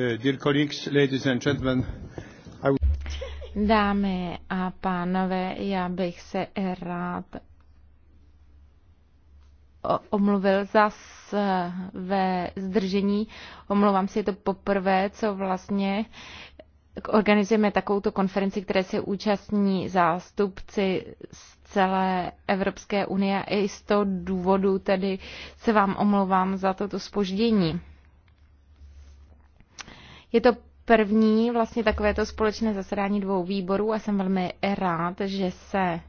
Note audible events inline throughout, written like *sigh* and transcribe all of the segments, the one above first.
Uh, Dámy a pánové, já bych se rád omluvil za své zdržení. Omlouvám si, je to poprvé, co vlastně organizujeme takovouto konferenci, které se účastní zástupci z celé Evropské unie a i z toho důvodu tedy se vám omlouvám za toto spoždění. Je to první vlastně takovéto společné zasedání dvou výborů a jsem velmi rád, že se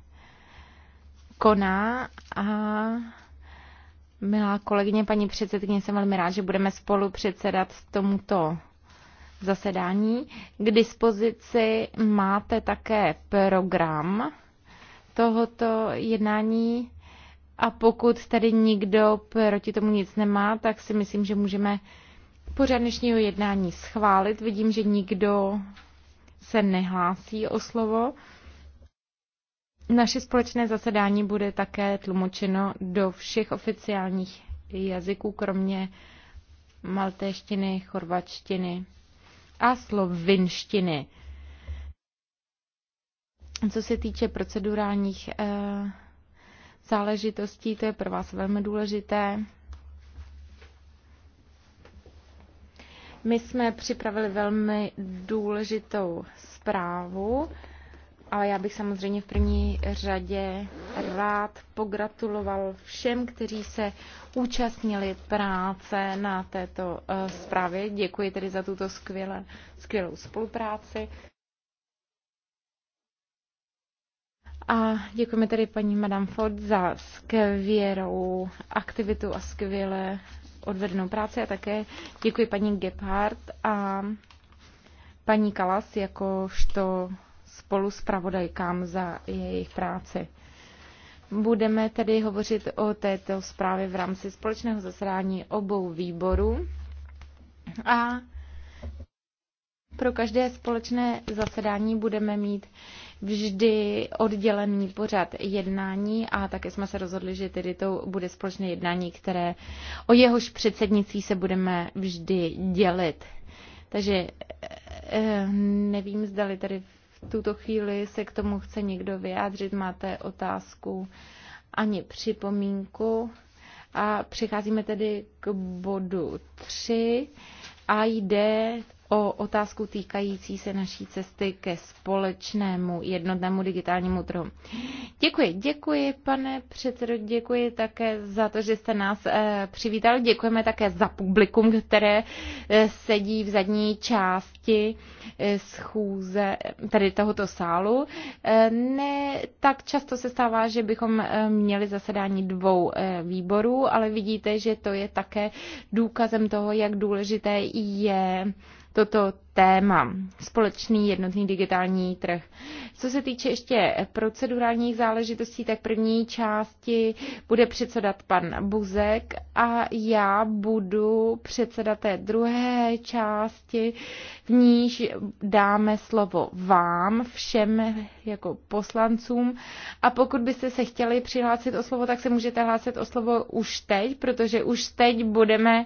koná a milá kolegyně, paní předsedkyně, jsem velmi rád, že budeme spolu předsedat tomuto zasedání. K dispozici máte také program tohoto jednání a pokud tady nikdo proti tomu nic nemá, tak si myslím, že můžeme pořad dnešního jednání schválit. Vidím, že nikdo se nehlásí o slovo. Naše společné zasedání bude také tlumočeno do všech oficiálních jazyků, kromě maltéštiny, chorvačtiny a slovinštiny. Co se týče procedurálních eh, záležitostí, to je pro vás velmi důležité. My jsme připravili velmi důležitou zprávu, ale já bych samozřejmě v první řadě rád pogratuloval všem, kteří se účastnili práce na této eh, zprávě. Děkuji tedy za tuto skvěle, skvělou spolupráci. A děkujeme tedy paní Madame Ford za skvělou aktivitu a skvělé odvedenou práci a také děkuji paní Gebhardt a paní Kalas jakožto spolu s pravodajkám za jejich práci. Budeme tedy hovořit o této zprávě v rámci společného zasedání obou výborů a pro každé společné zasedání budeme mít vždy oddělený pořad jednání a také jsme se rozhodli, že tedy to bude společné jednání, které o jehož předsednicí se budeme vždy dělit. Takže eh, nevím, zdali tady v tuto chvíli se k tomu chce někdo vyjádřit. Máte otázku ani připomínku. A přicházíme tedy k bodu 3 a jde o otázku týkající se naší cesty ke společnému jednotnému digitálnímu trhu. Děkuji, děkuji, pane předsedo, děkuji také za to, že jste nás eh, přivítal. Děkujeme také za publikum, které eh, sedí v zadní části eh, schůze, tady tohoto sálu. Ne tak často se stává, že bychom měli zasedání dvou výborů, ale vidíte, že to je také důkazem toho, jak důležité je toto téma. Společný jednotný digitální trh. Co se týče ještě procedurálních záležitostí, tak první části bude předsedat pan Buzek a já budu předsedat té druhé části, v níž dáme slovo vám, všem jako poslancům. A pokud byste se chtěli přihlásit o slovo, tak se můžete hlásit o slovo už teď, protože už teď budeme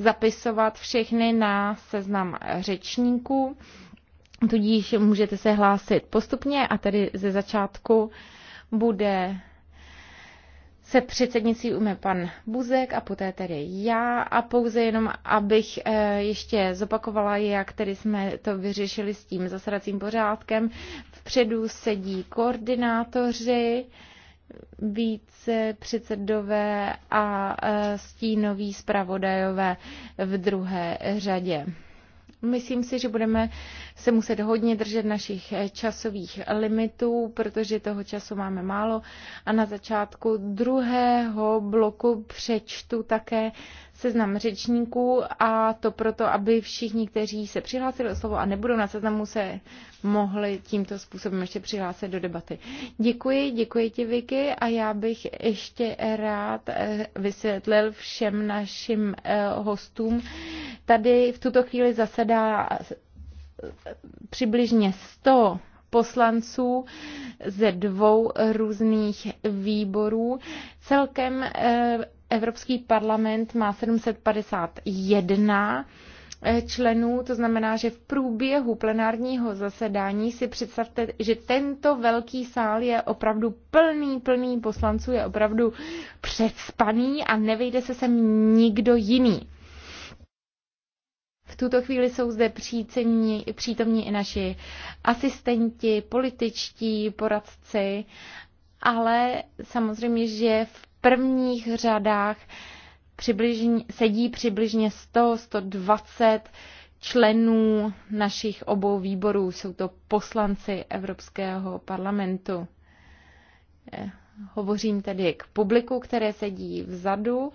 zapisovat všechny na seznam řečníků, tudíž můžete se hlásit postupně a tedy ze začátku bude se předsednicí ume pan Buzek a poté tedy já a pouze jenom, abych eh, ještě zopakovala, jak tedy jsme to vyřešili s tím zasadacím pořádkem. Vpředu sedí koordinátoři, více předsedové a e, stínoví zpravodajové v druhé řadě. Myslím si, že budeme se muset hodně držet našich e, časových limitů, protože toho času máme málo. A na začátku druhého bloku přečtu také seznam řečníků a to proto, aby všichni, kteří se přihlásili o slovo a nebudou na seznamu, se mohli tímto způsobem ještě přihlásit do debaty. Děkuji, děkuji ti, Vicky, a já bych ještě rád eh, vysvětlil všem našim eh, hostům. Tady v tuto chvíli zasedá eh, přibližně 100 poslanců ze dvou různých výborů. Celkem Evropský parlament má 751 eh, členů, to znamená, že v průběhu plenárního zasedání si představte, že tento velký sál je opravdu plný, plný poslanců, je opravdu předspaný a nevejde se sem nikdo jiný. V tuto chvíli jsou zde přícení, přítomní i naši asistenti, političtí, poradci, ale samozřejmě, že v prvních řadách přibližně, sedí přibližně 100-120 členů našich obou výborů. Jsou to poslanci Evropského parlamentu. Eh, hovořím tedy k publiku, které sedí vzadu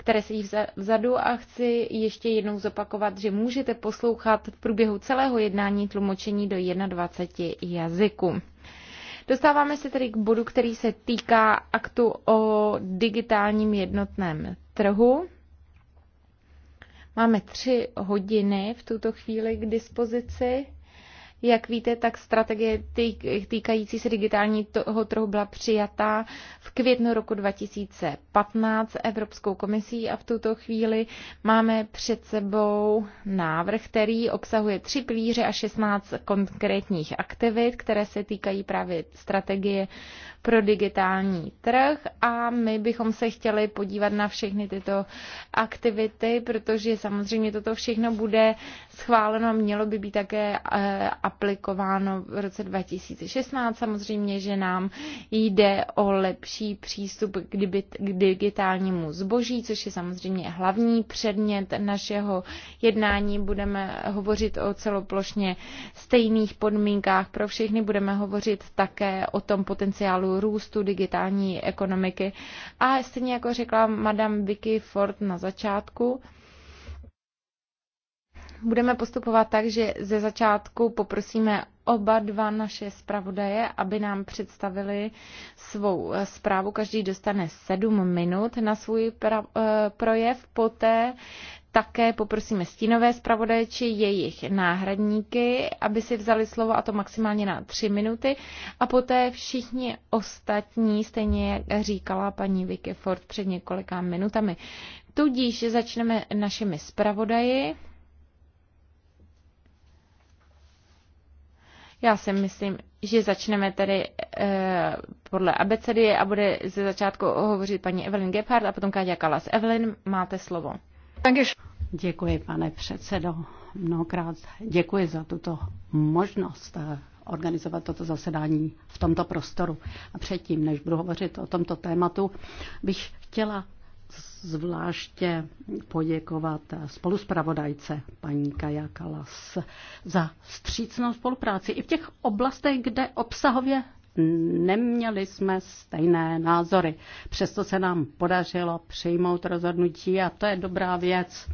které sedí vzadu a chci ještě jednou zopakovat, že můžete poslouchat v průběhu celého jednání tlumočení do 21 jazyků. Dostáváme se tedy k bodu, který se týká aktu o digitálním jednotném trhu. Máme tři hodiny v tuto chvíli k dispozici. Jak víte, tak strategie týkající se digitálního trhu byla přijatá v květnu roku 2015 Evropskou komisí a v tuto chvíli máme před sebou návrh, který obsahuje tři pilíře a 16 konkrétních aktivit, které se týkají právě strategie pro digitální trh a my bychom se chtěli podívat na všechny tyto aktivity, protože samozřejmě toto všechno bude schváleno a mělo by být také eh, aplikováno v roce 2016. Samozřejmě, že nám jde o lepší přístup k digitálnímu zboží, což je samozřejmě hlavní předmět našeho jednání. Budeme hovořit o celoplošně stejných podmínkách pro všechny. Budeme hovořit také o tom potenciálu růstu digitální ekonomiky. A stejně jako řekla Madame Vicky Ford na začátku, budeme postupovat tak, že ze začátku poprosíme oba dva naše zpravodaje, aby nám představili svou eh, zprávu. Každý dostane sedm minut na svůj eh, projev. Poté také poprosíme stínové zpravodaje či jejich náhradníky, aby si vzali slovo a to maximálně na tři minuty a poté všichni ostatní, stejně jak říkala paní Vicky Ford před několika minutami. Tudíž začneme našimi zpravodaji. Já si myslím, že začneme tedy eh, podle abecedy a bude ze začátku hovořit paní Evelyn Gebhardt a potom Káďa Kalas. Evelyn, máte slovo. Děkuji, pane předsedo. Mnohokrát děkuji za tuto možnost eh, organizovat toto zasedání v tomto prostoru. A předtím, než budu hovořit o tomto tématu, bych chtěla zvláště poděkovat eh, spoluspravodajce paní Kaja Kalas za střícnou spolupráci i v těch oblastech, kde obsahově neměli jsme stejné názory. Přesto se nám podařilo přijmout rozhodnutí a to je dobrá věc.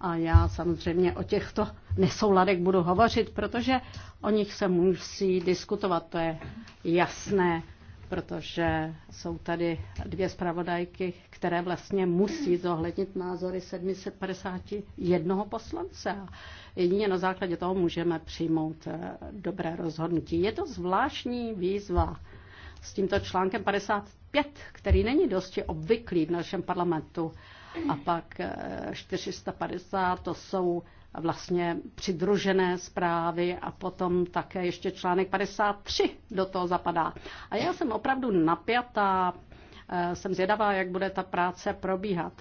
A já samozřejmě o těchto nesouladek budu hovořit, protože o nich se musí diskutovat, to je jasné protože jsou tady dvě zpravodajky, které vlastně musí zohlednit názory 751 poslance. Jedině na základě toho můžeme přijmout eh, dobré rozhodnutí. Je to zvláštní výzva s tímto článkem 55, který není dosti obvyklý v našem parlamentu. A pak 450 eh, to jsou vlastně přidružené zprávy a potom také ještě článek 53 do toho zapadá. A já jsem opravdu napjatá, eh, jsem zvědavá, jak bude ta práce probíhat.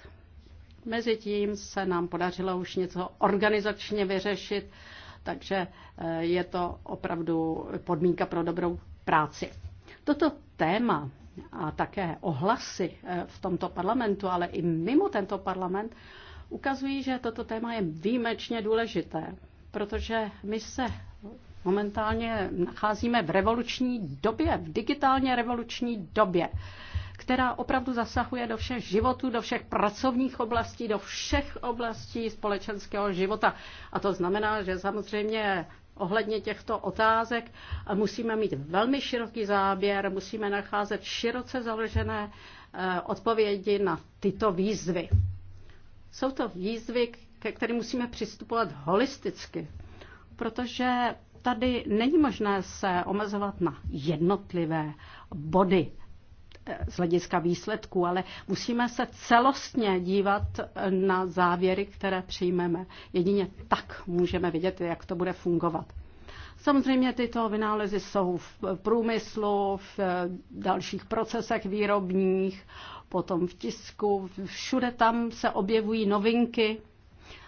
Mezitím se nám podařilo už něco organizačně vyřešit, takže eh, je to opravdu podmínka pro dobrou práci. Toto téma a také ohlasy eh, v tomto parlamentu, ale i mimo tento parlament, ukazují, že toto téma je výjimečně důležité, protože my se momentálně nacházíme v revoluční době, v digitálně revoluční době, která opravdu zasahuje do všech životů, do všech pracovních oblastí, do všech oblastí společenského života. A to znamená, že samozřejmě ohledně těchto otázek musíme mít velmi široký záběr, musíme nacházet široce založené eh, odpovědi na tyto výzvy. Jsou to výzvy, ke kterým musíme přistupovat holisticky, protože tady není možné se omezovat na jednotlivé body eh, z hlediska výsledků, ale musíme se celostně dívat eh, na závěry, které přijmeme. Jedině tak můžeme vidět, jak to bude fungovat. Samozřejmě tyto vynálezy jsou v průmyslu, v eh, dalších procesech výrobních, potom v tisku, všude tam se objevují novinky,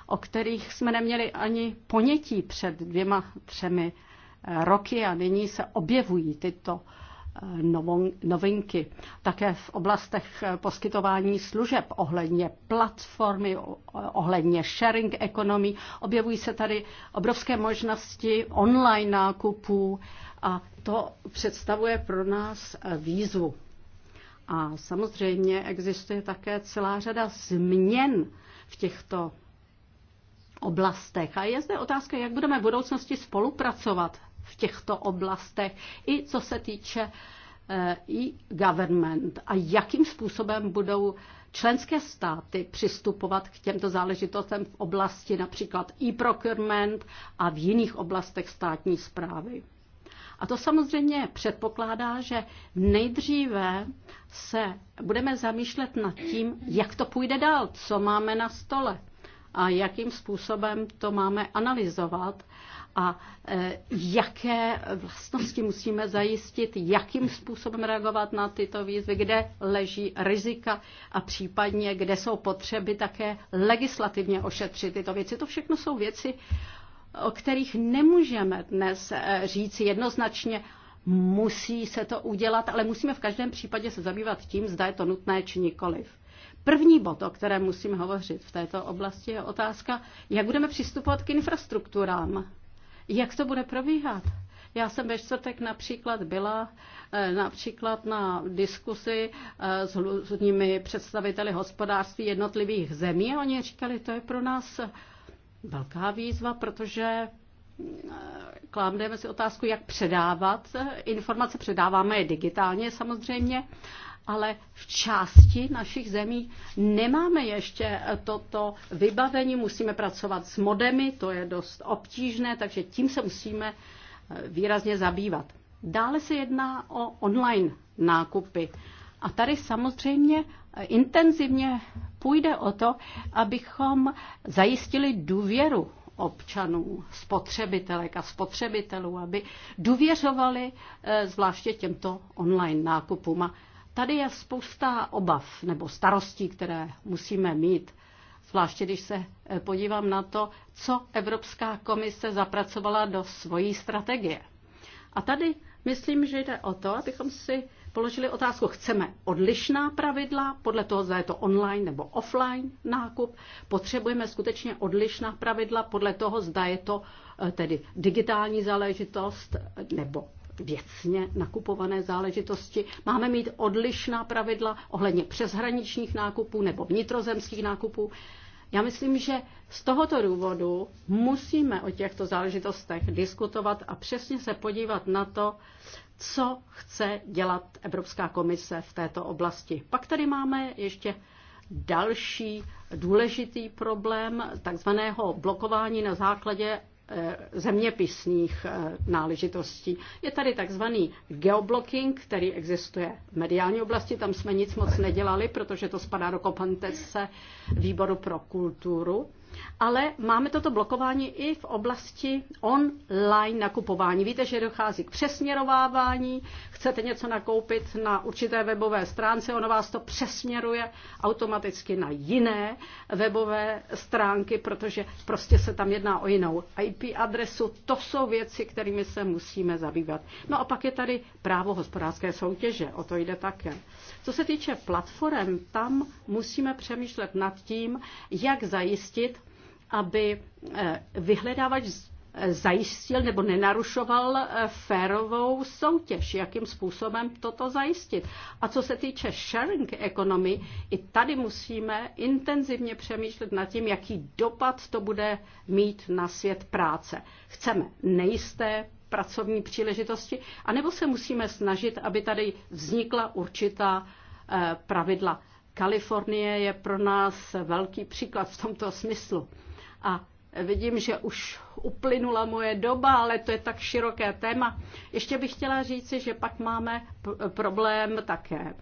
o kterých jsme neměli ani ponětí před dvěma, třemi eh, roky a nyní se objevují tyto eh, novinky. Také v oblastech eh, poskytování služeb ohledně platformy, ohledně sharing economy. Objevují se tady obrovské možnosti online nákupů a to představuje pro nás výzvu. A samozřejmě existuje také celá řada změn v těchto oblastech. A je zde otázka, jak budeme v budoucnosti spolupracovat v těchto oblastech, i co se týče eh, i government a jakým způsobem budou členské státy přistupovat k těmto záležitostem v oblasti například e-procurement a v jiných oblastech státní zprávy. A to samozřejmě předpokládá, že nejdříve se budeme zamýšlet nad tím, jak to půjde dál, co máme na stole a jakým způsobem to máme analyzovat a e, jaké vlastnosti musíme zajistit, jakým způsobem reagovat na tyto výzvy, kde leží rizika a případně kde jsou potřeby také legislativně ošetřit tyto věci. To všechno jsou věci, o kterých nemůžeme dnes eh, říci jednoznačně, musí se to udělat, ale musíme v každém případě se zabývat tím, zda je to nutné či nikoliv. První bod, o kterém musím hovořit v této oblasti, je otázka, jak budeme přistupovat k infrastrukturám. Jak to bude probíhat? Já jsem ve čtvrtek například byla eh, například na diskusi eh, s různými představiteli hospodářství jednotlivých zemí a oni říkali, to je pro nás velká výzva, protože eh, klámdeme si otázku, jak předávat. Eh, informace předáváme je digitálně samozřejmě, ale v části našich zemí nemáme ještě toto vybavení, musíme pracovat s modemy, to je dost obtížné, takže tím se musíme eh, výrazně zabývat. Dále se jedná o online nákupy. A tady samozřejmě intenzivně půjde o to, abychom zajistili důvěru občanů, spotřebitelek a spotřebitelů, aby důvěřovali eh, zvláště těmto online nákupům. A tady je spousta obav nebo starostí, které musíme mít zvláště když se eh, podívám na to, co Evropská komise zapracovala do svojí strategie. A tady myslím, že jde o to, abychom si položili otázku, chceme odlišná pravidla, podle toho, zda je to online nebo offline nákup, potřebujeme skutečně odlišná pravidla, podle toho, zda je to eh, tedy digitální záležitost nebo věcně nakupované záležitosti. Máme mít odlišná pravidla ohledně přeshraničních nákupů nebo vnitrozemských nákupů. Já myslím, že z tohoto důvodu musíme o těchto záležitostech diskutovat a přesně se podívat na to, co chce dělat Evropská komise v této oblasti. Pak tady máme ještě další důležitý problém takzvaného blokování na základě eh, zeměpisných eh, náležitostí. Je tady takzvaný geoblocking, který existuje v mediální oblasti, tam jsme nic moc nedělali, protože to spadá do kompetence výboru pro kulturu ale máme toto blokování i v oblasti online nakupování. Víte, že dochází k přesměrovávání, chcete něco nakoupit na určité webové stránce, ono vás to přesměruje automaticky na jiné webové stránky, protože prostě se tam jedná o jinou IP adresu. To jsou věci, kterými se musíme zabývat. No a pak je tady právo hospodářské soutěže, o to jde také. Co se týče platform, tam musíme přemýšlet nad tím, jak zajistit, aby eh, vyhledávač eh, zajistil nebo nenarušoval eh, férovou soutěž, jakým způsobem toto zajistit. A co se týče sharing economy, i tady musíme intenzivně přemýšlet nad tím, jaký dopad to bude mít na svět práce. Chceme nejisté pracovní příležitosti, anebo se musíme snažit, aby tady vznikla určitá pravidla. Kalifornie je pro nás velký příklad v tomto smyslu. A vidím, že už uplynula moje doba, ale to je tak široké téma. Ještě bych chtěla říci, že pak máme problém také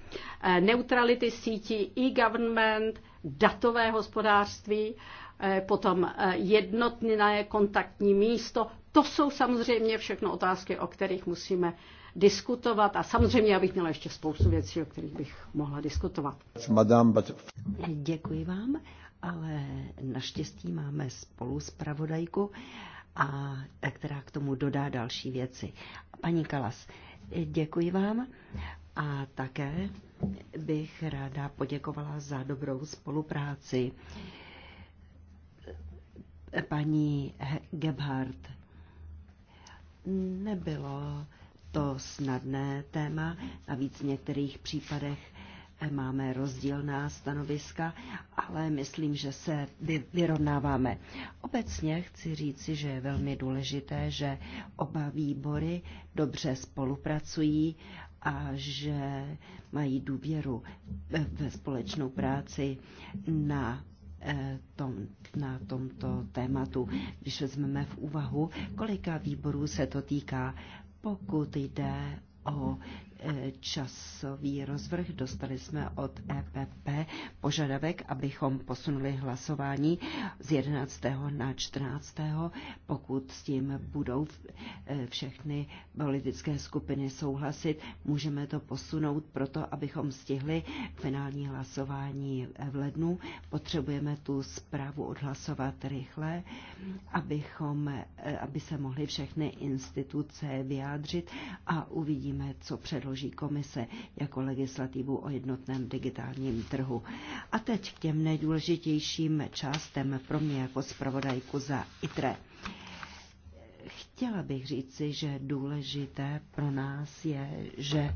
eh, neutrality sítí e-government, datové hospodářství, eh, potom eh, jednotné kontaktní místo. To jsou samozřejmě všechno otázky, o kterých musíme diskutovat a samozřejmě já bych měla ještě spoustu věcí, o kterých bych mohla diskutovat. Madame. Děkuji vám ale naštěstí máme spolu zpravodajku, a, která k tomu dodá další věci. Paní Kalas, děkuji vám a také bych ráda poděkovala za dobrou spolupráci paní Gebhardt. Nebylo to snadné téma, navíc v některých případech máme rozdílná stanoviska, ale myslím, že se vyrovnáváme. Obecně chci říci, že je velmi důležité, že oba výbory dobře spolupracují a že mají důvěru ve společnou práci na eh, tom, na tomto tématu. Když vezmeme v úvahu, kolika výborů se to týká, pokud jde o časový rozvrh. Dostali jsme od EPP požadavek, abychom posunuli hlasování z 11. na 14. Pokud s tím budou eh, všechny politické skupiny souhlasit, můžeme to posunout proto, abychom stihli finální hlasování v lednu. Potřebujeme tu zprávu odhlasovat rychle, abychom, eh, aby se mohly všechny instituce vyjádřit a uvidíme, co před předloží komise jako legislativu o jednotném digitálním trhu. A teď k těm nejdůležitějším částem pro mě jako zpravodajku za ITRE. Chtěla bych říci, že důležité pro nás je, že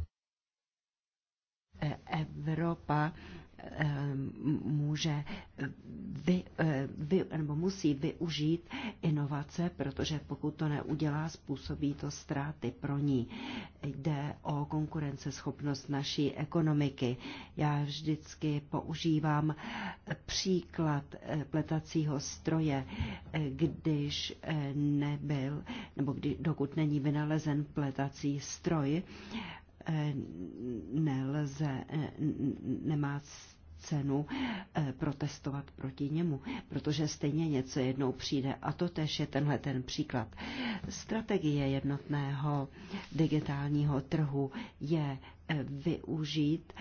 Evropa Eh, může vy, eh, vy, nebo musí využít inovace, protože pokud to neudělá, způsobí to ztráty pro ní. Jde o konkurenceschopnost naší ekonomiky. Já vždycky používám příklad eh, pletacího stroje, když nebyl, nebo kdy, dokud není vynalezen pletací stroj, Eh, nelze, eh, nemá cenu eh, protestovat proti němu, protože stejně něco jednou přijde. A to tež je tenhle ten příklad. Strategie jednotného digitálního trhu je využít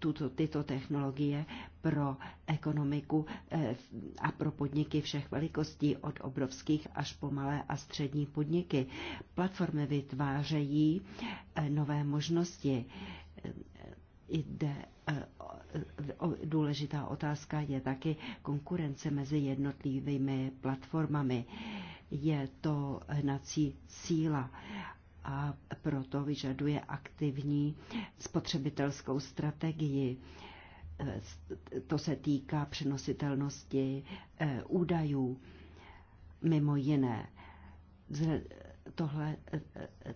tuto, tyto technologie pro ekonomiku eh, a pro podniky všech velikostí, od obrovských až po malé a střední podniky. Platformy vytvářejí eh, nové možnosti. Eh, jde důležitá otázka je taky konkurence mezi jednotlivými platformami. Je to hnací síla a proto vyžaduje aktivní spotřebitelskou strategii. To se týká přenositelnosti eh, údajů, mimo jiné. Tohle, eh,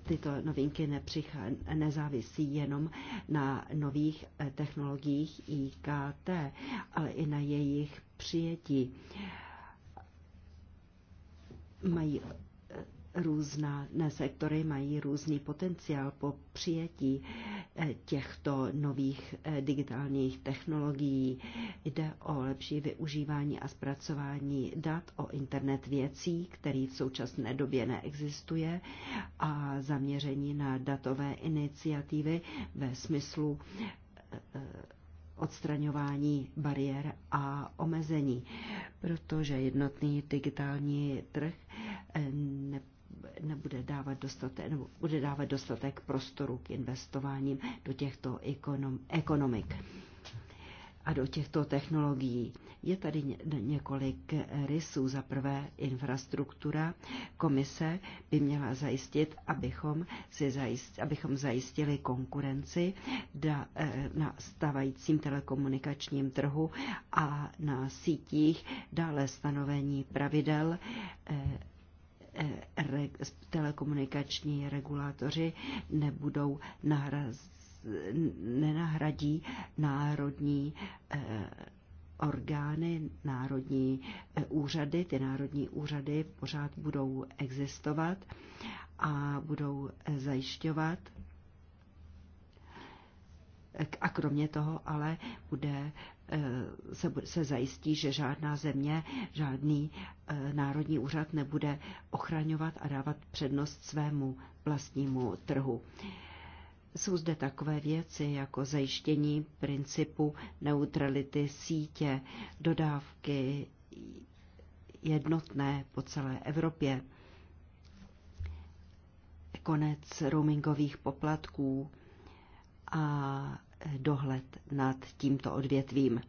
tyto novinky nepřichá, nezávisí jenom na nových eh, technologiích IKT, ale i na jejich přijetí. Mají různá ne, sektory mají různý potenciál po přijetí eh, těchto nových eh, digitálních technologií. Jde o lepší využívání a zpracování dat o internet věcí, který v současné době neexistuje, a zaměření na datové iniciativy ve smyslu eh, odstraňování bariér a omezení, protože jednotný digitální trh nebude dávat dostatek, nebo bude dávat dostatek prostoru k investováním do těchto ekonom, ekonomik a do těchto technologií. Je tady několik rysů. Za prvé infrastruktura. Komise by měla zajistit, abychom, si zajist, abychom zajistili konkurenci eh, na stávajícím telekomunikačním trhu a na sítích, dále stanovení pravidel eh, re, telekomunikační regulátoři nebudou nahraz, nenahradí národní eh, orgány, národní eh, úřady. Ty národní úřady pořád budou existovat a budou eh, zajišťovat. A kromě toho ale bude Eh, se, se zajistí, že žádná země, žádný eh, národní úřad nebude ochraňovat a dávat přednost svému vlastnímu trhu. Jsou zde takové věci jako zajištění principu neutrality sítě, dodávky jednotné po celé Evropě, konec roamingových poplatků a dohled nad tímto odvětvím.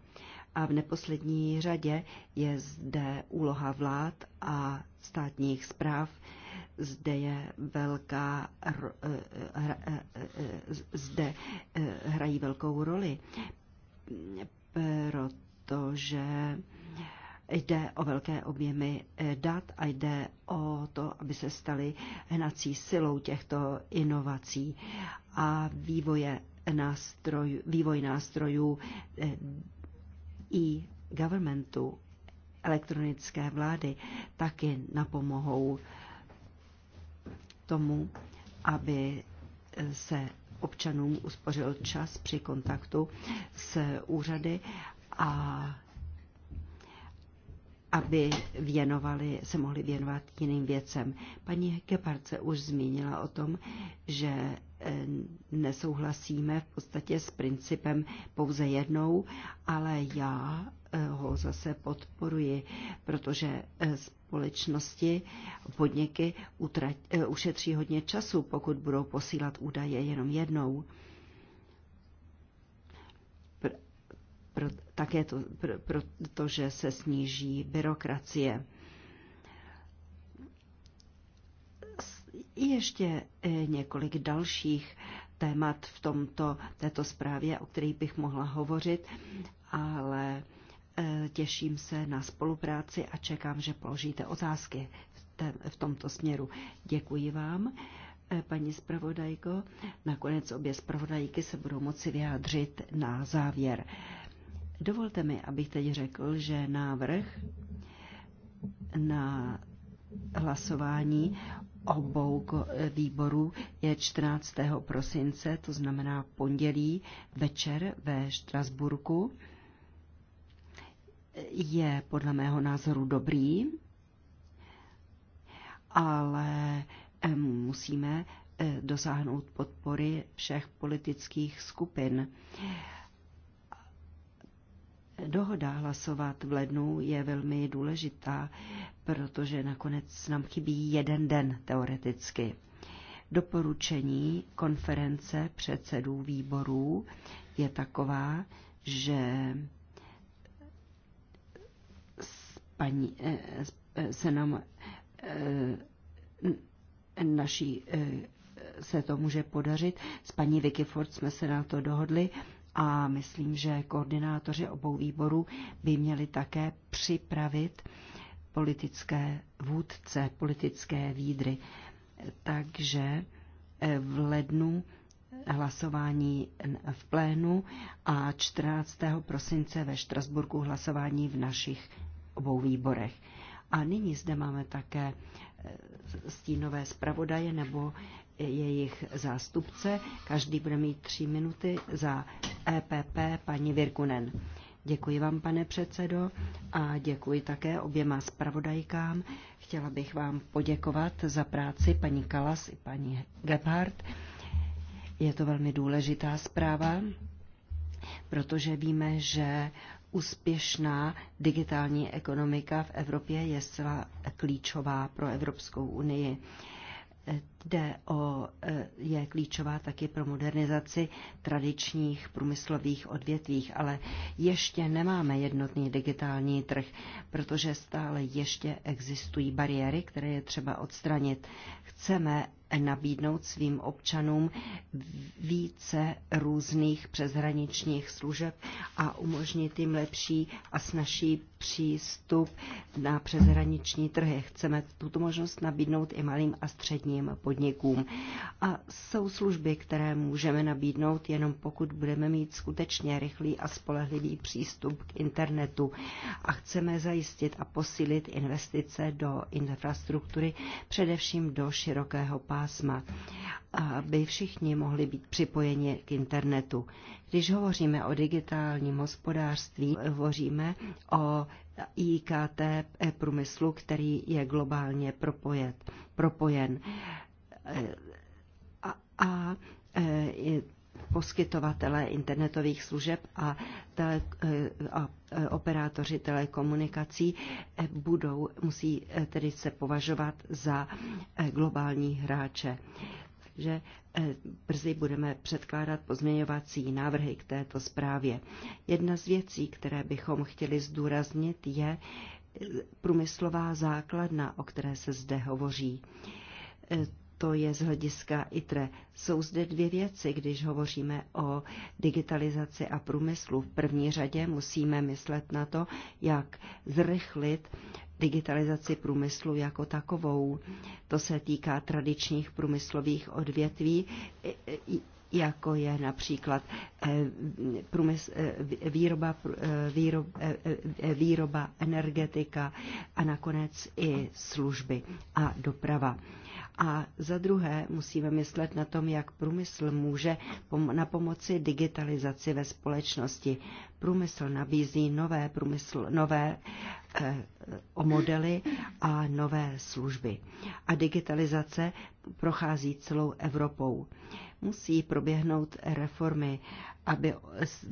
A v neposlední řadě je zde úloha vlád a státních zpráv. Zde je velká, e, e, e, zde hrají velkou roli, protože jde o velké objemy dat a jde o to, aby se staly hnací silou těchto inovací a vývoje nástroj, vývoj nástrojů i eh, governmentu elektronické vlády taky napomohou tomu, aby se občanům uspořil čas při kontaktu s úřady a aby věnovali, se mohli věnovat jiným věcem. Paní Gepard se už zmínila o tom, že Eh, nesouhlasíme v podstatě s principem pouze jednou, ale já eh, ho zase podporuji, protože eh, společnosti, podniky utrať, ušetří hodně času, pokud budou posílat údaje jenom jednou. Pr- pr- také to, pr- protože se sníží byrokracie. i ještě e, několik dalších témat v tomto, této zprávě, o kterých bych mohla hovořit, ale e, těším se na spolupráci a čekám, že položíte otázky v tomto směru. Děkuji vám, e, paní zpravodajko. Nakonec obě zpravodajky se budou moci vyjádřit na závěr. Dovolte mi, abych teď řekl, že návrh na hlasování obou výborů je 14. prosince, to znamená pondělí večer ve Štrasburku. Je podle mého názoru dobrý, ale musíme e, dosáhnout podpory všech politických skupin. Dohoda hlasovat v lednu je velmi důležitá protože nakonec nám chybí jeden den teoreticky. Doporučení konference předsedů výborů je taková, že paní, eh, eh, se nám eh, naší se to může podařit. S paní Vicky Ford jsme se na to dohodli a myslím, že koordinátoři obou výborů by měli také připravit politické vůdce, politické výdry. Takže eh, v lednu hlasování v plénu a 14. prosince ve Štrasburku hlasování v našich obou výborech. A nyní zde máme také eh, stínové zpravodaje nebo jejich zástupce. Každý bude mít tři minuty za EPP paní Virkunen. Děkuji vám, pane předsedo, a děkuji také oběma zpravodajkám. Chtěla bych vám poděkovat za práci paní Kalas i paní Gebhardt. Je to velmi důležitá zpráva, protože víme, že úspěšná digitální ekonomika v Evropě je zcela klíčová pro Evropskou unii jde o, e, je klíčová taky pro modernizaci tradičních průmyslových odvětvích, ale ještě nemáme jednotný digitální trh, protože stále ještě existují bariéry, které je třeba odstranit. Chceme nabídnout svým občanům více různých přeshraničních služeb a umožnit jim lepší a snažší přístup na přeshraniční trhy. Chceme tuto možnost nabídnout i malým a středním podnikům. A jsou služby, které můžeme nabídnout jenom pokud budeme mít skutečně rychlý a spolehlivý přístup k internetu a chceme zajistit a posílit investice do infrastruktury, především do širokého pásma, aby všichni mohli být připojeni k internetu. Když hovoříme o digitálním hospodářství, hovoříme o IKT e průmyslu, který je globálně propojet, propojen a, a e, poskytovatelé internetových služeb a, tele, e, a e, operátoři telekomunikací budou, musí tedy se považovat za globální hráče. Takže brzy budeme předkládat pozměňovací návrhy k této zprávě. Jedna z věcí, které bychom chtěli zdůraznit, je průmyslová základna, o které se zde hovoří to je z hlediska ITRE. Jsou zde dvě věci, když hovoříme o digitalizaci a průmyslu. V první řadě musíme myslet na to, jak zrychlit digitalizaci průmyslu jako takovou. To se týká tradičních průmyslových odvětví, jako je například eh, průmysl, eh, výroba, eh, výroba, výroba energetika a nakonec i služby a doprava. A za druhé musíme myslet na tom, jak průmysl může na pomoci digitalizaci ve společnosti. Průmysl nabízí nové, průmysl, nové eh, modely a nové služby. A digitalizace prochází celou Evropou. Musí proběhnout reformy aby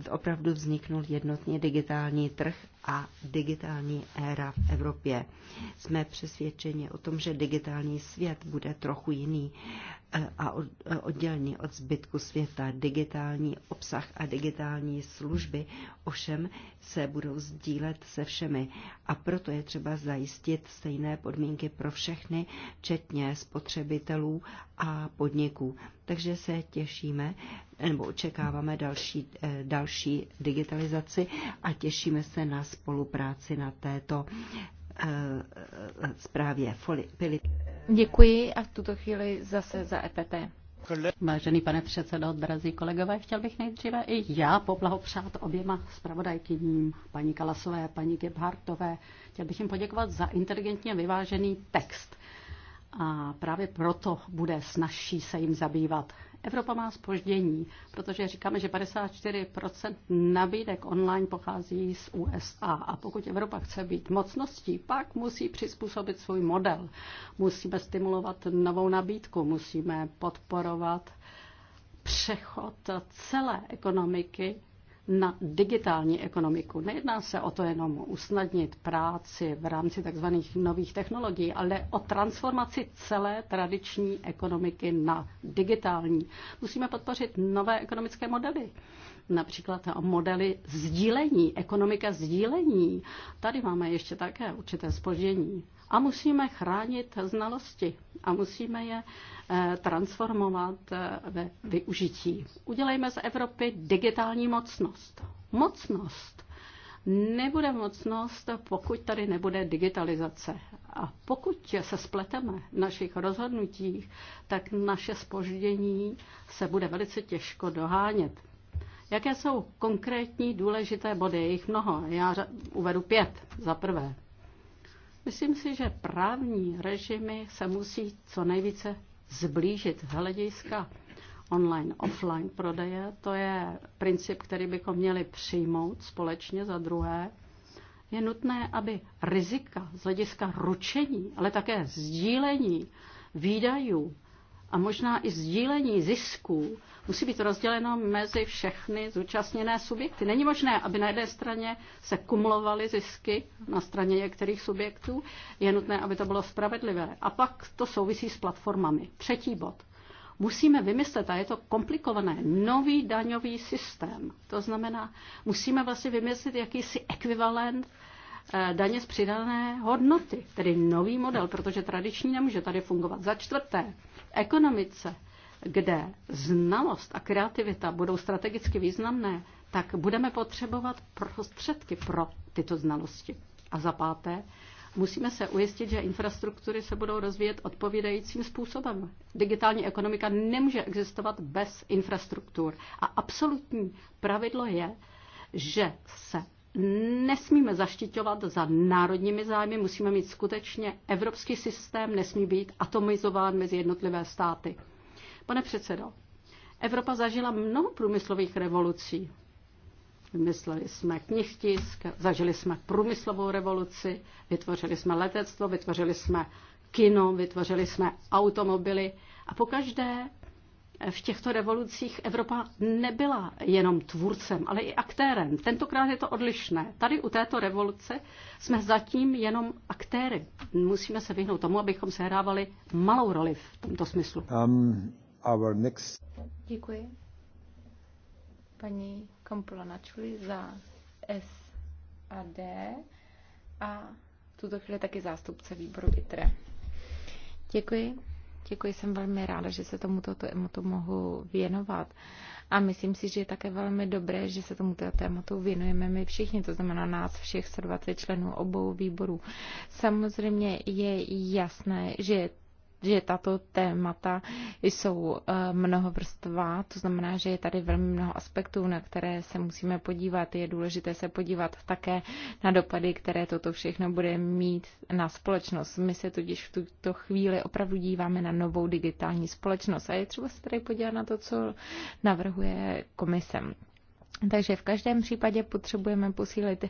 opravdu vzniknul jednotný digitální trh a digitální éra v Evropě. Jsme přesvědčeni o tom, že digitální svět bude trochu jiný eh, a eh, oddělený od zbytku světa. Digitální obsah a digitální služby ovšem se budou sdílet se všemi a proto je třeba zajistit stejné podmínky pro všechny, včetně spotřebitelů a podniků. Takže se těšíme nebo očekáváme další, eh, další digitalizaci a těšíme se na spolupráci na této eh, zprávě. Děkuji a v tuto chvíli zase za EPP. Vážený pane předsedo, drazí kolegové, chtěl bych nejdříve i já poblahopřát oběma zpravodajkyním, paní Kalasové a paní Gebhartové, Chtěl bych jim poděkovat za inteligentně vyvážený text. A právě proto bude snažší se jim zabývat Evropa má spoždění, protože říkáme, že 54% nabídek online pochází z USA a pokud Evropa chce být mocností, pak musí přizpůsobit svůj model. Musíme stimulovat novou nabídku, musíme podporovat přechod celé ekonomiky na digitální ekonomiku. Nejedná se o to jenom usnadnit práci v rámci tzv. nových technologií, ale o transformaci celé tradiční ekonomiky na digitální. Musíme podpořit nové ekonomické modely například modely sdílení, ekonomika sdílení. Tady máme ještě také určité spoždění a musíme chránit znalosti a musíme je eh, transformovat eh, ve využití. Udělejme z Evropy digitální mocnost. Mocnost nebude mocnost, pokud tady nebude digitalizace. A pokud se spleteme v našich rozhodnutích, tak naše spoždění se bude velice těžko dohánět. Jaké jsou konkrétní důležité body? Je jich mnoho. Já uvedu pět. Za prvé, Myslím si, že právní režimy se musí co nejvíce zblížit z hlediska online, offline prodeje. To je princip, který bychom měli přijmout společně za druhé. Je nutné, aby rizika z hlediska ručení, ale také sdílení výdajů a možná i sdílení zisků musí být rozděleno mezi všechny zúčastněné subjekty. Není možné, aby na jedné straně se kumulovaly zisky na straně některých subjektů. Je nutné, aby to bylo spravedlivé. A pak to souvisí s platformami. Třetí bod. Musíme vymyslet, a je to komplikované, nový daňový systém. To znamená, musíme vlastně vymyslet jakýsi ekvivalent eh, daně z přidané hodnoty, tedy nový model, protože tradiční nemůže tady fungovat. Za čtvrté, ekonomice kde znalost a kreativita budou strategicky významné, tak budeme potřebovat prostředky pro tyto znalosti. A za páté, musíme se ujistit, že infrastruktury se budou rozvíjet odpovídajícím způsobem. Digitální ekonomika nemůže existovat bez infrastruktur. A absolutní pravidlo je, že se nesmíme zaštiťovat za národními zájmy, musíme mít skutečně evropský systém, nesmí být atomizován mezi jednotlivé státy. Pane předsedo, Evropa zažila mnoho průmyslových revolucí. Vymysleli jsme knihtisk, zažili jsme průmyslovou revoluci, vytvořili jsme letectvo, vytvořili jsme kino, vytvořili jsme automobily a pokaždé v těchto revolucích Evropa nebyla jenom tvůrcem, ale i aktérem. Tentokrát je to odlišné. Tady u této revoluce jsme zatím jenom aktéry. Musíme se vyhnout tomu, abychom sehrávali malou roli v tomto smyslu. Um our next... Děkuji. Paní Kompola Načuli za SAD a v tuto chvíli taky zástupce výboru ITRE. Děkuji. Děkuji, jsem velmi ráda, že se tomuto tématu mohu věnovat. A myslím si, že je také velmi dobré, že se tomuto tématu věnujeme my všichni, to znamená nás všech 120 členů obou výborů. Samozřejmě je jasné, že že tato témata jsou eh, mnohovrstvá, to znamená, že je tady velmi mnoho aspektů, na které se musíme podívat. Je důležité se podívat také na dopady, které toto všechno bude mít na společnost. My se tudíž v tuto chvíli opravdu díváme na novou digitální společnost a je třeba se tady podívat na to, co navrhuje komisem. Takže v každém případě potřebujeme posílit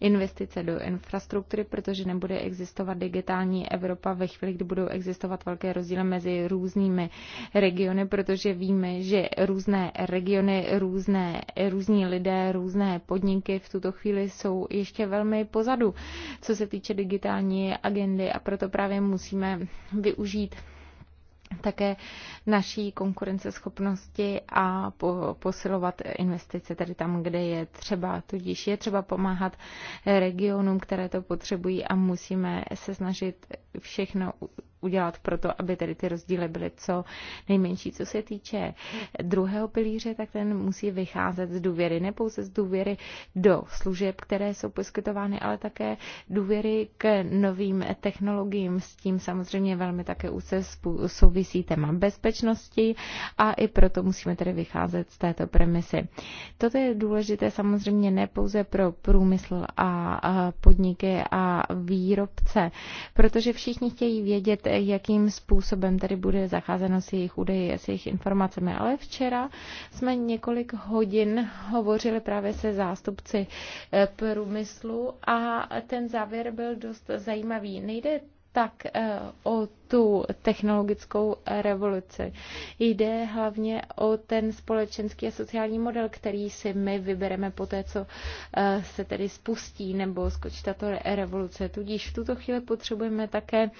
investice do infrastruktury, protože nebude existovat digitální Evropa ve chvíli, kdy budou existovat velké rozdíly mezi různými regiony, protože víme, že různé regiony, různé, různí lidé, různé podniky v tuto chvíli jsou ještě velmi pozadu, co se týče digitální agendy a proto právě musíme využít také naší konkurenceschopnosti a po, posilovat investice tady tam, kde je třeba. Tudíž je třeba pomáhat regionům, které to potřebují a musíme se snažit všechno udělat pro to, aby tedy ty rozdíly byly co nejmenší. Co se týče druhého pilíře, tak ten musí vycházet z důvěry, ne pouze z důvěry do služeb, které jsou poskytovány, ale také důvěry k novým technologiím. S tím samozřejmě velmi také úzce souvisí téma bezpečnosti a i proto musíme tedy vycházet z této premisy. Toto je důležité samozřejmě ne pouze pro průmysl a podniky a výrobce, protože všichni chtějí vědět, jakým způsobem tedy bude zacházeno s jejich údaji, s jejich informacemi. Ale včera jsme několik hodin hovořili právě se zástupci eh, průmyslu a ten závěr byl dost zajímavý. Nejde tak eh, o tu technologickou revoluci. Jde hlavně o ten společenský a sociální model, který si my vybereme po té, co eh, se tedy spustí nebo skočí tato revoluce. Tudíž v tuto chvíli potřebujeme také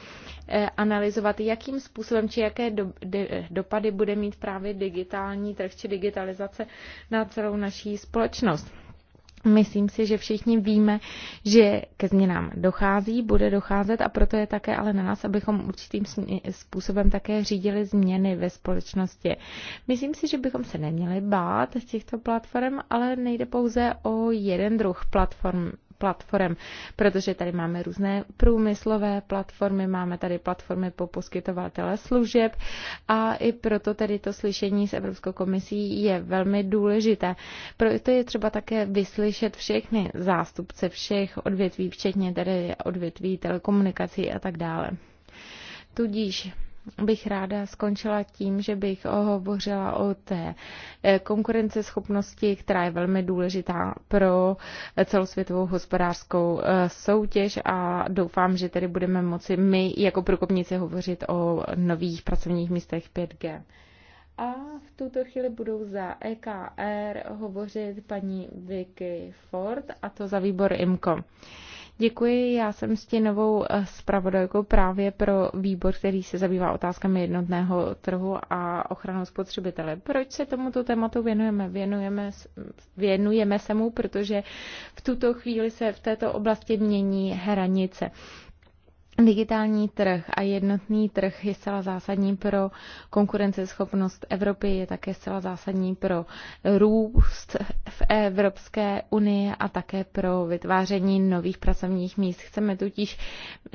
eh, analyzovat, jakým způsobem či jaké do, de, dopady bude mít právě digitální trh či digitalizace na celou naší společnost. Myslím si, že všichni víme, že ke změnám dochází, bude docházet a proto je také ale na nás, abychom určitým způsobem také řídili změny ve společnosti. Myslím si, že bychom se neměli bát z těchto platform, ale nejde pouze o jeden druh platform platform, protože tady máme různé průmyslové platformy, máme tady platformy po poskytovatele služeb a i proto tedy to slyšení s Evropskou komisí je velmi důležité. Proto je třeba také vyslyšet všechny zástupce všech odvětví, včetně tedy odvětví telekomunikací a tak dále. Tudíž bych ráda skončila tím, že bych hovořila o té eh, konkurenceschopnosti, která je velmi důležitá pro eh, celosvětovou hospodářskou eh, soutěž a doufám, že tedy budeme moci my jako průkopníci hovořit o nových pracovních místech 5G. A v tuto chvíli budou za EKR hovořit paní Vicky Ford a to za výbor IMCO. Děkuji, já jsem s novou eh, zpravodajkou právě pro výbor, který se zabývá otázkami jednotného trhu a ochranou spotřebitele. Proč se tomuto tématu věnujeme? Věnujeme, věnujeme se mu, protože v tuto chvíli se v této oblasti mění hranice. Digitální trh a jednotný trh je zcela zásadní pro konkurenceschopnost Evropy, je také zcela zásadní pro růst v Evropské unii a také pro vytváření nových pracovních míst. Chceme totiž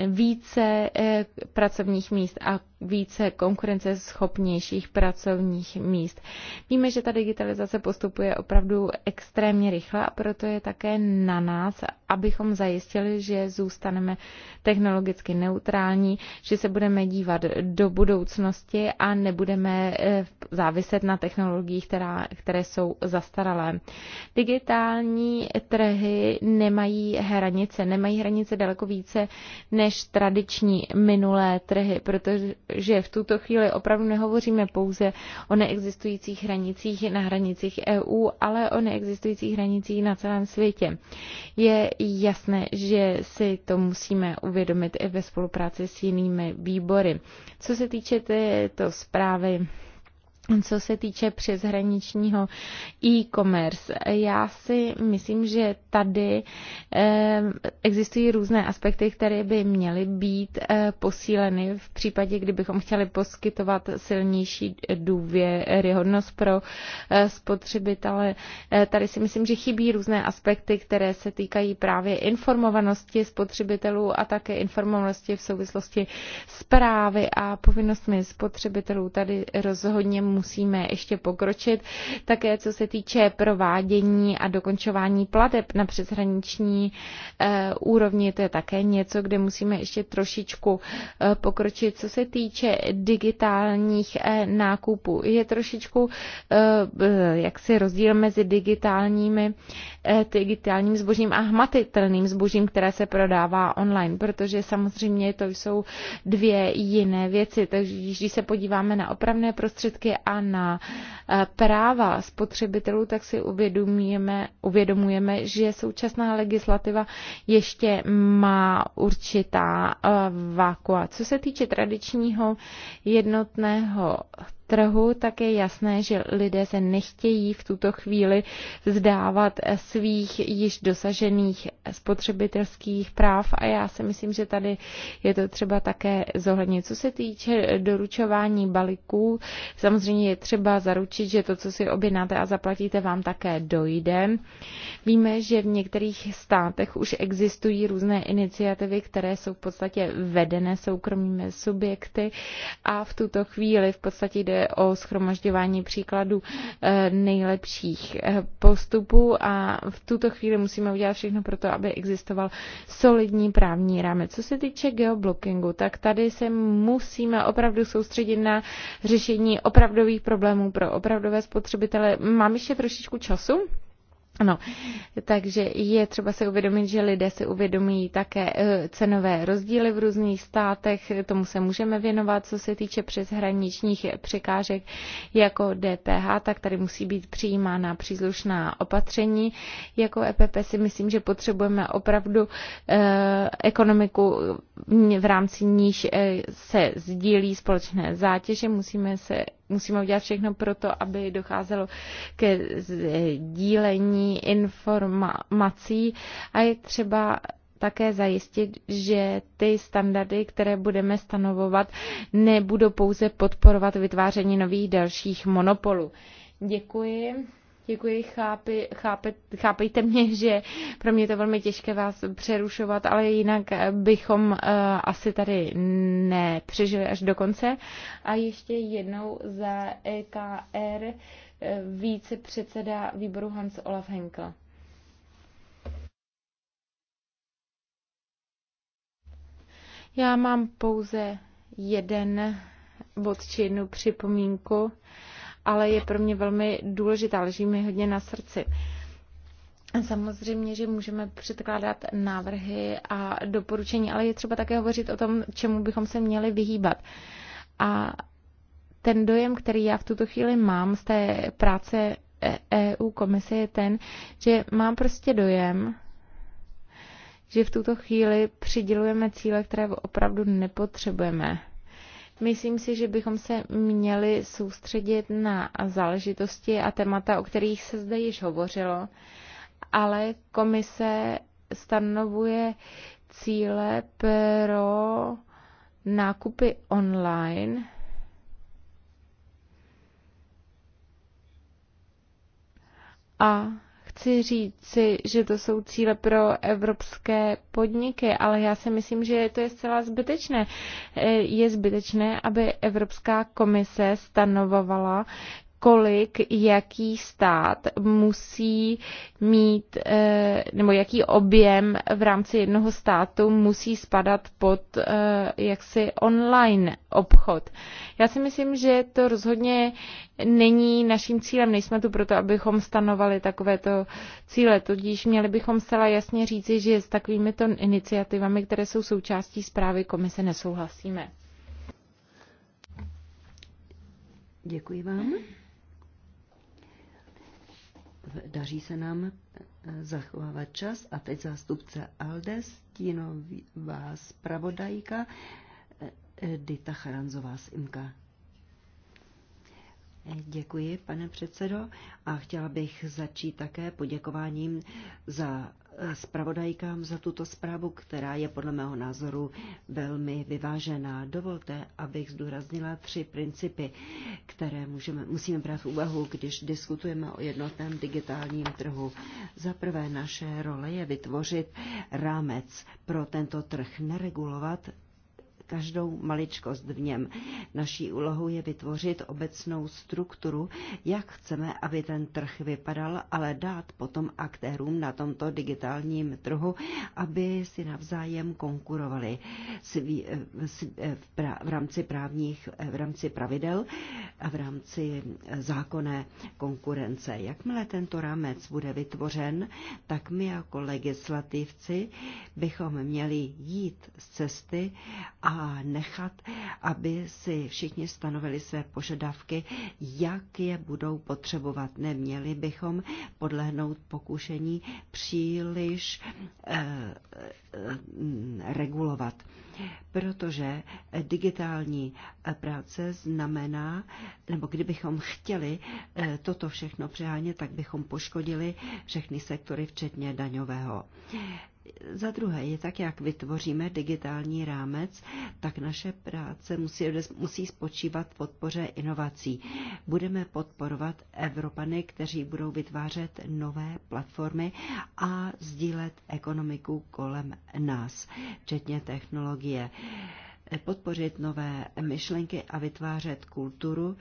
více eh, pracovních míst a více konkurenceschopnějších pracovních míst. Víme, že ta digitalizace postupuje opravdu extrémně rychle a proto je také na nás, abychom zajistili, že zůstaneme technologicky technicky neutrální, že se budeme dívat do budoucnosti a nebudeme eh, záviset na technologiích, která, které jsou zastaralé. Digitální trhy nemají hranice, nemají hranice daleko více než tradiční minulé trhy, protože v tuto chvíli opravdu nehovoříme pouze o neexistujících hranicích na hranicích EU, ale o neexistujících hranicích na celém světě. Je jasné, že si to musíme uvědomit ve spolupráci s jinými výbory. Co se týče této zprávy, co se týče přeshraničního e-commerce, já si myslím, že tady ehm, existují různé aspekty, které by měly být eh, posíleny v případě, kdybychom chtěli poskytovat silnější důvěryhodnost pro eh, spotřebitele. Eh, tady si myslím, že chybí různé aspekty, které se týkají právě informovanosti spotřebitelů a také informovanosti v souvislosti s právy a povinnostmi spotřebitelů. Tady rozhodně musíme ještě pokročit. Také co se týče provádění a dokončování plateb na přeshraniční eh, úrovni, to je také něco, kde musíme ještě trošičku eh, pokročit. Co se týče digitálních eh, nákupů, je trošičku jaksi rozdíl mezi digitálními, digitálním zbožím a hmatitelným zbožím, které se prodává online, protože samozřejmě to jsou dvě jiné věci. Takže když se podíváme na opravné prostředky a na eh, práva spotřebitelů, tak si uvědomujeme, uvědomujeme, že současná legislativa ještě má určitá eh, vákua. Co se týče tradičního jednotného trhu, tak je jasné, že lidé se nechtějí v tuto chvíli vzdávat svých již dosažených spotřebitelských práv a já si myslím, že tady je to třeba také zohlednit. Co se týče doručování balíků, samozřejmě je třeba zaručit, že to, co si objednáte a zaplatíte, vám také dojde. Víme, že v některých státech už existují různé iniciativy, které jsou v podstatě vedené soukromými subjekty a v tuto chvíli v podstatě jde je o schromažďování příkladů eh, nejlepších eh, postupů a v tuto chvíli musíme udělat všechno pro to, aby existoval solidní právní rámec. Co se týče geoblockingu, tak tady se musíme opravdu soustředit na řešení opravdových problémů pro opravdové spotřebitele. Mám ještě trošičku času? Ano, takže je třeba si uvědomit, že lidé si uvědomí také eh, cenové rozdíly v různých státech, tomu se můžeme věnovat, co se týče přeshraničních překážek jako DPH, tak tady musí být přijímána příslušná opatření. Jako EPP si myslím, že potřebujeme opravdu eh, ekonomiku v rámci níž eh, se sdílí společné zátěže, musíme se musíme udělat všechno pro to, aby docházelo ke dílení informací a je třeba také zajistit, že ty standardy, které budeme stanovovat, nebudou pouze podporovat vytváření nových dalších monopolů. Děkuji. Děkuji, chápi, chápe, chápejte mě, *laughs* že pro mě je to velmi těžké vás přerušovat, ale jinak bychom uh, asi tady nepřežili až do konce. A ještě jednou za EKR eh, více předseda výboru Hans Olaf Henkel. Já mám pouze jeden bod či jednu připomínku. Uh, ale je pro mě velmi důležitá, leží mi hodně na srdci. Samozřejmě, že můžeme předkládat návrhy a doporučení, ale je třeba také hovořit o tom, čemu bychom se měli vyhýbat. A ten dojem, který já v tuto chvíli mám z té práce EU e komise, je ten, že mám prostě dojem, že v tuto chvíli přidělujeme cíle, které opravdu nepotřebujeme. Myslím si, že bychom se měli soustředit na záležitosti a témata, o kterých se zde již hovořilo, ale komise stanovuje cíle pro nákupy online a chci říci, že to jsou cíle pro evropské podniky, ale já si myslím, že to je zcela zbytečné. E, je zbytečné, aby Evropská komise stanovovala, kolik jaký stát musí mít, eh, nebo jaký objem v rámci jednoho státu musí spadat pod eh, jaksi online obchod. Já si myslím, že to rozhodně není naším cílem, nejsme tu proto, abychom stanovali takovéto cíle, tudíž měli bychom zcela jasně říci, že s takovými to iniciativami, které jsou součástí zprávy komise, nesouhlasíme. Děkuji vám daří se nám eh, zachovávat čas a teď zástupce Alde, stínová zpravodajka eh, eh, Dita Charanzová z IMKA. Děkuji, pane předsedo, a chtěla bych začít také poděkováním za zpravodajkám za tuto zprávu, která je podle mého názoru velmi vyvážená. Dovolte, abych zdůraznila tři principy, které můžeme, musíme brát v úvahu, když diskutujeme o jednotném digitálním trhu. Za prvé naše role je vytvořit rámec pro tento trh, neregulovat každou maličkost v něm. Naší úlohou je vytvořit obecnou strukturu, jak chceme, aby ten trh vypadal, ale dát potom aktérům na tomto digitálním trhu, aby si navzájem konkurovali v rámci právních, v rámci pravidel a v rámci zákonné konkurence. Jakmile tento rámec bude vytvořen, tak my jako legislativci bychom měli jít z cesty a a nechat, aby si všichni stanovili své požadavky, jak je budou potřebovat. Neměli bychom podlehnout pokušení příliš eh, eh, regulovat, protože digitální eh, práce znamená, nebo kdybychom chtěli eh, toto všechno přehánět, tak bychom poškodili všechny sektory, včetně daňového. Za druhé je tak, jak vytvoříme digitální rámec, tak naše práce musí, musí spočívat v podpoře inovací. Budeme podporovat Evropany, kteří budou vytvářet nové platformy a sdílet ekonomiku kolem nás, včetně technologie podpořit nové myšlenky a vytvářet kulturu,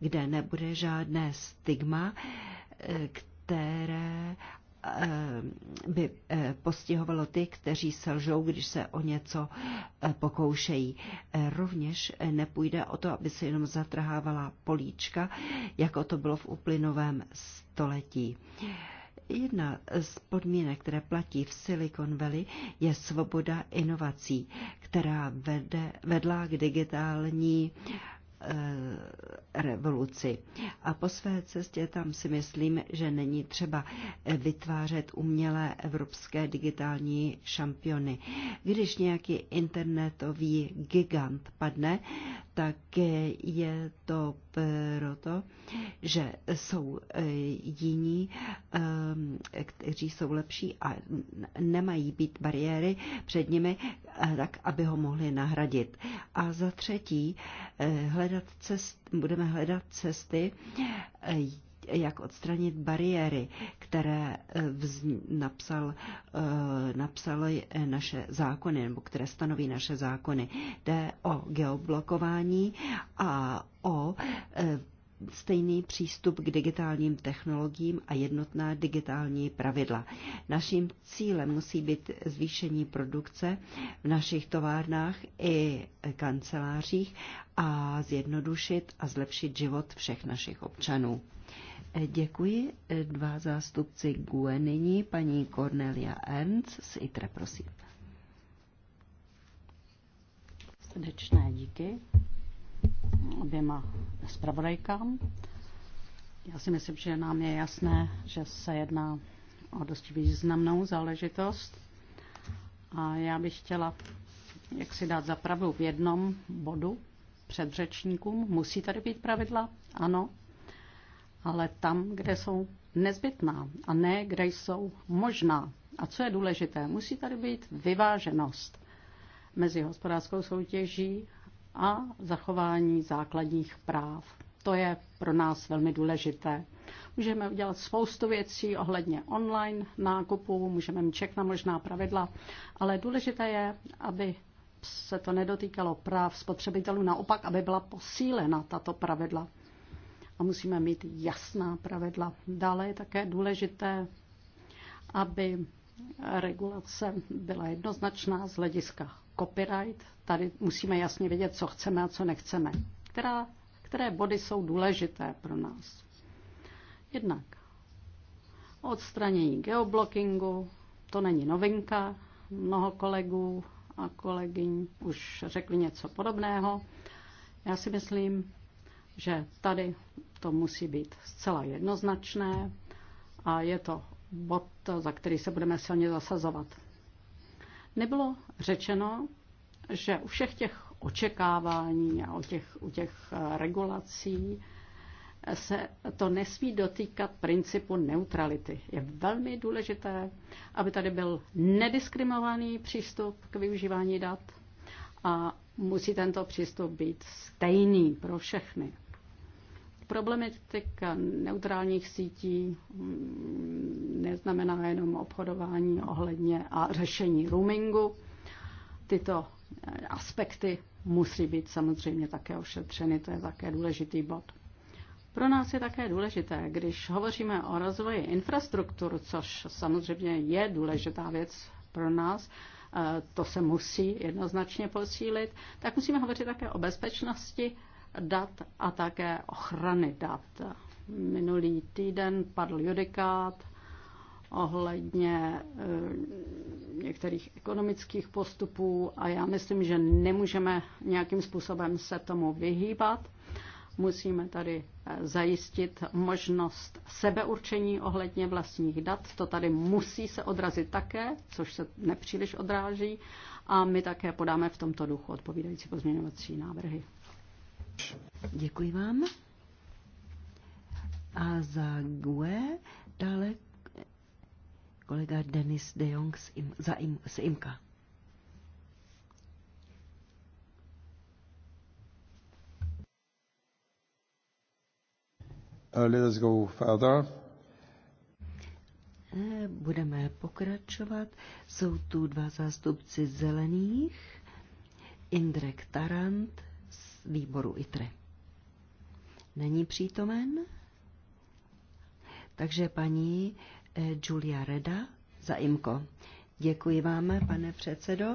kde nebude žádné stigma, eh, které Eh, by eh, postihovalo ty, kteří selžou, když se o něco eh, pokoušejí. Rovněž nepůjde o to, aby se jenom zatrhávala políčka, jako to bylo v uplynovém století. Jedna z podmínek, které platí v Silicon Valley, je svoboda inovací, která vede, vedla k digitální Eh, revoluci. A po své cestě tam si myslím, že není třeba eh, vytvářet umělé evropské digitální šampiony. Když nějaký internetový gigant padne, také je to proto, že jsou e, jiní, e, kteří jsou lepší a nemají být bariéry před nimi, e, tak aby ho mohli nahradit. A za třetí, hledat cest, budeme hledat cesty, jak odstranit bariéry, které eh, vz, napsal, eh, napsaly eh, naše zákony, nebo které stanoví naše zákony. Jde o geoblokování a o stejný přístup k digitálním technologiím a jednotná digitální pravidla. Naším cílem musí být zvýšení produkce v našich továrnách i kancelářích a zjednodušit a zlepšit život všech našich občanů. Děkuji. Dva zástupci GUE nyní, paní Cornelia Ernst z ITRE, prosím. Srdečné díky oběma zpravodajkám. Já si myslím, že nám je jasné, že se jedná o dosti významnou záležitost. A já bych chtěla jak si dát zapravu v jednom bodu předřečníkům. Musí tady být pravidla? Ano, ale tam, kde jsou nezbytná a ne kde jsou možná. A co je důležité, musí tady být vyváženost mezi hospodářskou soutěží a zachování základních práv. To je pro nás velmi důležité. Můžeme udělat spoustu věcí ohledně online nákupů, můžeme mít všechna možná pravidla, ale důležité je, aby se to nedotýkalo práv spotřebitelů, naopak, aby byla posílena tato pravidla a musíme mít jasná pravidla. Dále je také důležité, aby regulace byla jednoznačná z hlediska copyright. Tady musíme jasně vědět, co chceme a co nechceme. Která, které body jsou důležité pro nás. Jednak odstranění geoblockingu, to není novinka, mnoho kolegů a kolegyň už řekli něco podobného. Já si myslím, že tady to musí být zcela jednoznačné a je to bod, za který se budeme silně zasazovat. Nebylo řečeno, že u všech těch očekávání a u těch, u těch eh, regulací eh, se to nesmí dotýkat principu neutrality. Je velmi důležité, aby tady byl nediskriminovaný přístup k využívání dat a musí tento přístup být stejný pro všechny. Problematika neutrálních sítí mm, neznamená jenom obchodování ohledně a řešení roamingu. Tyto eh, aspekty musí být samozřejmě také ošetřeny, to je také důležitý bod. Pro nás je také důležité, když hovoříme o rozvoji infrastruktur, což samozřejmě je důležitá věc pro nás, eh, to se musí jednoznačně posílit, tak musíme hovořit také o bezpečnosti dat a také ochrany dat. Minulý týden padl judikát ohledně eh, některých ekonomických postupů a já myslím, že nemůžeme nějakým způsobem se tomu vyhýbat. Musíme tady eh, zajistit možnost sebeurčení ohledně vlastních dat. To tady musí se odrazit také, což se nepříliš odráží. A my také podáme v tomto duchu odpovídající pozměňovací návrhy. Děkuji vám. A za GUE dále kolega Denis de Jong z, Im, za Im, z IMKA. Uh, let us go further. Eh, budeme pokračovat. Jsou tu dva zástupci zelených. Indrek Tarant výboru ITRE. Není přítomen? Takže paní eh, Julia Reda za IMKO. Děkuji vám, pane předsedo.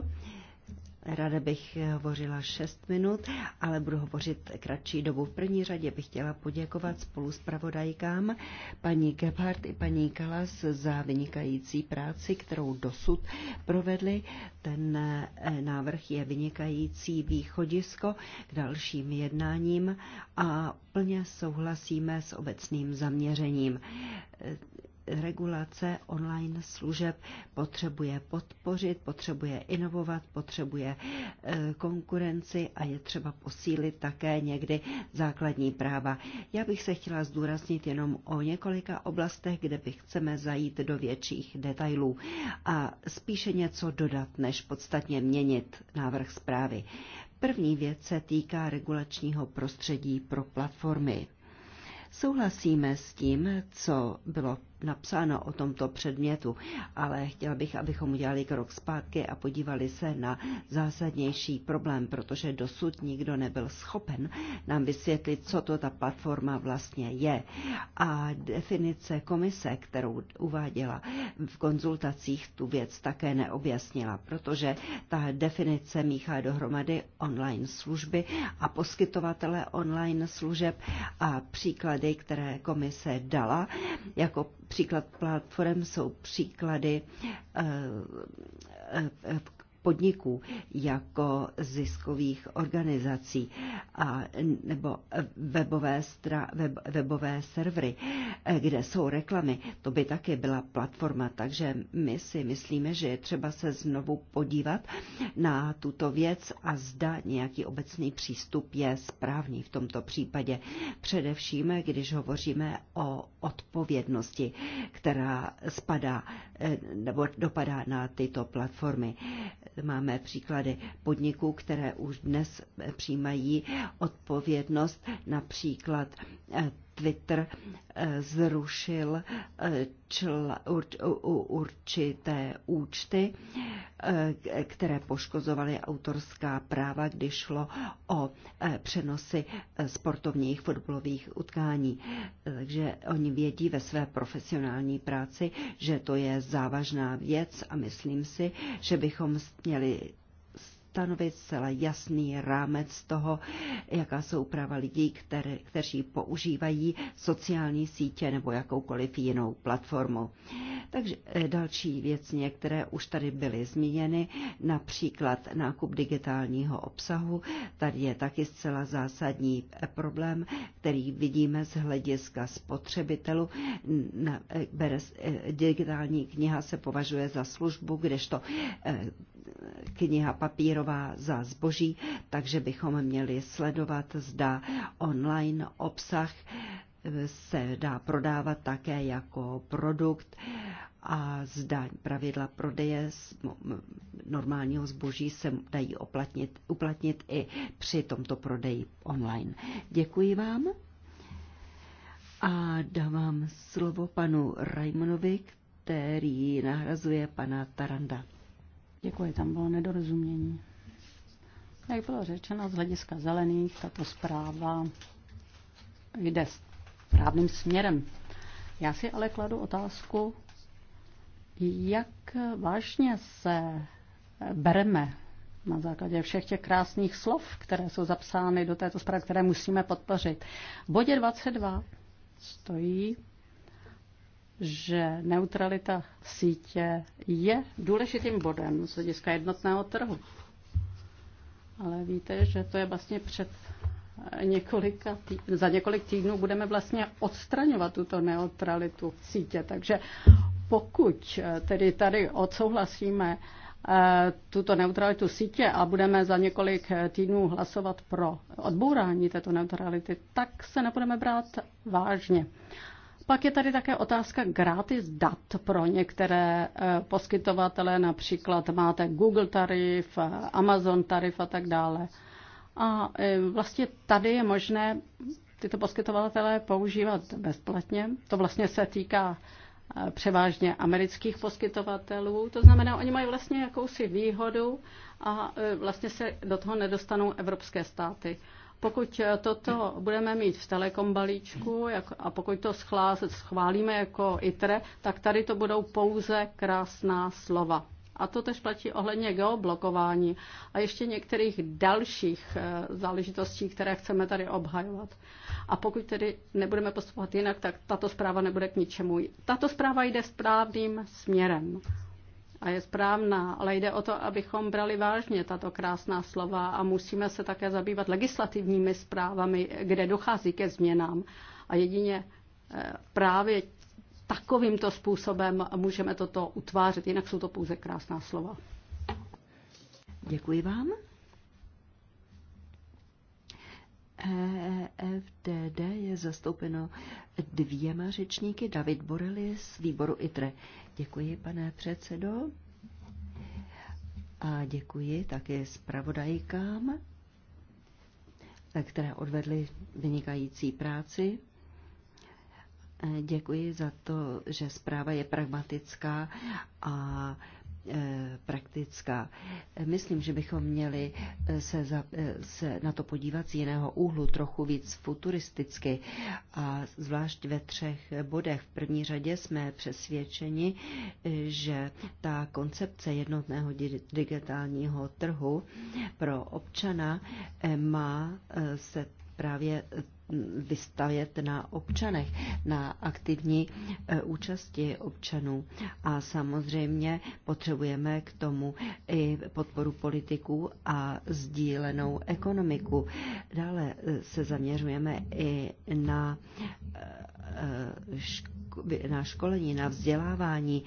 Ráda bych hovořila 6 minut, ale budu hovořit kratší dobu. V první řadě bych chtěla poděkovat spolu s pravodajkám paní Gebhardt i paní Kalas za vynikající práci, kterou dosud provedli. Ten eh, návrh je vynikající východisko k dalším jednáním a plně souhlasíme s obecným zaměřením regulace online služeb potřebuje podpořit, potřebuje inovovat, potřebuje e, konkurenci a je třeba posílit také někdy základní práva. Já bych se chtěla zdůraznit jenom o několika oblastech, kde bych chceme zajít do větších detailů a spíše něco dodat, než podstatně měnit návrh zprávy. První věc se týká regulačního prostředí pro platformy. Souhlasíme s tím, co bylo napsáno o tomto předmětu, ale chtěla bych, abychom udělali krok zpátky a podívali se na zásadnější problém, protože dosud nikdo nebyl schopen nám vysvětlit, co to ta platforma vlastně je. A definice komise, kterou uváděla v konzultacích, tu věc také neobjasnila, protože ta definice míchá dohromady online služby a poskytovatele online služeb a příklady, které komise dala jako příklad platform jsou příklady eh, eh, podniků jako ziskových organizací a, nebo webové, stra, web, webové servery, eh, kde jsou reklamy. To by také byla platforma, takže my si myslíme, že je třeba se znovu podívat na tuto věc a zda nějaký obecný přístup je správný v tomto případě. Především, když hovoříme o odpovědnosti, která spadá eh, nebo dopadá na tyto platformy máme příklady podniků, které už dnes přijímají odpovědnost, například eh, Twitter eh, zrušil eh, čl, určité účty, eh, které poškozovaly autorská práva, když šlo o přenosy sportovních fotbalových utkání. Takže oni vědí ve své profesionální práci, že to je závažná věc a myslím si, že bychom měli stanovit zcela jasný rámec toho, jaká jsou práva lidí, které, kteří používají sociální sítě nebo jakoukoliv jinou platformu. Takže eh, další věc, některé už tady byly zmíněny, například nákup digitálního obsahu. Tady je taky zcela zásadní eh, problém, který vidíme z hlediska spotřebitelu. Eh, digitální kniha se považuje za službu, kdežto kniha papírová za zboží, takže bychom měli sledovat, zda online obsah eh, se dá prodávat také jako produkt a zda pravidla prodeje normálního zboží se dají uplatnit, uplatnit i při tomto prodeji online. Děkuji vám a dávám slovo panu Raimonovi, který nahrazuje pana Taranda. Děkuji, tam bylo nedorozumění. Jak bylo řečeno, z hlediska zelených tato zpráva jde správným směrem. Já si ale kladu otázku, jak vážně se bereme na základě všech těch krásných slov, které jsou zapsány do této zprávy, které musíme podpořit. V bodě 22 stojí že neutralita sítě je důležitým bodem z hlediska jednotného trhu. Ale víte, že to je vlastně před eh, několika tý... za několik týdnů budeme vlastně odstraňovat tuto neutralitu sítě. Takže pokud eh, tedy tady odsouhlasíme eh, tuto neutralitu sítě a budeme za několik týdnů hlasovat pro odbourání této neutrality, tak se nebudeme brát vážně. Pak je tady také otázka gratis dat pro některé eh, poskytovatele, například máte Google tarif, Amazon tarif a tak dále. A eh, vlastně tady je možné tyto poskytovatele používat bezplatně. To vlastně se týká eh, převážně amerických poskytovatelů. To znamená, oni mají vlastně jakousi výhodu a vlastně se do toho nedostanou evropské státy. Pokud eh, toto budeme mít v telekom balíčku a pokud to schválíme jako ITRE, tak tady to budou pouze krásná slova. A to tež platí ohledně geoblokování a ještě některých dalších eh, záležitostí, které chceme tady obhajovat. A pokud tedy nebudeme postupovat jinak, tak tato zpráva nebude k ničemu. Tato zpráva jde správným směrem a je správná, ale jde o to, abychom brali vážně tato krásná slova a musíme se také zabývat legislativními zprávami, kde dochází ke změnám. A jedině eh, právě takovýmto způsobem můžeme toto utvářet, jinak jsou to pouze krásná slova. Děkuji vám. EFDD e je zastoupeno dvěma řečníky. David Borely z výboru ITRE. Děkuji, pane předsedo. A děkuji také zpravodajkám, které odvedly vynikající práci. E, děkuji za to, že zpráva je pragmatická a Eh, praktická. Myslím, že bychom měli eh, se, za, eh, se na to podívat z jiného úhlu, trochu víc futuristicky a zvlášť ve třech bodech. V první řadě jsme přesvědčeni, že ta koncepce jednotného digitálního trhu pro občana má se právě vystavět na občanech, na aktivní e, účasti občanů. A samozřejmě potřebujeme k tomu i podporu politiků a sdílenou ekonomiku. Dále e, se zaměřujeme i na e, na školení, na vzdělávání,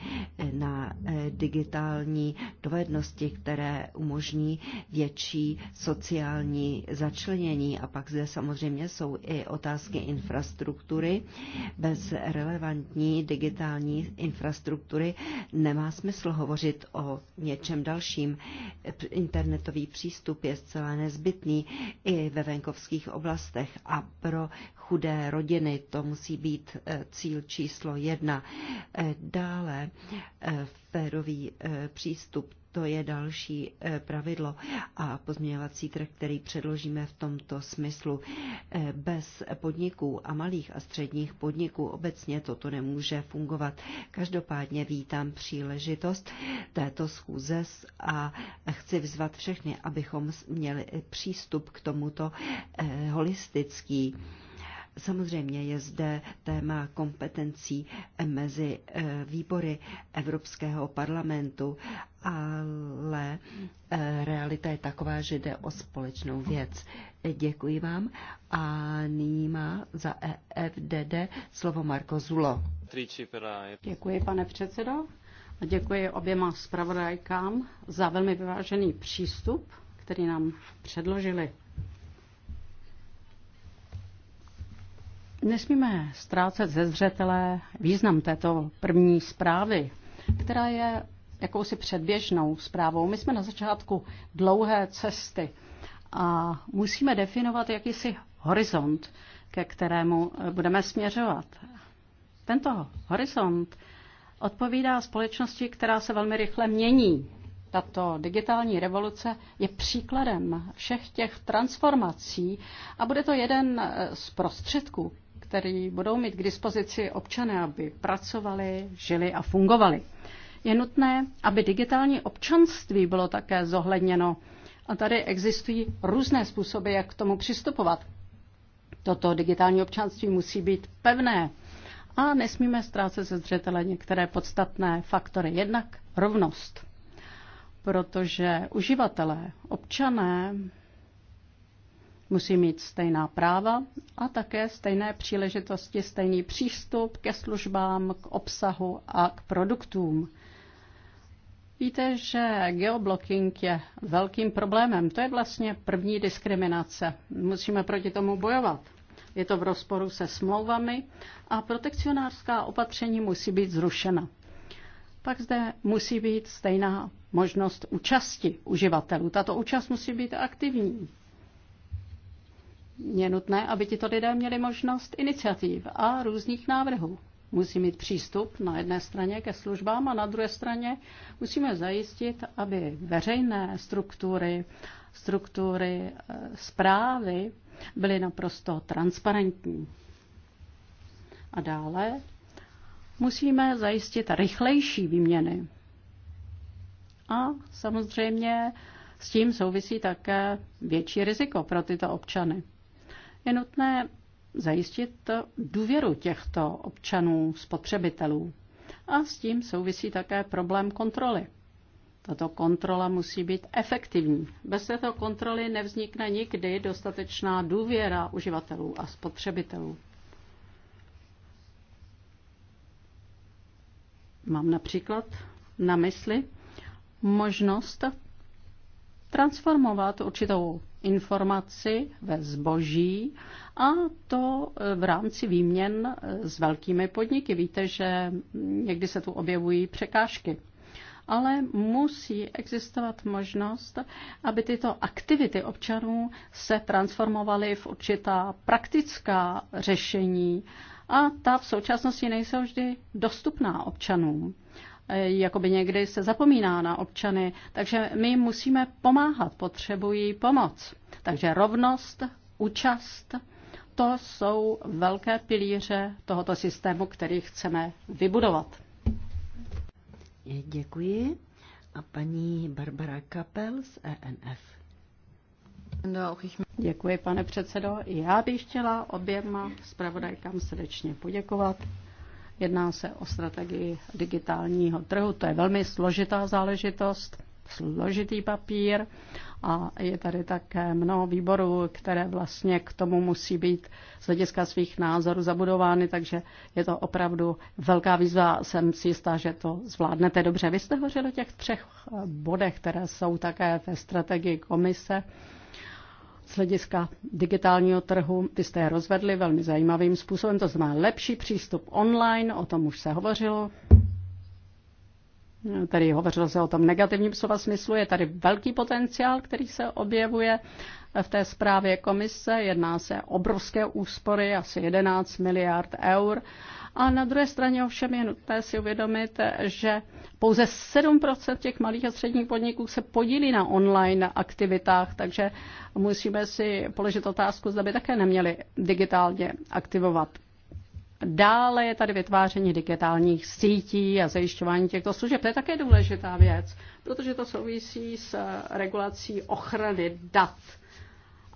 na digitální dovednosti, které umožní větší sociální začlenění. A pak zde samozřejmě jsou i i otázky infrastruktury. Bez relevantní digitální infrastruktury nemá smysl hovořit o něčem dalším. Internetový přístup je zcela nezbytný i ve venkovských oblastech a pro chudé rodiny to musí být eh, cíl číslo jedna. Eh, dále eh, férový přístup to je další eh, pravidlo a pozměňovací trh, který předložíme v tomto smyslu. Eh, bez podniků a malých a středních podniků obecně toto nemůže fungovat. Každopádně vítám příležitost této schůze a chci vzvat všechny, abychom měli přístup k tomuto eh, holistický Samozřejmě je zde téma kompetencí eh, mezi eh, výbory Evropského parlamentu, ale eh, realita je taková, že jde o společnou věc. Děkuji vám a nyní má za EFDD slovo Marko Zulo. Děkuji, pane předsedo. A děkuji oběma zpravodajkám za velmi vyvážený přístup, který nám předložili. Nesmíme ztrácet ze zřetele význam této první zprávy, která je jakousi předběžnou zprávou. My jsme na začátku dlouhé cesty a musíme definovat jakýsi horizont, ke kterému budeme směřovat. Tento horizont odpovídá společnosti, která se velmi rychle mění. Tato digitální revoluce je příkladem všech těch transformací a bude to jeden z prostředků, který budou mít k dispozici občané, aby pracovali, žili a fungovali. Je nutné, aby digitální občanství bylo také zohledněno. A tady existují různé způsoby, jak k tomu přistupovat. Toto digitální občanství musí být pevné a nesmíme ztrácet ze zřetele některé podstatné faktory. Jednak rovnost, protože uživatelé, občané musí mít stejná práva a také stejné příležitosti, stejný přístup ke službám, k obsahu a k produktům. Víte, že geoblocking je velkým problémem. To je vlastně první diskriminace. Musíme proti tomu bojovat. Je to v rozporu se smlouvami a protekcionářská opatření musí být zrušena. Pak zde musí být stejná možnost účasti uživatelů. Tato účast musí být aktivní. Je nutné, aby tito lidé měli možnost iniciativ a různých návrhů. Musí mít přístup na jedné straně ke službám a na druhé straně musíme zajistit, aby veřejné struktury, struktury zprávy eh, byly naprosto transparentní. A dále musíme zajistit rychlejší výměny. A samozřejmě s tím souvisí také větší riziko pro tyto občany. Je nutné zajistit důvěru těchto občanů, spotřebitelů. A s tím souvisí také problém kontroly. Tato kontrola musí být efektivní. Bez této kontroly nevznikne nikdy dostatečná důvěra uživatelů a spotřebitelů. Mám například na mysli možnost transformovat určitou informaci ve zboží a to v rámci výměn s velkými podniky. Víte, že někdy se tu objevují překážky. Ale musí existovat možnost, aby tyto aktivity občanů se transformovaly v určitá praktická řešení a ta v současnosti nejsou vždy dostupná občanům. Eh, jakoby někdy se zapomíná na občany, takže my jim musíme pomáhat, potřebují pomoc. Takže rovnost, účast, to jsou velké pilíře tohoto systému, který chceme vybudovat. Děkuji. A paní Barbara Kapel z ENF. Děkuji, pane předsedo. Já bych chtěla oběma zpravodajkám srdečně poděkovat Jedná se o strategii digitálního trhu. To je velmi složitá záležitost, složitý papír a je tady také mnoho výborů, které vlastně k tomu musí být z hlediska svých názorů zabudovány, takže je to opravdu velká výzva. Jsem si jistá, že to zvládnete dobře. Vy jste hovořil o těch třech bodech, které jsou také ve strategii komise z hlediska digitálního trhu. Vy jste je rozvedli velmi zajímavým způsobem, to znamená lepší přístup online, o tom už se hovořilo. Tady hovořilo se o tom negativním slova smyslu, je tady velký potenciál, který se objevuje v té zprávě komise. Jedná se o obrovské úspory, asi 11 miliard eur. A na druhé straně ovšem je nutné si uvědomit, že pouze 7% těch malých a středních podniků se podílí na online aktivitách, takže musíme si položit otázku, zda by také neměli digitálně aktivovat. Dále je tady vytváření digitálních sítí a zajišťování těchto služeb. To je také důležitá věc, protože to souvisí s regulací ochrany dat.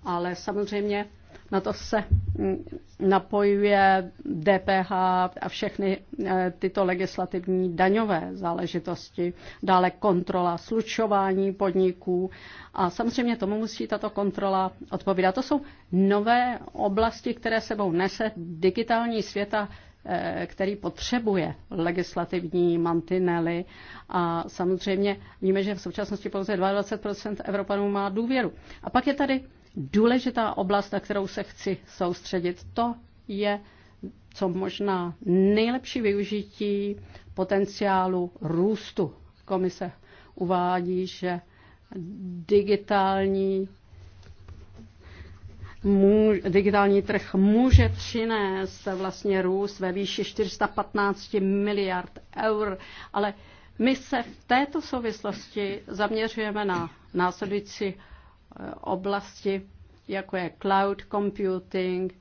Ale samozřejmě na to se mm, napojuje DPH a všechny eh, tyto legislativní daňové záležitosti, dále kontrola slučování podniků a samozřejmě tomu musí tato kontrola odpovídat. To jsou nové oblasti, které sebou nese digitální světa eh, který potřebuje legislativní mantinely. A samozřejmě víme, že v současnosti pouze 22 Evropanů má důvěru. A pak je tady důležitá oblast, na kterou se chci soustředit. To je co možná nejlepší využití potenciálu růstu. Komise uvádí, že digitální můž, digitální trh může přinést vlastně růst ve výši 415 miliard eur, ale my se v této souvislosti zaměřujeme na následující oblasti, jako je cloud computing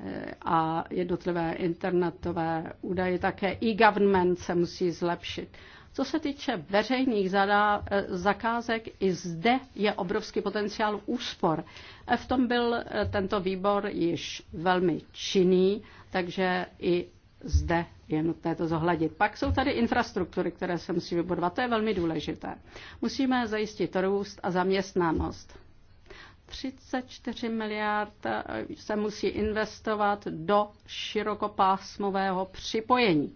eh, a jednotlivé internetové údaje, také e-government se musí zlepšit. Co se týče veřejných zadá, eh, zakázek, i zde je obrovský potenciál úspor. Eh, v tom byl tento výbor již velmi činný, takže i zde je nutné to zohlednit. Pak jsou tady infrastruktury, které se musí vybudovat. To je velmi důležité. Musíme zajistit růst a zaměstnanost. 34 miliard eh, se musí investovat do širokopásmového připojení.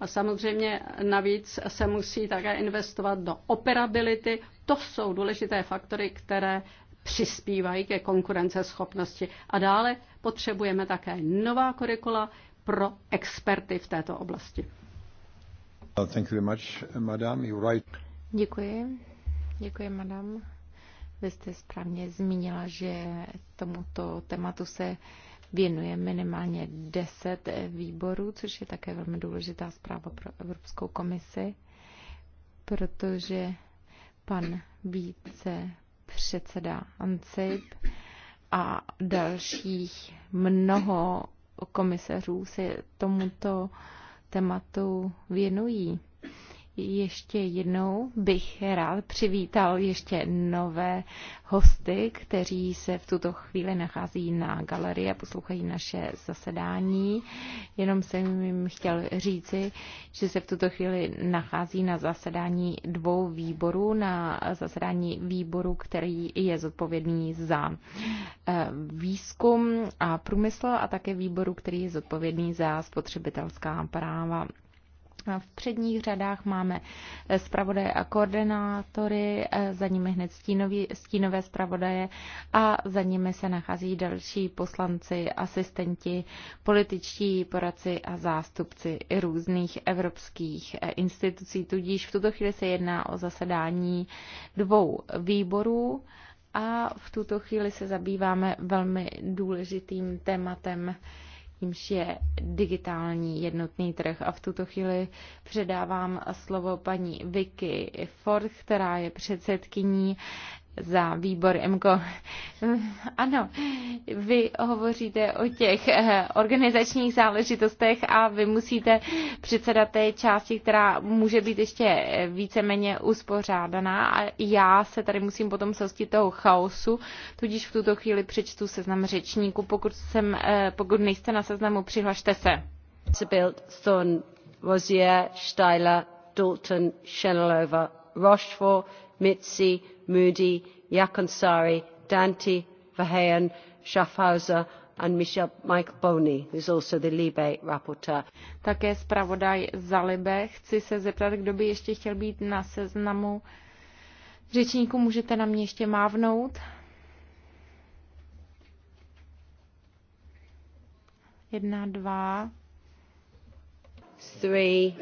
A samozřejmě navíc se musí také investovat do operability. To jsou důležité faktory, které přispívají ke konkurenceschopnosti. A dále potřebujeme také nová kurikula pro experty v této oblasti. Thank you very much, madam. You're right. Děkuji. Děkuji, madam. Vy jste správně zmínila, že tomuto tématu se věnuje minimálně 10 výborů, což je také velmi důležitá zpráva pro Evropskou komisi, protože pan více předseda ANCIP a dalších mnoho komisařů se tomuto tématu věnují. Ještě jednou bych rád přivítal ještě nové hosty, kteří se v tuto chvíli nachází na galerii a poslouchají naše zasedání. Jenom jsem jim chtěl říci, že se v tuto chvíli nachází na zasedání dvou výborů, na zasedání výboru, který je zodpovědný za eh, výzkum a průmysl a také výboru, který je zodpovědný za spotřebitelská práva v předních řadách máme eh, zpravodaje a koordinátory, eh, za nimi hned stínový, stínové zpravodaje a za nimi se nachází další poslanci, asistenti, političtí poradci a zástupci různých evropských eh, institucí. Tudíž v tuto chvíli se jedná o zasedání dvou výborů a v tuto chvíli se zabýváme velmi důležitým tématem, jimž je digitální jednotný trh. A v tuto chvíli předávám slovo paní Vicky Ford, která je předsedkyní za výbor MKO. Ano, vy hovoříte o těch eh, organizačních záležitostech a vy musíte předsedat té části, která může být ještě eh, víceméně uspořádaná a já se tady musím potom sostit toho chaosu, tudíž v tuto chvíli přečtu seznam řečníků. Pokud, jsem, eh, pokud nejste na seznamu, přihlašte se. Rozier, Steiler, Dalton, Rochefort, Mitzi, Moody, Yakonsari, Dante, Verheyen, Schaffhauser and Michel, Michael Boney, who's also the Libe rapporteur. Také zpravodaj za Libe. Chci se zeptat, kdo by ještě chtěl být na seznamu řečníků. Můžete na mě ještě mávnout? Jedna, dva. Three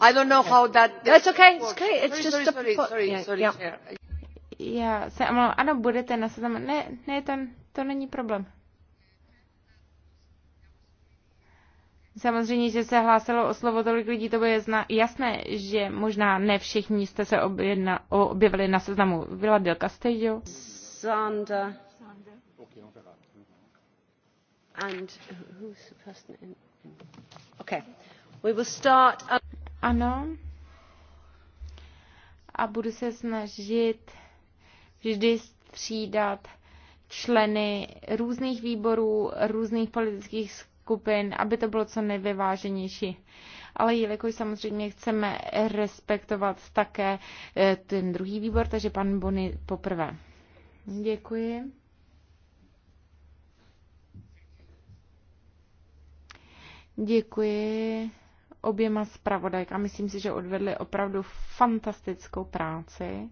i don't know how that... That's okay, it's okay, it's just sorry, a... Sorry, sorry, yeah. sorry, Já se omlouvám. Ano, budete na seznamu. Ne, ne, to, to není problém. Samozřejmě, že se hlásilo o slovo tolik lidí, to je zna- jasné, že možná ne všichni jste se objedna- objevili na seznamu. Byla Del Castillo. Sandra. And who's the person in... Okay. Uh, ano. A budu se snažit vždy střídat členy různých výborů, různých politických skupin, aby to bylo co nevyváženější. Ale jelikož samozřejmě chceme respektovat také eh, ten druhý výbor, takže pan Bony poprvé. Děkuji. Děkuji oběma zpravodajka. Myslím si, že odvedli opravdu fantastickou práci.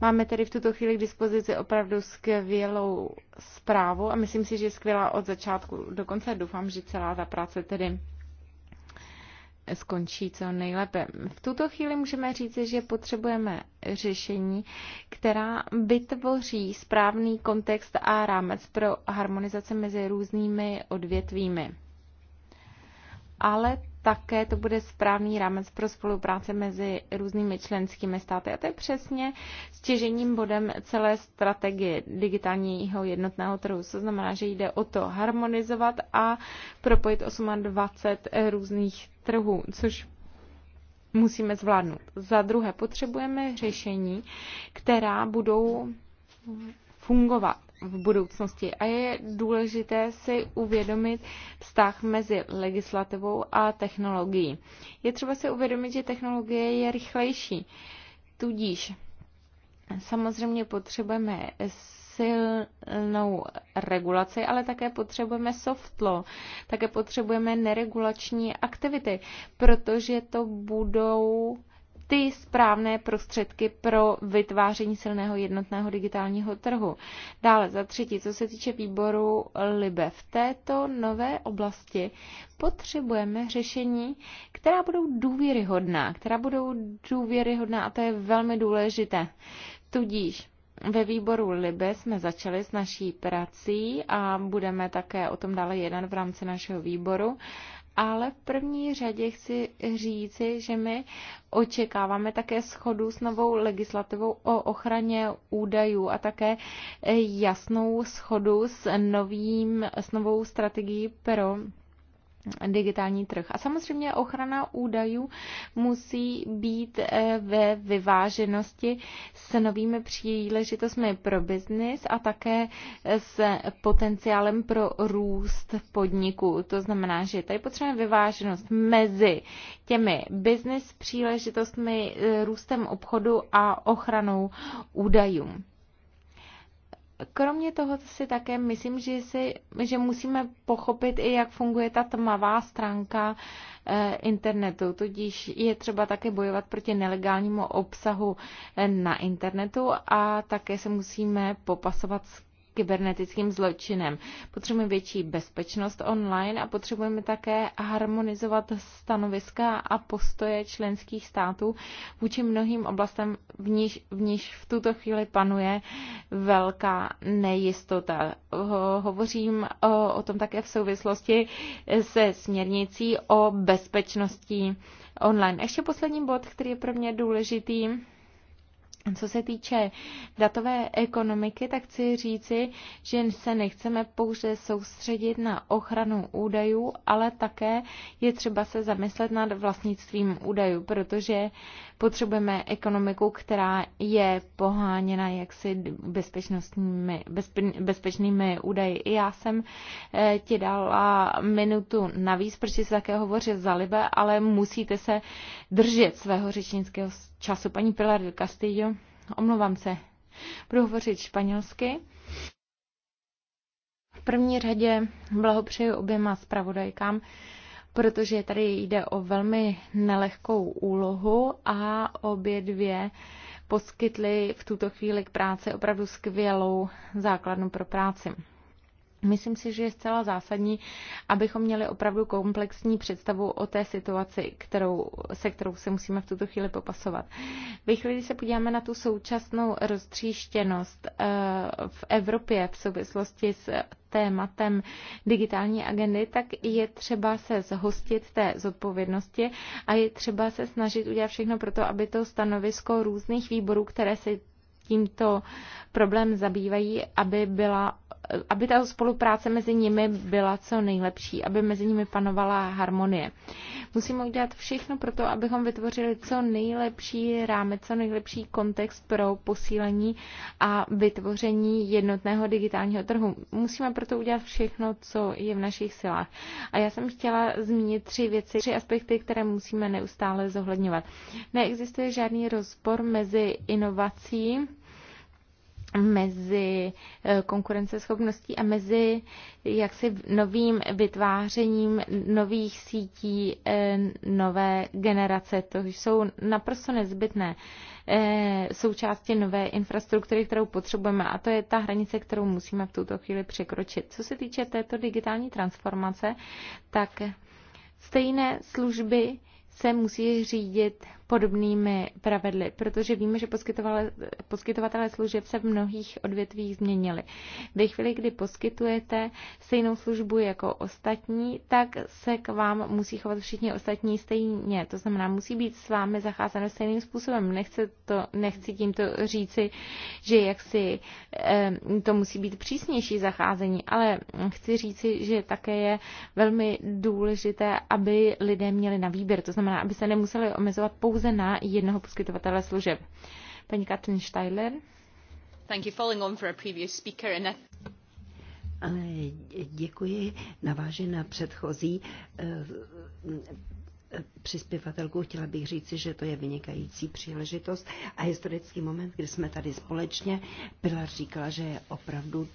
Máme tedy v tuto chvíli k dispozici opravdu skvělou zprávu a myslím si, že je skvělá od začátku do konce. Doufám, že celá ta práce tedy skončí co nejlépe. V tuto chvíli můžeme říci, že potřebujeme řešení, která vytvoří správný kontext a rámec pro harmonizaci mezi různými odvětvími. Ale také to bude správný rámec pro spolupráci mezi různými členskými státy. A to je přesně stěžením bodem celé strategie digitálního jednotného trhu. To znamená, že jde o to harmonizovat a propojit 28 různých trhu, což musíme zvládnout. Za druhé, potřebujeme řešení, která budou fungovat v budoucnosti a je důležité si uvědomit vztah mezi legislativou a technologií. Je třeba si uvědomit, že technologie je rychlejší, tudíž samozřejmě potřebujeme silnou regulaci, ale také potřebujeme soft law, také potřebujeme neregulační aktivity, protože to budou ty správné prostředky pro vytváření silného jednotného digitálního trhu. Dále za třetí, co se týče výboru LIBE, v této nové oblasti potřebujeme řešení, která budou důvěryhodná, která budou důvěryhodná a to je velmi důležité. Tudíž ve výboru Libe jsme začali s naší prací a budeme také o tom dále jednat v rámci našeho výboru. Ale v první řadě chci říci, že my očekáváme také schodu s novou legislativou o ochraně údajů a také jasnou schodu s, novým, s novou strategií pro digitální trh. A samozřejmě ochrana údajů musí být eh, ve vyváženosti s novými příležitostmi pro biznis a také s potenciálem pro růst podniku. To znamená, že tady potřebujeme vyváženost mezi těmi biznis příležitostmi, eh, růstem obchodu a ochranou údajů kromě toho si také myslím, že, si, že musíme pochopit i, jak funguje ta tmavá stránka eh, internetu. Tudíž je třeba také bojovat proti nelegálnímu obsahu eh, na internetu a také se musíme popasovat s kybernetickým zločinem. Potřebujeme větší bezpečnost online a potřebujeme také harmonizovat stanoviska a postoje členských států vůči mnohým oblastem, v níž, v, níž v tuto chvíli panuje velká nejistota. Hovořím o, o tom také v souvislosti se směrnicí o bezpečnosti online. Ještě poslední bod, který je pro mě důležitý co se týče datové ekonomiky, tak chci říci, že se nechceme pouze soustředit na ochranu údajů, ale také je třeba se zamyslet nad vlastnictvím údajů, protože potřebujeme ekonomiku, která je poháněna jaksi bezpečnostními, bezpe, bezpečnými údaji. I já jsem eh, ti dala minutu navíc, protože se také hovořil za libe, ale musíte se držet svého řečnického času. Paní Pilar del Castillo, omlouvám se, budu hovořit španělsky. V první řadě blahopřeji oběma zpravodajkám, protože tady jde o velmi nelehkou úlohu a obě dvě poskytly v tuto chvíli k práci opravdu skvělou základnu pro práci. Myslím si, že je zcela zásadní, abychom měli opravdu komplexní představu o té situaci, kterou, se kterou se musíme v tuto chvíli popasovat. Ve chvíli, se podíváme na tu současnou roztříštěnost eh, v Evropě v souvislosti s tématem digitální agendy, tak je třeba se zhostit té zodpovědnosti a je třeba se snažit udělat všechno pro to, aby to stanovisko různých výborů, které se tímto problém zabývají, aby byla aby ta spolupráce mezi nimi byla co nejlepší, aby mezi nimi panovala harmonie. Musíme udělat všechno pro to, abychom vytvořili co nejlepší rámec, co nejlepší kontext pro posílení a vytvoření jednotného digitálního trhu. Musíme proto udělat všechno, co je v našich silách. A já jsem chtěla zmínit tři věci, tři aspekty, které musíme neustále zohledňovat. Neexistuje žádný rozpor mezi inovací, mezi eh, konkurenceschopností a mezi jaksi novým vytvářením nových sítí eh, nové generace. To jsou naprosto nezbytné eh, součásti nové infrastruktury, kterou potřebujeme a to je ta hranice, kterou musíme v tuto chvíli překročit. Co se týče této digitální transformace, tak stejné služby se musí řídit podobnými pravidly, protože víme, že poskytovatelé služeb se v mnohých odvětvích změnili. Ve chvíli, kdy poskytujete stejnou službu jako ostatní, tak se k vám musí chovat všichni ostatní stejně. To znamená, musí být s vámi zacházeno stejným způsobem. Nechci, to, nechci tímto říci, že jaksi eh, to musí být přísnější zacházení, ale chci říci, že také je velmi důležité, aby lidé měli na výběr. To znamená, aby se nemuseli omezovat pouze pouze na jednoho poskytovatele služeb. Paní Katrin Steiler. Thank you. Following on for a previous speaker and that... Děkuji, navážená na předchozí eh, přispěvatelku. Chtěla bych říci, že to je vynikající příležitost a historický moment, kdy jsme tady společně. byla říkala, že je opravdu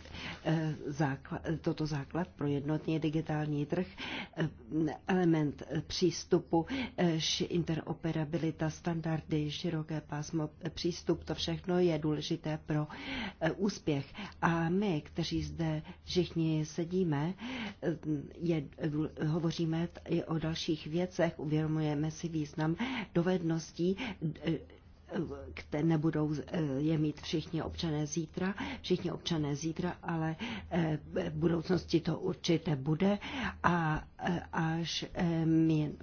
eh, základ, toto základ pro jednotný digitální trh, eh, element eh, přístupu, interoperabilita, standardy, široké pásmo, přístup, to všechno je důležité pro úspěch. A my, kteří zde všichni sedíme, je, hovoříme o dalších věcech, uvědomujeme si význam dovedností, které nebudou eh, je mít všichni občané zítra, všichni občané zítra, ale eh, v budoucnosti to určitě bude a eh, až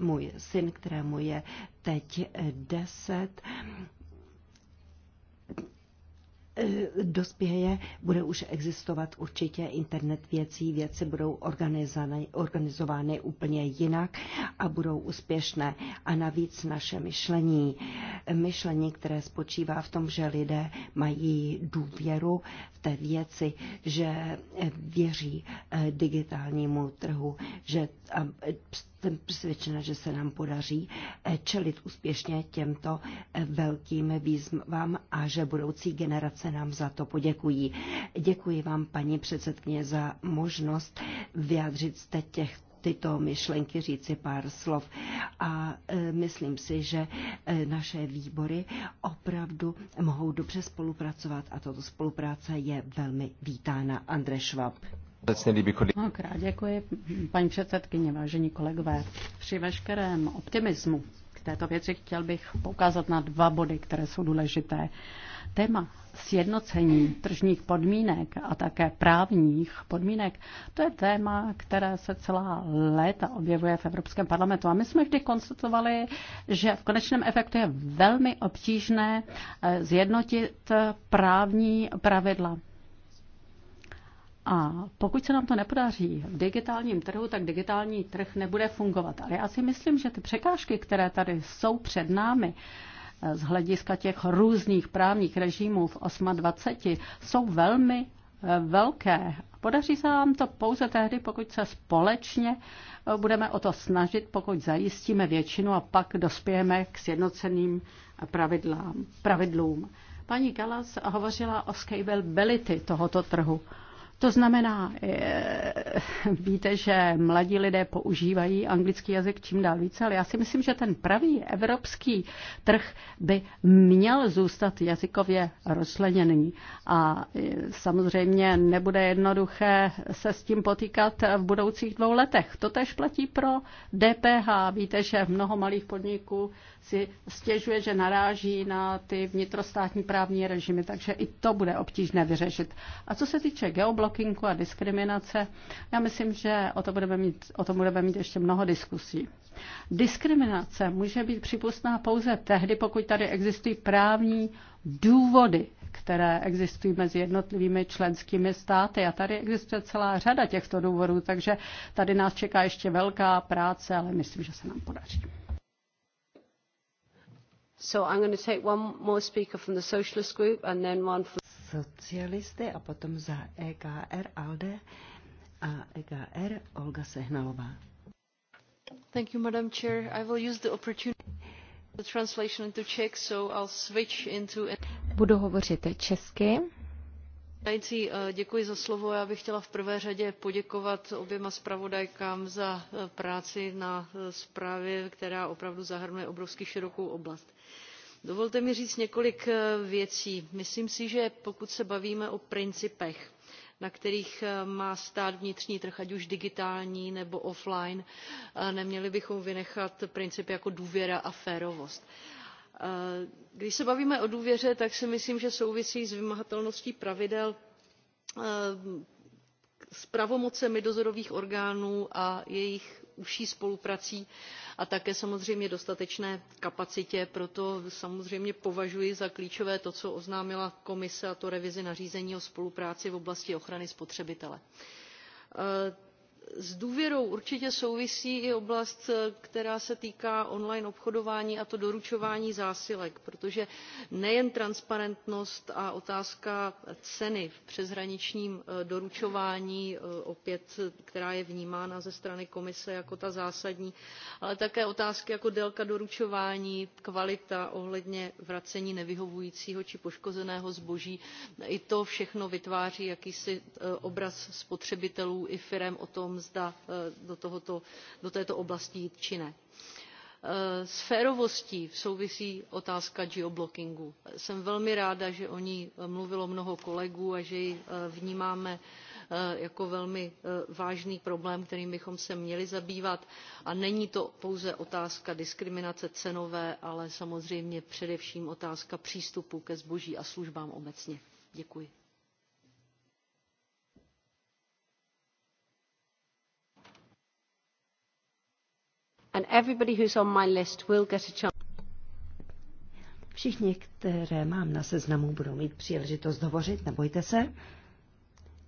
můj syn, kterému je teď deset, Eh, dospěje, bude už existovat určitě internet věcí, věci budou organizovány úplně jinak a budou úspěšné. A navíc naše myšlení, myšlení, které spočívá v tom, že lidé mají důvěru v té věci, že věří eh, digitálnímu trhu, že eh, jsem přesvědčena, že se nám podaří eh, čelit úspěšně těmto eh, velkým výzvám a že budoucí generace nám za to poděkují. Děkuji vám, paní předsedkyně, za možnost vyjádřit jste těch tyto myšlenky říci pár slov. A e, myslím si, že e, naše výbory opravdu mohou dobře spolupracovat a toto spolupráce je velmi vítána. Andre Schwab. Mnohokrát děkuji, paní předsedkyně, vážení kolegové. Při veškerém optimismu k této věci chtěl bych poukázat na dva body, které jsou důležité. Téma sjednocení tržních podmínek a také právních podmínek, to je téma, které se celá léta objevuje v Evropském parlamentu. A my jsme vždy konstatovali, že v konečném efektu je velmi obtížné eh, zjednotit právní pravidla a pokud se nám to nepodaří v digitálním trhu, tak digitální trh nebude fungovat. Ale já si myslím, že ty překážky, které tady jsou před námi, eh, z hlediska těch různých právních režimů v 28, jsou velmi eh, velké. Podaří se nám to pouze tehdy, pokud se společně eh, budeme o to snažit, pokud zajistíme většinu a pak dospějeme k sjednoceným pravidlám, pravidlům. Paní Galas hovořila o scalability tohoto trhu. To znamená, eh, víte, že mladí lidé používají anglický jazyk čím dál více, ale já si myslím, že ten pravý evropský trh by měl zůstat jazykově rozleněný. A eh, samozřejmě nebude jednoduché se s tím potýkat v budoucích dvou letech. To tež platí pro DPH. Víte, že mnoho malých podniků si stěžuje, že naráží na ty vnitrostátní právní režimy, takže i to bude obtížné vyřešit. A co se týče geoblockingu a diskriminace, já myslím, že o, to budeme mít, o tom budeme mít ještě mnoho diskusí. Diskriminace může být připustná pouze tehdy, pokud tady existují právní důvody, které existují mezi jednotlivými členskými státy. A tady existuje celá řada těchto důvodů, takže tady nás čeká ještě velká práce, ale myslím, že se nám podaří. So I'm going to take one more speaker from the Socialist group and then one from socialisty a potom za EKR ALDE a EKR Olga Sehnalová. Thank you, Madam Chair. I will use the opportunity the translation into Czech, so I'll switch into... Budu hovořit česky předsedající eh, já bych chtěla v prvé řadě poděkovat oběma zpravodajkám za eh, práci na eh, zprávě která opravdu zahrnuje obrovsky širokou oblast. dovolte mi říct několik věcí. myslím si že pokud se bavíme o principech na kterých má stát vnitřní trh ať už digitální nebo offline neměli bychom vynechat princip jako důvěra a férovost. Eh, když se bavíme o důvěře tak si myslím že souvisí s vymahatelností pravidel eh, s pravomocemi dozorových orgánů a jejich užší spoluprací a také samozřejmě dostatečné kapacitě proto samozřejmě považuji za klíčové to co oznámila komise a to revizi nařízení o spolupráci v oblasti ochrany spotřebitele eh, s důvěrou určitě souvisí i oblast eh, která se týká on line obchodování a to doručování zásilek protože nejen transparentnost a otázka ceny v přeshraničním eh, doručování eh, opět která je vnímána ze strany komise jako ta zásadní ale také otázky jako délka doručování kvalita ohledně vracení nevyhovujícího či poškozeného zboží i to všechno vytváří jakýsi obraz spotřebitelů i firem o tom zda eh, do, do této oblasti jít či ne. Eh, s férovostí souvisí otázka geoblockingu. jsem velmi ráda že o ní eh, mluvilo mnoho kolegů a že ji vnímáme jako velmi vážný problém kterým bychom se měli zabývat a není to pouze otázka diskriminace cenové ale samozřejmě především otázka přístupu ke zboží a službám obecně. děkuji. and everybody who's on my list will get a chance. Všichni, které mám na seznamu, budou mít příležitost hovořit, nebojte se.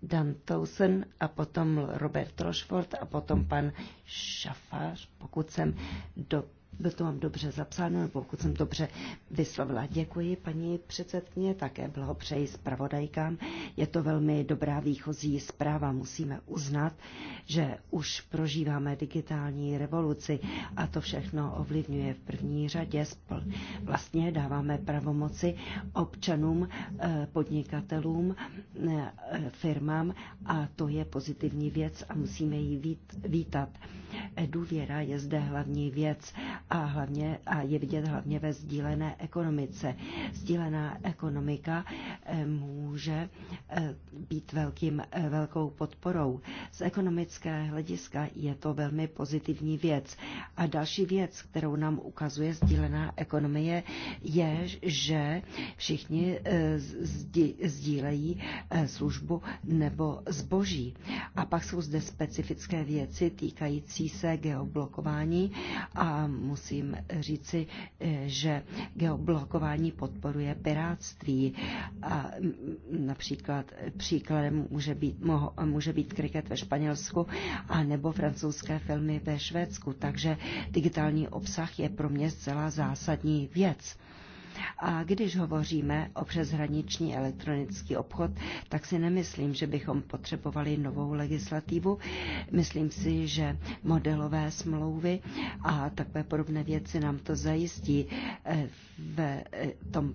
Dan Towson a potom Robert Rochford a potom pan Šafář, pokud jsem do byl to mám dobře zapsáno, nebo pokud jsem dobře vyslovila. Děkuji paní předsedkyně, také blahopřeji zpravodajkám. Je to velmi dobrá výchozí zpráva. Musíme uznat, že už prožíváme digitální revoluci a to všechno ovlivňuje v první řadě. Vlastně dáváme pravomoci občanům, eh, podnikatelům, eh, firmám a to je pozitivní věc a musíme ji vítat. Důvěra je zde hlavní věc a, hlavně, a je vidět hlavně ve sdílené ekonomice. Sdílená ekonomika eh, může eh, být velkým, eh, velkou podporou. Z ekonomické hlediska je to velmi pozitivní věc. A další věc, kterou nám ukazuje sdílená ekonomie, je, že všichni sdílejí službu nebo zboží. A pak jsou zde specifické věci týkající se geoblokování a musí musím říci, eh, že geoblokování podporuje piráctví. A mm, například příkladem může být, moho, může být kriket ve Španělsku a nebo francouzské filmy ve Švédsku. Takže digitální obsah je pro mě zcela zásadní věc a když hovoříme o přeshraniční elektronický obchod, tak si nemyslím, že bychom potřebovali novou legislativu. Myslím si, že modelové smlouvy a takové podobné věci nám to zajistí eh, v eh, tom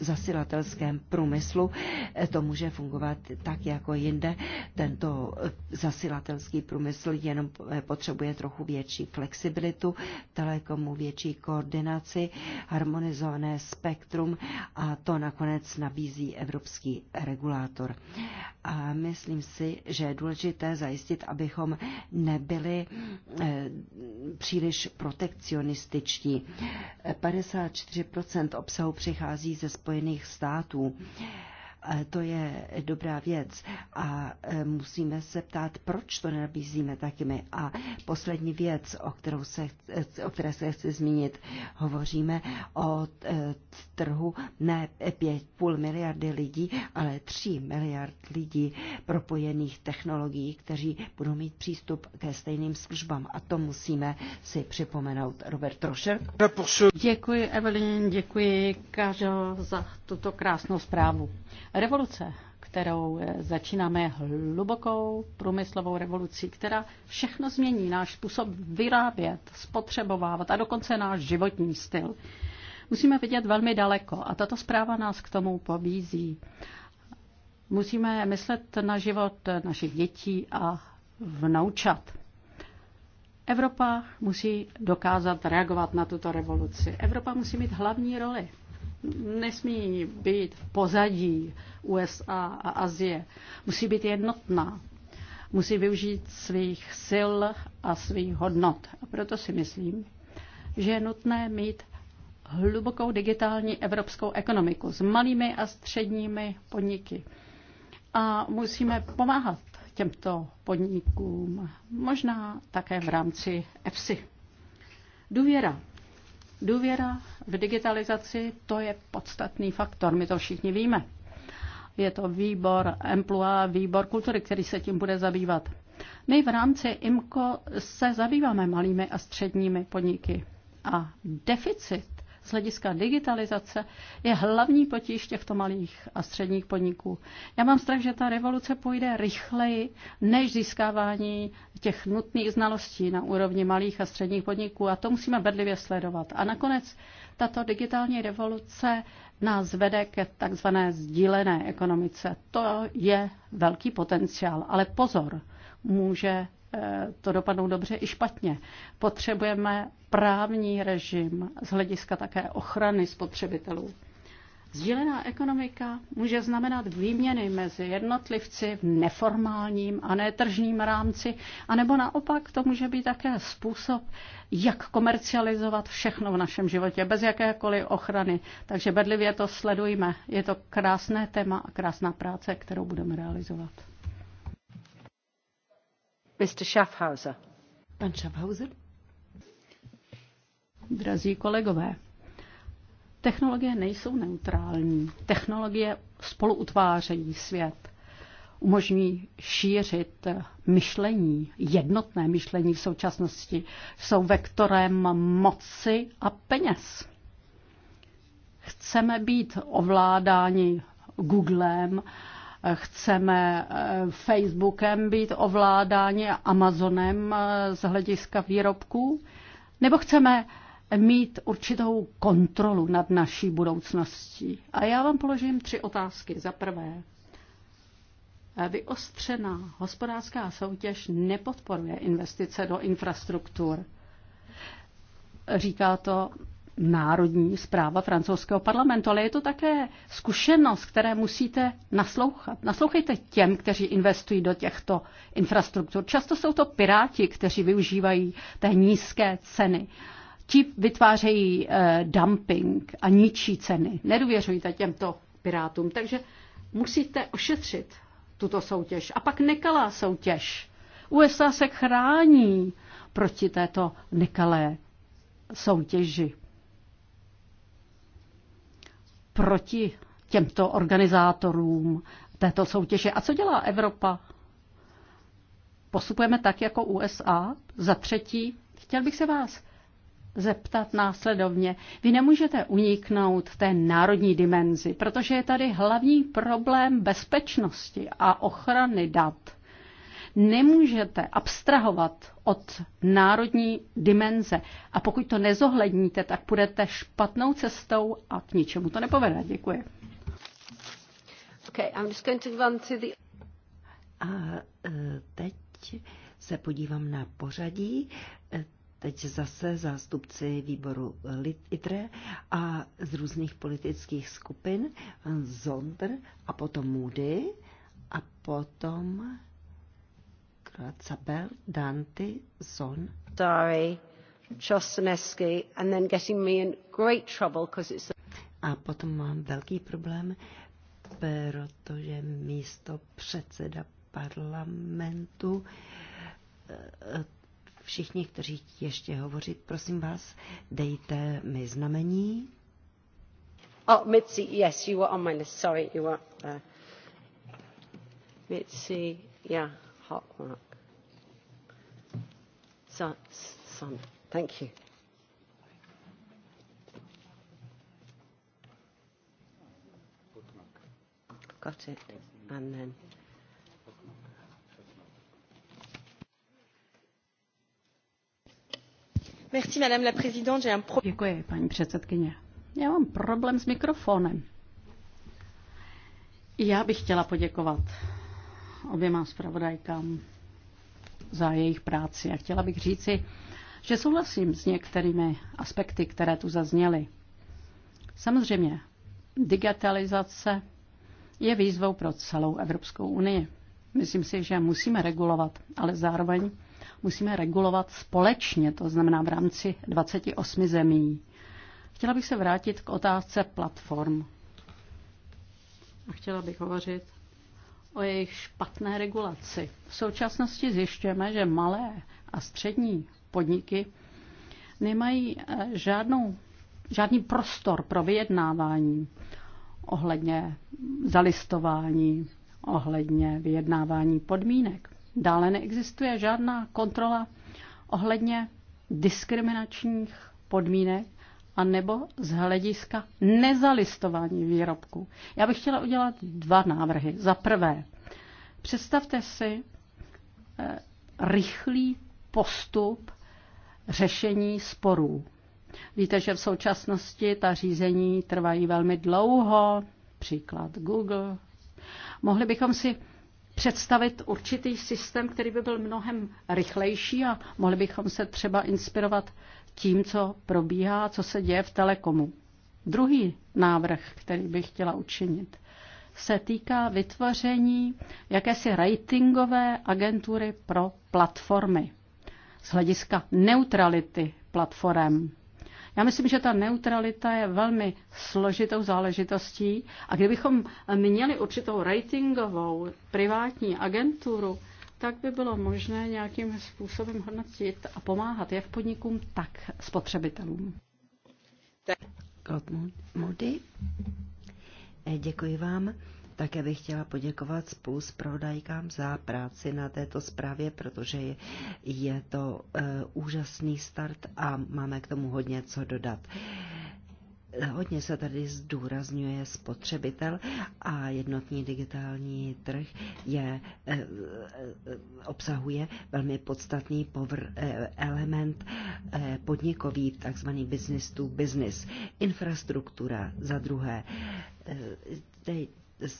zasilatelském průmyslu e, to může fungovat tak jako jinde. Tento e, zasilatelský průmysl jenom e, potřebuje trochu větší flexibilitu, telekomu větší koordinaci, harmonizované spektrum a to nakonec nabízí evropský regulátor. A myslím si, že je důležité zajistit, abychom nebyli příliš protekcionističtí. 54% obsahu přichází ze Spojených států. To je dobrá věc a e, musíme se ptát, proč to nenabízíme taky my. A poslední věc, o, kterou se, e, o které se chci zmínit, hovoříme o e, trhu ne 5,5 miliardy lidí, ale 3 miliard lidí propojených technologií, kteří budou mít přístup ke stejným službám. A to musíme si připomenout. Robert Trošer. Děkuji, Evelyn, děkuji, Kařo, za tuto krásnou zprávu. Revoluce, kterou eh, začínáme hlubokou průmyslovou revolucí, která všechno změní, náš způsob vyrábět, spotřebovávat a dokonce náš životní styl. Musíme vidět velmi daleko a tato zpráva nás k tomu pobízí. Musíme myslet na život našich dětí a vnoučat. Evropa musí dokázat reagovat na tuto revoluci. Evropa musí mít hlavní roli nesmí být v pozadí USA a Azie. Musí být jednotná. Musí využít svých sil a svých hodnot. A proto si myslím, že je nutné mít hlubokou digitální evropskou ekonomiku s malými a středními podniky. A musíme pomáhat těmto podnikům, možná také v rámci EFSI. Důvěra. Důvěra v digitalizaci to je podstatný faktor, my to všichni víme. Je to výbor Emplua, výbor kultury, který se tím bude zabývat. My v rámci IMCO se zabýváme malými a středními podniky. A deficit z hlediska digitalizace je hlavní potíž těchto malých a středních podniků. Já mám strach, že ta revoluce půjde rychleji než získávání těch nutných znalostí na úrovni malých a středních podniků a to musíme bedlivě sledovat. A nakonec tato digitální revoluce nás vede ke takzvané sdílené ekonomice. To je velký potenciál, ale pozor, může to dopadnou dobře i špatně. Potřebujeme právní režim z hlediska také ochrany spotřebitelů. Sdílená ekonomika může znamenat výměny mezi jednotlivci v neformálním a netržním rámci, anebo naopak to může být také způsob, jak komercializovat všechno v našem životě bez jakékoliv ochrany. Takže bedlivě to sledujme. Je to krásné téma a krásná práce, kterou budeme realizovat. Mr. Schaffhauser. Pan Schaffhauser. Drazí kolegové, technologie nejsou neutrální. Technologie spolu utvářejí svět. Umožňují šířit myšlení, jednotné myšlení v současnosti. Jsou vektorem moci a peněz. Chceme být ovládáni Googlem, chceme eh, Facebookem být ovládáni Amazonem eh, z hlediska výrobků, nebo chceme mít určitou kontrolu nad naší budoucností. A já vám položím tři otázky. Za prvé, vyostřená hospodářská soutěž nepodporuje investice do infrastruktur. Říká to národní zpráva francouzského parlamentu, ale je to také zkušenost, které musíte naslouchat. Naslouchejte těm, kteří investují do těchto infrastruktur. Často jsou to piráti, kteří využívají té nízké ceny. Ti vytvářejí eh, dumping a ničí ceny. Nedůvěřujte těmto pirátům. Takže musíte ošetřit tuto soutěž. A pak nekalá soutěž. USA se chrání proti této nekalé soutěži proti těmto organizátorům této soutěže. A co dělá Evropa? Postupujeme tak jako USA? Za třetí, chtěl bych se vás zeptat následovně. Vy nemůžete uniknout té národní dimenzi, protože je tady hlavní problém bezpečnosti a ochrany dat nemůžete abstrahovat od národní dimenze. A pokud to nezohledníte, tak půjdete špatnou cestou a k ničemu to nepovede. Děkuji. Okay, I'm just going to run to the... A e, teď se podívám na pořadí. E, teď zase zástupci výboru ITRE a z různých politických skupin, Zondr a potom Moody a potom Zabel, Dante, Zon. Dari, Chostanesky, and then getting me in great trouble because it's... A potom mám velký problém, protože místo předseda parlamentu eh, všichni, kteří ještě hovořit, prosím vás, dejte mi znamení. Oh, Mitzi, yes, you were on my list. Sorry, you were Uh, Mitzi, yeah hot work. Son, son. Thank you. Got it. And then. Merci, Madame la Présidente. J'ai un pro... Děkuji, paní předsedkyně. Já mám problém s mikrofonem. Já bych chtěla poděkovat oběma zpravodajkám za jejich práci. A chtěla bych říci, že souhlasím s některými aspekty, které tu zazněly. Samozřejmě, digitalizace je výzvou pro celou Evropskou unii. Myslím si, že musíme regulovat, ale zároveň musíme regulovat společně, to znamená v rámci 28 zemí. Chtěla bych se vrátit k otázce platform. A chtěla bych hovořit o jejich špatné regulaci. V současnosti zjišťujeme, že malé a střední podniky nemají eh, žádnou, žádný prostor pro vyjednávání ohledně zalistování, ohledně vyjednávání podmínek. Dále neexistuje žádná kontrola ohledně diskriminačních podmínek nebo z hlediska nezalistování výrobků. Já bych chtěla udělat dva návrhy. Za prvé, představte si eh, rychlý postup řešení sporů. Víte, že v současnosti ta řízení trvají velmi dlouho, příklad Google. Mohli bychom si představit určitý systém, který by byl mnohem rychlejší a mohli bychom se třeba inspirovat tím, co probíhá, co se děje v Telekomu. Druhý návrh, který bych chtěla učinit, se týká vytvoření jakési ratingové agentury pro platformy z hlediska neutrality platform. Já myslím, že ta neutralita je velmi složitou záležitostí a kdybychom měli určitou ratingovou privátní agenturu, tak by bylo možné nějakým způsobem hodnotit a pomáhat jak podnikům, tak spotřebitelům. Moody. Děkuji vám. Také bych chtěla poděkovat spolu s prodajkám za práci na této zprávě, protože je to eh, úžasný start a máme k tomu hodně co dodat. Hodně se tady zdůrazňuje spotřebitel a jednotný digitální trh je, eh, eh, obsahuje velmi podstatný povr, eh, element podnikový, takzvaný business to business. Infrastruktura za druhé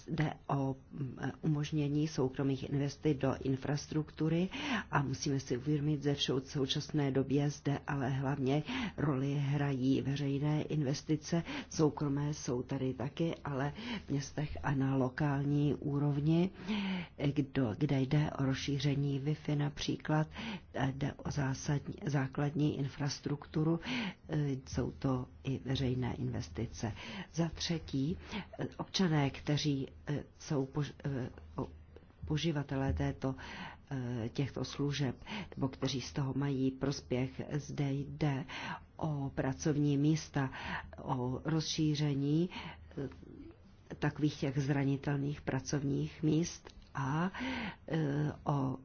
jde o mm, umožnění soukromých investic do infrastruktury a musíme si uvědomit, že v současné době zde ale hlavně roli hrají veřejné investice, soukromé jsou tady taky, ale v městech a na lokální úrovni, kdo, kde jde o rozšíření Wi-Fi například, eh, jde o zásadní, základní infrastrukturu, eh, jsou to i veřejné investice. Za třetí, eh, občané, kteří kteří eh, jsou eh, poživatelé této, eh, těchto služeb, nebo kteří z toho mají prospěch. Zde jde o pracovní místa, o rozšíření takových těch zranitelných pracovních míst a o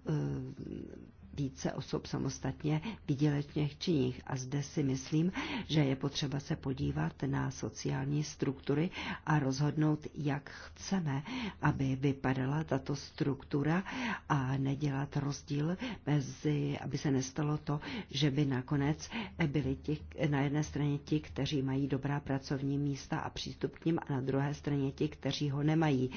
více osob samostatně výdělečných činných. A zde si myslím, že je potřeba se podívat na sociální struktury a rozhodnout, jak chceme, aby vypadala tato struktura a nedělat rozdíl mezi, aby se nestalo to, že by nakonec byli ti, na jedné straně ti, kteří mají dobrá pracovní místa a přístup k ním a na druhé straně ti, kteří ho nemají.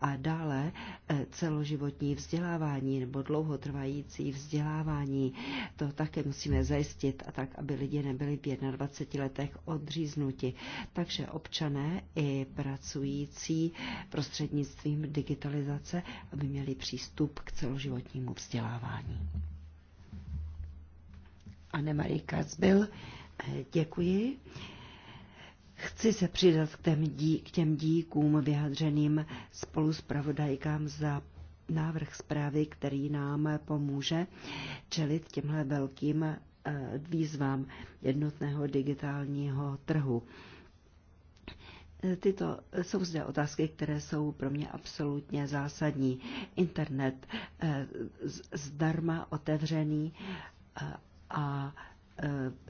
A dále eh, celoživotní vzdělávání nebo dlouhotrvající vzdělávání vzdělávání. To také musíme zajistit a tak, aby lidi nebyli v 21 letech odříznuti. Takže občané i pracující prostřednictvím digitalizace, aby měli přístup k celoživotnímu vzdělávání. Anemarie Kacbil, děkuji. Chci se přidat k těm, díkům vyjádřeným spolu s pravodajkám za návrh zprávy, který nám pomůže čelit těmhle velkým eh, výzvám jednotného digitálního trhu. Eh, tyto eh, jsou zde otázky, které jsou pro mě absolutně zásadní. Internet zdarma otevřený a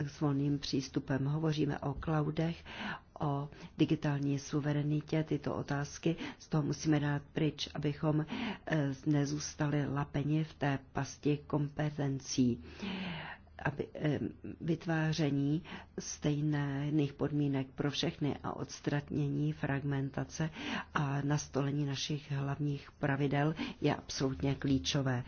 s volným přístupem. Hovoříme o cloudech, o digitální suverenitě, tyto otázky, z toho musíme dát pryč, abychom eh, nezůstali lapeni v té pasti kompetencí aby, eh, vytváření stejných podmínek pro všechny a odstratnění fragmentace a nastolení našich hlavních pravidel je absolutně klíčové.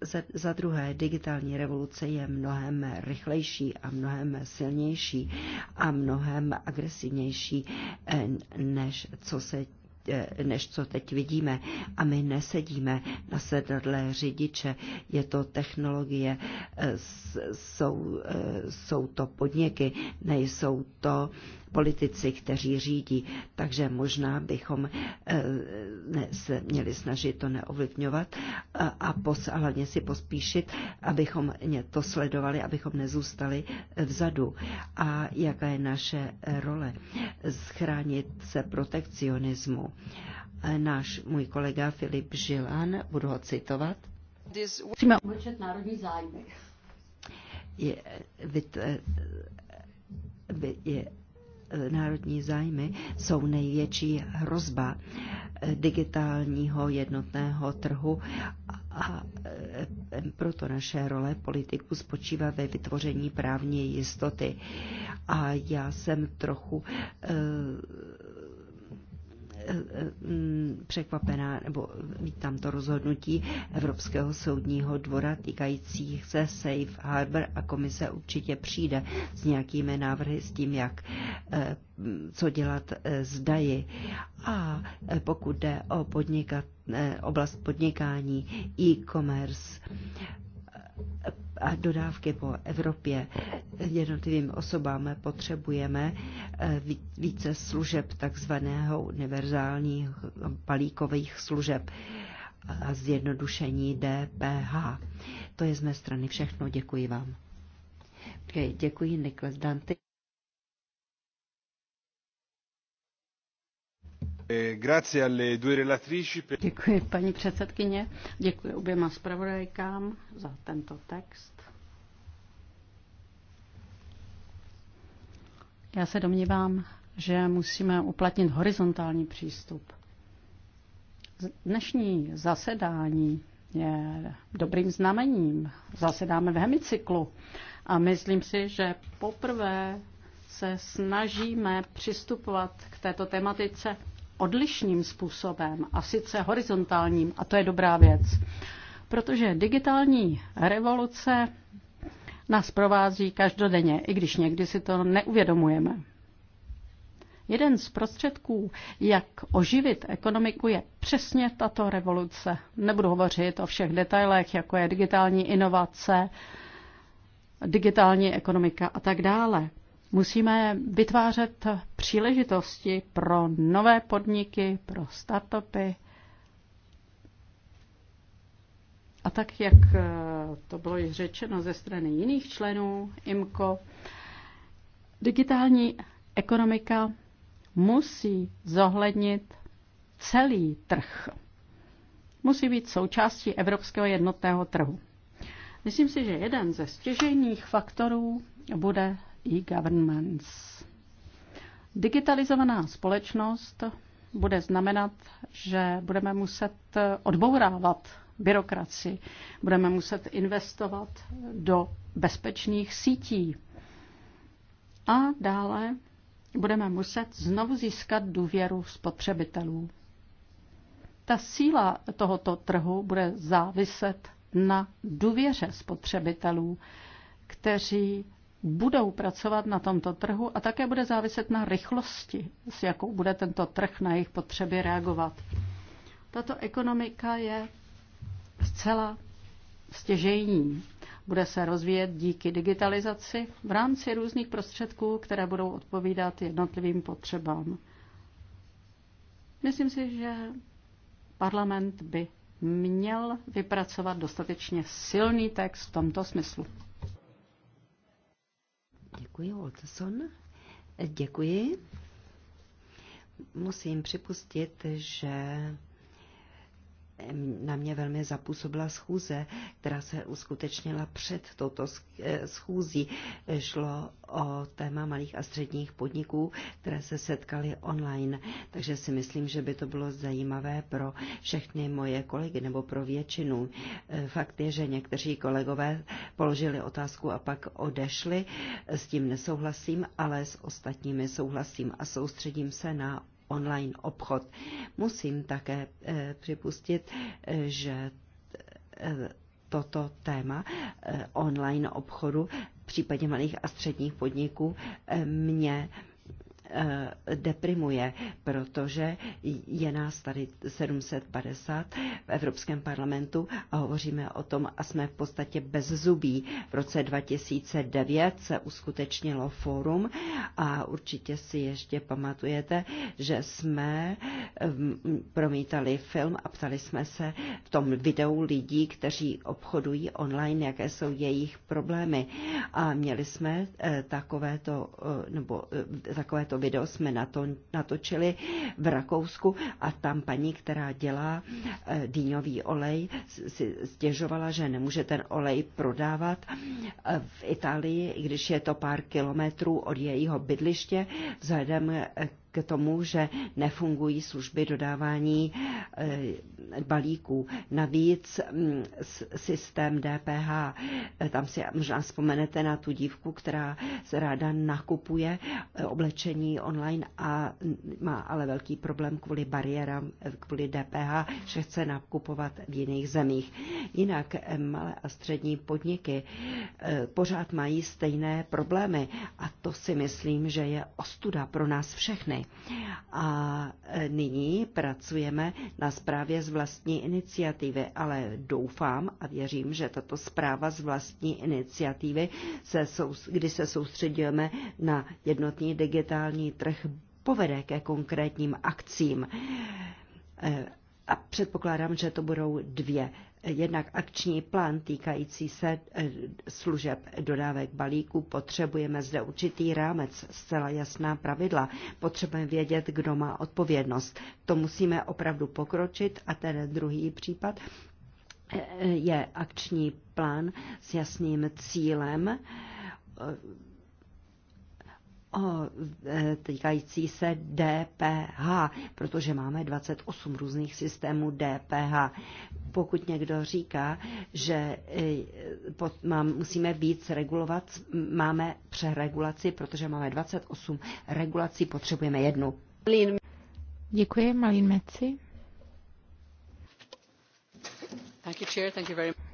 Za, za druhé, digitální revoluce je mnohem rychlejší a mnohem silnější a mnohem agresivnější, eh, než co se Eh, než co teď vidíme. A my nesedíme na sedadle řidiče, je to technologie, eh, jsou, eh, jsou to podniky, nejsou to politici, kteří řídí. Takže možná bychom eh, ne, se měli snažit to neovlivňovat a, pos, hlavně si pospíšit, abychom to sledovali, abychom nezůstali eh, vzadu. A jaká je naše eh, role? Schránit se protekcionismu. Náš můj kolega Filip Žilán, budu ho citovat, Musíme umlčet národní zájmy. Je, vy, je, národní zájmy jsou největší hrozba eh, digitálního jednotného trhu a eh, proto naše role politiku spočívá ve vytvoření právní jistoty. A já jsem trochu eh, Eh, eh, překvapená, nebo vítám to rozhodnutí Evropského soudního dvora týkajících se Safe Harbor a komise určitě přijde s nějakými návrhy s tím, jak eh, co dělat s daji. A pokud jde o podnikat, oblast podnikání, e-commerce, a dodávky po Evropě jednotlivým osobám potřebujeme eh, více služeb, takzvaného univerzálních palíkových služeb a zjednodušení DPH. To je z mé strany všechno. Děkuji vám. Okay, děkuji, Niklas Dante. Eh, děkuji paní předsedkyně, děkuji oběma zpravodajkám za tento text. Já se domnívám, že musíme uplatnit horizontální přístup. Dnešní zasedání je dobrým znamením. Zasedáme v hemicyklu a myslím si, že poprvé se snažíme přistupovat k této tematice odlišným způsobem a sice horizontálním a to je dobrá věc. Protože digitální revoluce nás provází každodenně, i když někdy si to neuvědomujeme. Jeden z prostředků, jak oživit ekonomiku, je přesně tato revoluce. Nebudu hovořit o všech detailech, jako je digitální inovace, digitální ekonomika a tak dále. Musíme vytvářet příležitosti pro nové podniky, pro startupy. A tak, jak eh, to bylo již řečeno ze strany jiných členů IMCO, digitální ekonomika musí zohlednit celý trh. Musí být součástí evropského jednotného trhu. Myslím si, že jeden ze stěžejních faktorů bude e-governments. Digitalizovaná společnost bude znamenat, že budeme muset odbourávat byrokraci, budeme muset investovat do bezpečných sítí a dále budeme muset znovu získat důvěru spotřebitelů. Ta síla tohoto trhu bude záviset na důvěře spotřebitelů, kteří budou pracovat na tomto trhu a také bude záviset na rychlosti, s jakou bude tento trh na jejich potřeby reagovat. Tato ekonomika je zcela stěžejní. Bude se rozvíjet díky digitalizaci v rámci různých prostředků, které budou odpovídat jednotlivým potřebám. Myslím si, že parlament by měl vypracovat dostatečně silný text v tomto smyslu. Děkuji, Watson. Děkuji. Musím připustit, že na mě velmi zapůsobila schůze, která se uskutečnila před touto eh, schůzí. Šlo o téma malých a středních podniků, které se setkaly online. Takže si myslím, že by to bylo zajímavé pro všechny moje kolegy nebo pro většinu. Eh, fakt je, že někteří kolegové položili otázku a pak odešli. S tím nesouhlasím, ale s ostatními souhlasím a soustředím se na online obchod. Musím také eh, připustit, eh, že eh, toto téma online obchodu v případě malých a středních podniků mě Eh, deprimuje, protože je nás tady 750 v Evropském parlamentu a hovoříme o tom a jsme v podstatě bez zubí. V roce 2009 se uskutečnilo fórum a určitě si ještě pamatujete, že jsme mm, promítali film a ptali jsme se v tom videu lidí, kteří obchodují online, jaké jsou jejich problémy. A měli jsme eh, takovéto, eh, nebo takovéto to video jsme nato, natočili v Rakousku a tam paní, která dělá eh, dýňový olej, si stěžovala, že nemůže ten olej prodávat eh, v Itálii, když je to pár kilometrů od jejího bydliště, vzhledem eh, k tomu, že nefungují služby dodávání eh, balíků. Navíc mm, systém DPH, eh, tam si možná vzpomenete na tu dívku, která se ráda nakupuje eh, oblečení online a má ale velký problém kvůli bariérám, kvůli DPH, že chce nakupovat v jiných zemích. Jinak malé a střední podniky pořád mají stejné problémy a to si myslím, že je ostuda pro nás všechny. A e, nyní pracujeme na zprávě z vlastní iniciativy, ale doufám a věřím, že tato zpráva z vlastní iniciativy, se, kdy se soustředíme na jednotný digitální trh, povede ke konkrétním akcím e, a předpokládám, že to budou dvě. Jednak akční plán týkající se eh, služeb dodávek balíků. Potřebujeme zde určitý rámec, zcela jasná pravidla. Potřebujeme vědět, kdo má odpovědnost. To musíme opravdu pokročit. A ten druhý případ eh, je akční plán s jasným cílem eh, E, týkající se DPH, protože máme 28 různých systémů DPH. Pokud někdo říká, že e, musíme víc regulovat, máme přeregulaci, protože máme 28 regulací, potřebujeme jednu. Děkuji, Malín Meci.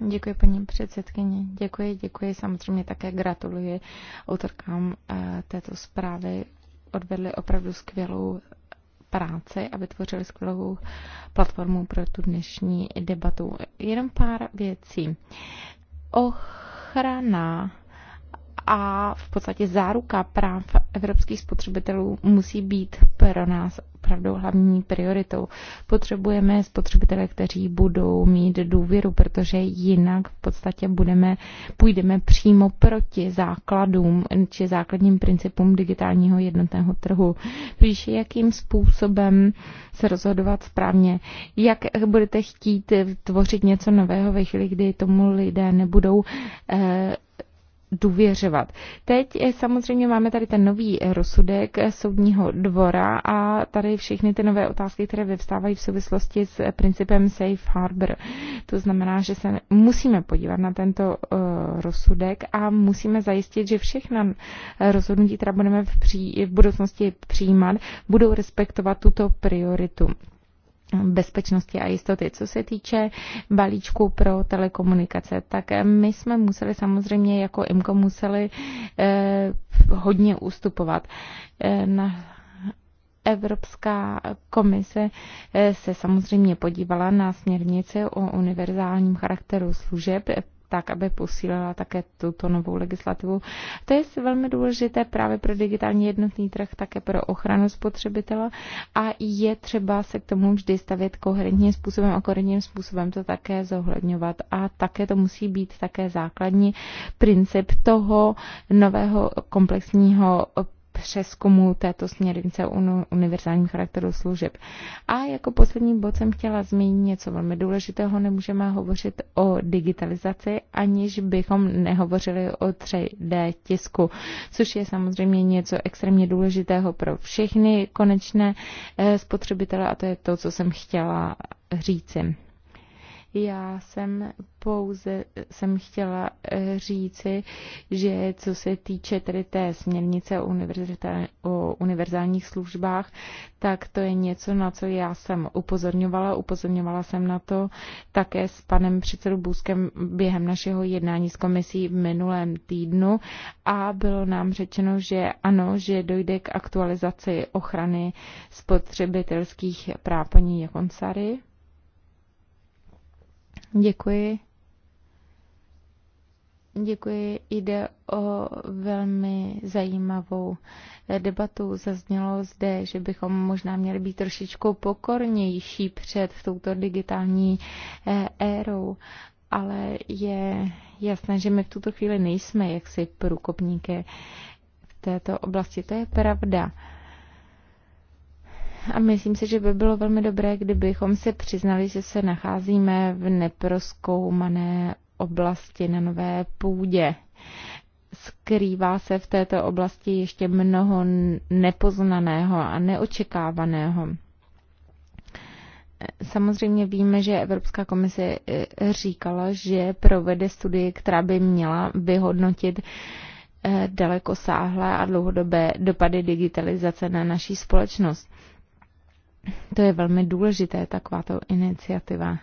Děkuji, paní předsedkyně. Děkuji, děkuji. Samozřejmě také gratuluji autorkám eh, této zprávy. Odvedli opravdu skvělou práci a vytvořili skvělou platformu pro tu dnešní debatu. Jenom pár věcí. Ochrana a v podstatě záruka práv evropských spotřebitelů musí být pro nás opravdu hlavní prioritou. Potřebujeme spotřebitele, kteří budou mít důvěru, protože jinak v podstatě budeme, půjdeme přímo proti základům či základním principům digitálního jednotného trhu. Víš, jakým způsobem se rozhodovat správně, jak budete chtít tvořit něco nového ve chvíli, kdy tomu lidé nebudou eh, důvěřovat. Teď eh, samozřejmě máme tady ten nový eh, rozsudek eh, soudního dvora a tady všechny ty nové otázky, které vyvstávají v souvislosti s principem safe harbor. To znamená, že se musíme podívat na tento rozsudek a musíme zajistit, že všechna rozhodnutí, která budeme v, pří, v budoucnosti přijímat, budou respektovat tuto prioritu bezpečnosti a jistoty. Co se týče balíčku pro telekomunikace, tak my jsme museli samozřejmě jako IMCO museli eh, hodně ustupovat. Eh, na, Evropská komise eh, se samozřejmě podívala na směrnici o univerzálním charakteru služeb tak, aby posílila také tuto novou legislativu. To je velmi důležité právě pro digitální jednotný trh, také pro ochranu spotřebitela a je třeba se k tomu vždy stavět koherentním způsobem a koherentním způsobem to také zohledňovat a také to musí být také základní princip toho nového komplexního přeskumu této směrnice o univerzálním charakteru služeb. A jako poslední bod jsem chtěla zmínit něco velmi důležitého. Nemůžeme hovořit o digitalizaci, aniž bychom nehovořili o 3D tisku, což je samozřejmě něco extrémně důležitého pro všechny konečné eh, spotřebitele a to je to, co jsem chtěla říci. Já jsem pouze jsem chtěla eh, říci, že co se týče tedy té směrnice o, o univerzálních službách, tak to je něco, na co já jsem upozorňovala. Upozorňovala jsem na to také s panem předsedou Bůzkem během našeho jednání s komisí v minulém týdnu a bylo nám řečeno, že ano, že dojde k aktualizaci ochrany spotřebitelských práv paní Jakonsary. Děkuji. Děkuji. Jde o velmi zajímavou debatu. Zaznělo zde, že bychom možná měli být trošičku pokornější před touto digitální eh, érou, ale je jasné, že my v tuto chvíli nejsme jaksi průkopníky v této oblasti. To je pravda a myslím si, že by bylo velmi dobré, kdybychom se přiznali, že se nacházíme v neproskoumané oblasti na nové půdě. Skrývá se v této oblasti ještě mnoho nepoznaného a neočekávaného. Samozřejmě víme, že Evropská komise eh, říkala, že provede studii, která by měla vyhodnotit eh, dalekosáhlé a dlouhodobé dopady digitalizace na naší společnost. To je velmi důležité, takováto iniciativa.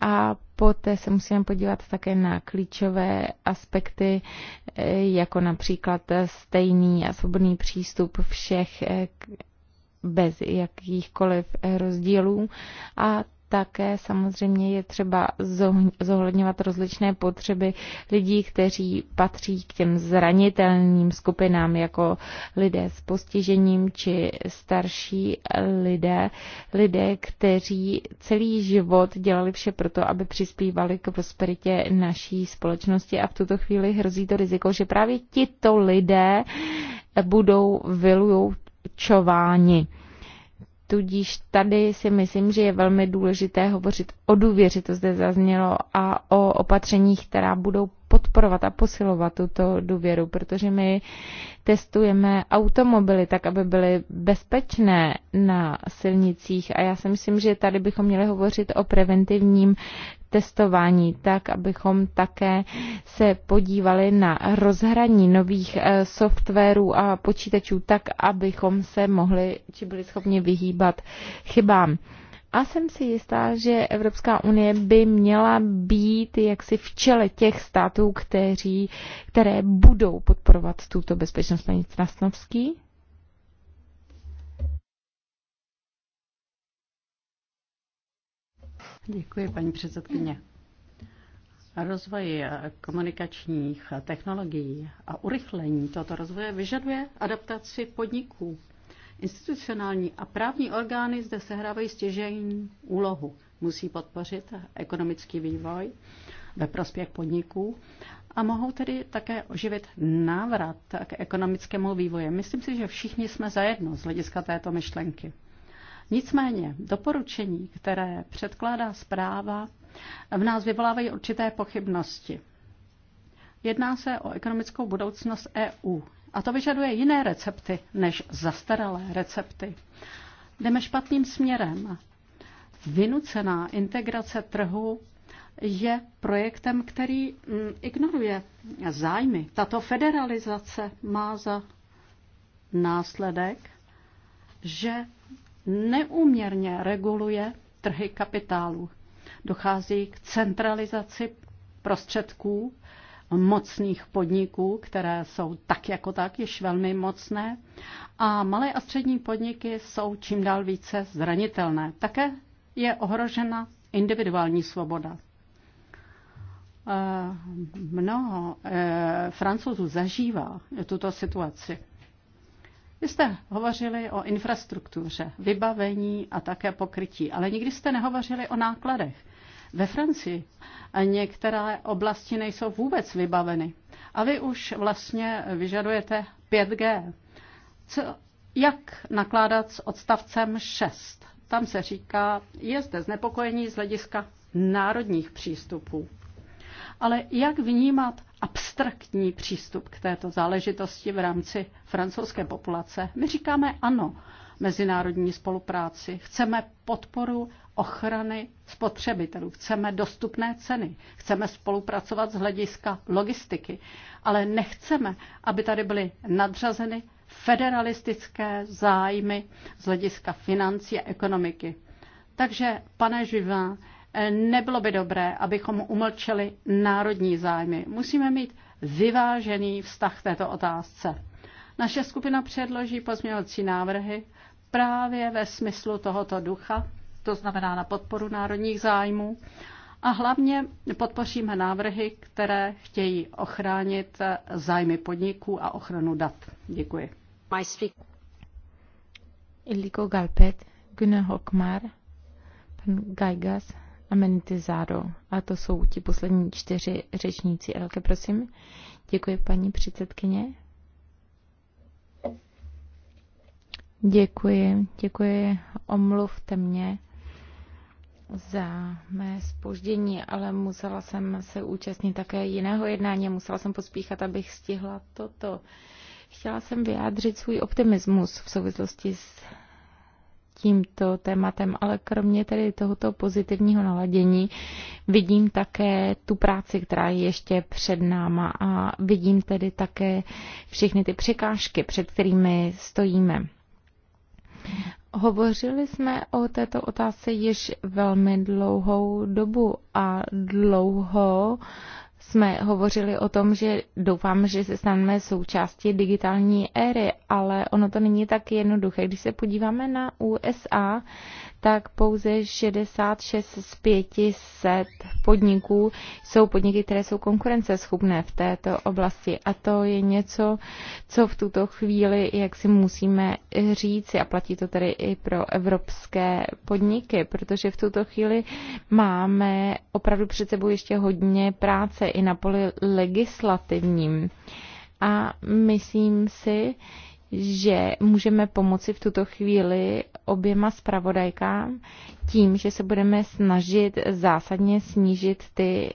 A poté se musíme podívat také na klíčové aspekty, e, jako například stejný a svobodný přístup všech e, bez jakýchkoliv rozdílů a také samozřejmě je třeba zohledňovat rozličné potřeby lidí, kteří patří k těm zranitelným skupinám, jako lidé s postižením či starší lidé, lidé, kteří celý život dělali vše proto, aby přispívali k prosperitě naší společnosti a v tuto chvíli hrozí to riziko, že právě tito lidé budou vylučováni. Tudíž tady si myslím, že je velmi důležité hovořit o důvěře, to zde zaznělo, a o opatřeních, která budou podporovat a posilovat tuto důvěru, protože my testujeme automobily tak, aby byly bezpečné na silnicích a já si myslím, že tady bychom měli hovořit o preventivním testování, tak abychom také se podívali na rozhraní nových eh, softwarů a počítačů, tak abychom se mohli či byli schopni vyhýbat chybám. A jsem si jistá, že Evropská unie by měla být jaksi v čele těch států, kteří, které budou podporovat tuto bezpečnost. Paní Trasnovský? Děkuji, paní předsedkyně. Rozvoj komunikačních technologií a urychlení tohoto rozvoje vyžaduje adaptaci podniků Institucionální a právní orgány zde sehrávají stěžejní úlohu. Musí podpořit ekonomický vývoj ve prospěch podniků a mohou tedy také oživit návrat k ekonomickému vývoji. Myslím si, že všichni jsme zajedno z hlediska této myšlenky. Nicméně doporučení, které předkládá zpráva, v nás vyvolávají určité pochybnosti. Jedná se o ekonomickou budoucnost EU. A to vyžaduje jiné recepty než zastaralé recepty. Jdeme špatným směrem. Vynucená integrace trhu je projektem, který mm, ignoruje zájmy. Tato federalizace má za následek, že neuměrně reguluje trhy kapitálu. Dochází k centralizaci prostředků mocných podniků, které jsou tak jako tak již velmi mocné a malé a střední podniky jsou čím dál více zranitelné. Také je ohrožena individuální svoboda. Eh, mnoho eh, francouzů zažívá tuto situaci. Vy jste hovořili o infrastruktuře, vybavení a také pokrytí, ale nikdy jste nehovořili o nákladech ve Francii. A některé oblasti nejsou vůbec vybaveny. A vy už vlastně vyžadujete 5G. Co, jak nakládat s odstavcem 6? Tam se říká, je zde znepokojení z hlediska národních přístupů. Ale jak vnímat abstraktní přístup k této záležitosti v rámci francouzské populace? My říkáme ano, mezinárodní spolupráci. Chceme podporu ochrany spotřebitelů, chceme dostupné ceny, chceme spolupracovat z hlediska logistiky, ale nechceme, aby tady byly nadřazeny federalistické zájmy z hlediska financí a ekonomiky. Takže, pane Živin, nebylo by dobré, abychom umlčeli národní zájmy. Musíme mít vyvážený vztah k této otázce. Naše skupina předloží pozměňovací návrhy právě ve smyslu tohoto ducha, to znamená na podporu národních zájmů. A hlavně podpoříme návrhy, které chtějí ochránit zájmy podniků a ochranu dat. Děkuji. Iliko Galpet, Gune Hokmar, pan Gajgas a Menitizado. A to jsou ti poslední čtyři řečníci. Elke, prosím. Děkuji, paní předsedkyně. Děkuji, děkuji. Omluvte mě za mé spoždění, ale musela jsem se účastnit také jiného jednání, musela jsem pospíchat, abych stihla toto. Chtěla jsem vyjádřit svůj optimismus v souvislosti s tímto tématem, ale kromě tedy tohoto pozitivního naladění vidím také tu práci, která je ještě před náma a vidím tedy také všechny ty překážky, před kterými stojíme. Hovořili jsme o této otázce již velmi dlouhou dobu a dlouho jsme hovořili o tom, že doufám, že se staneme součástí digitální éry, ale ono to není tak jednoduché. Když se podíváme na USA, tak pouze 66 z 500 podniků jsou podniky, které jsou konkurenceschopné v této oblasti. A to je něco, co v tuto chvíli, jak si musíme říci, a platí to tedy i pro evropské podniky, protože v tuto chvíli máme opravdu před sebou ještě hodně práce i na poli legislativním. A myslím si, že můžeme pomoci v tuto chvíli oběma zpravodajkám tím, že se budeme snažit zásadně snížit ty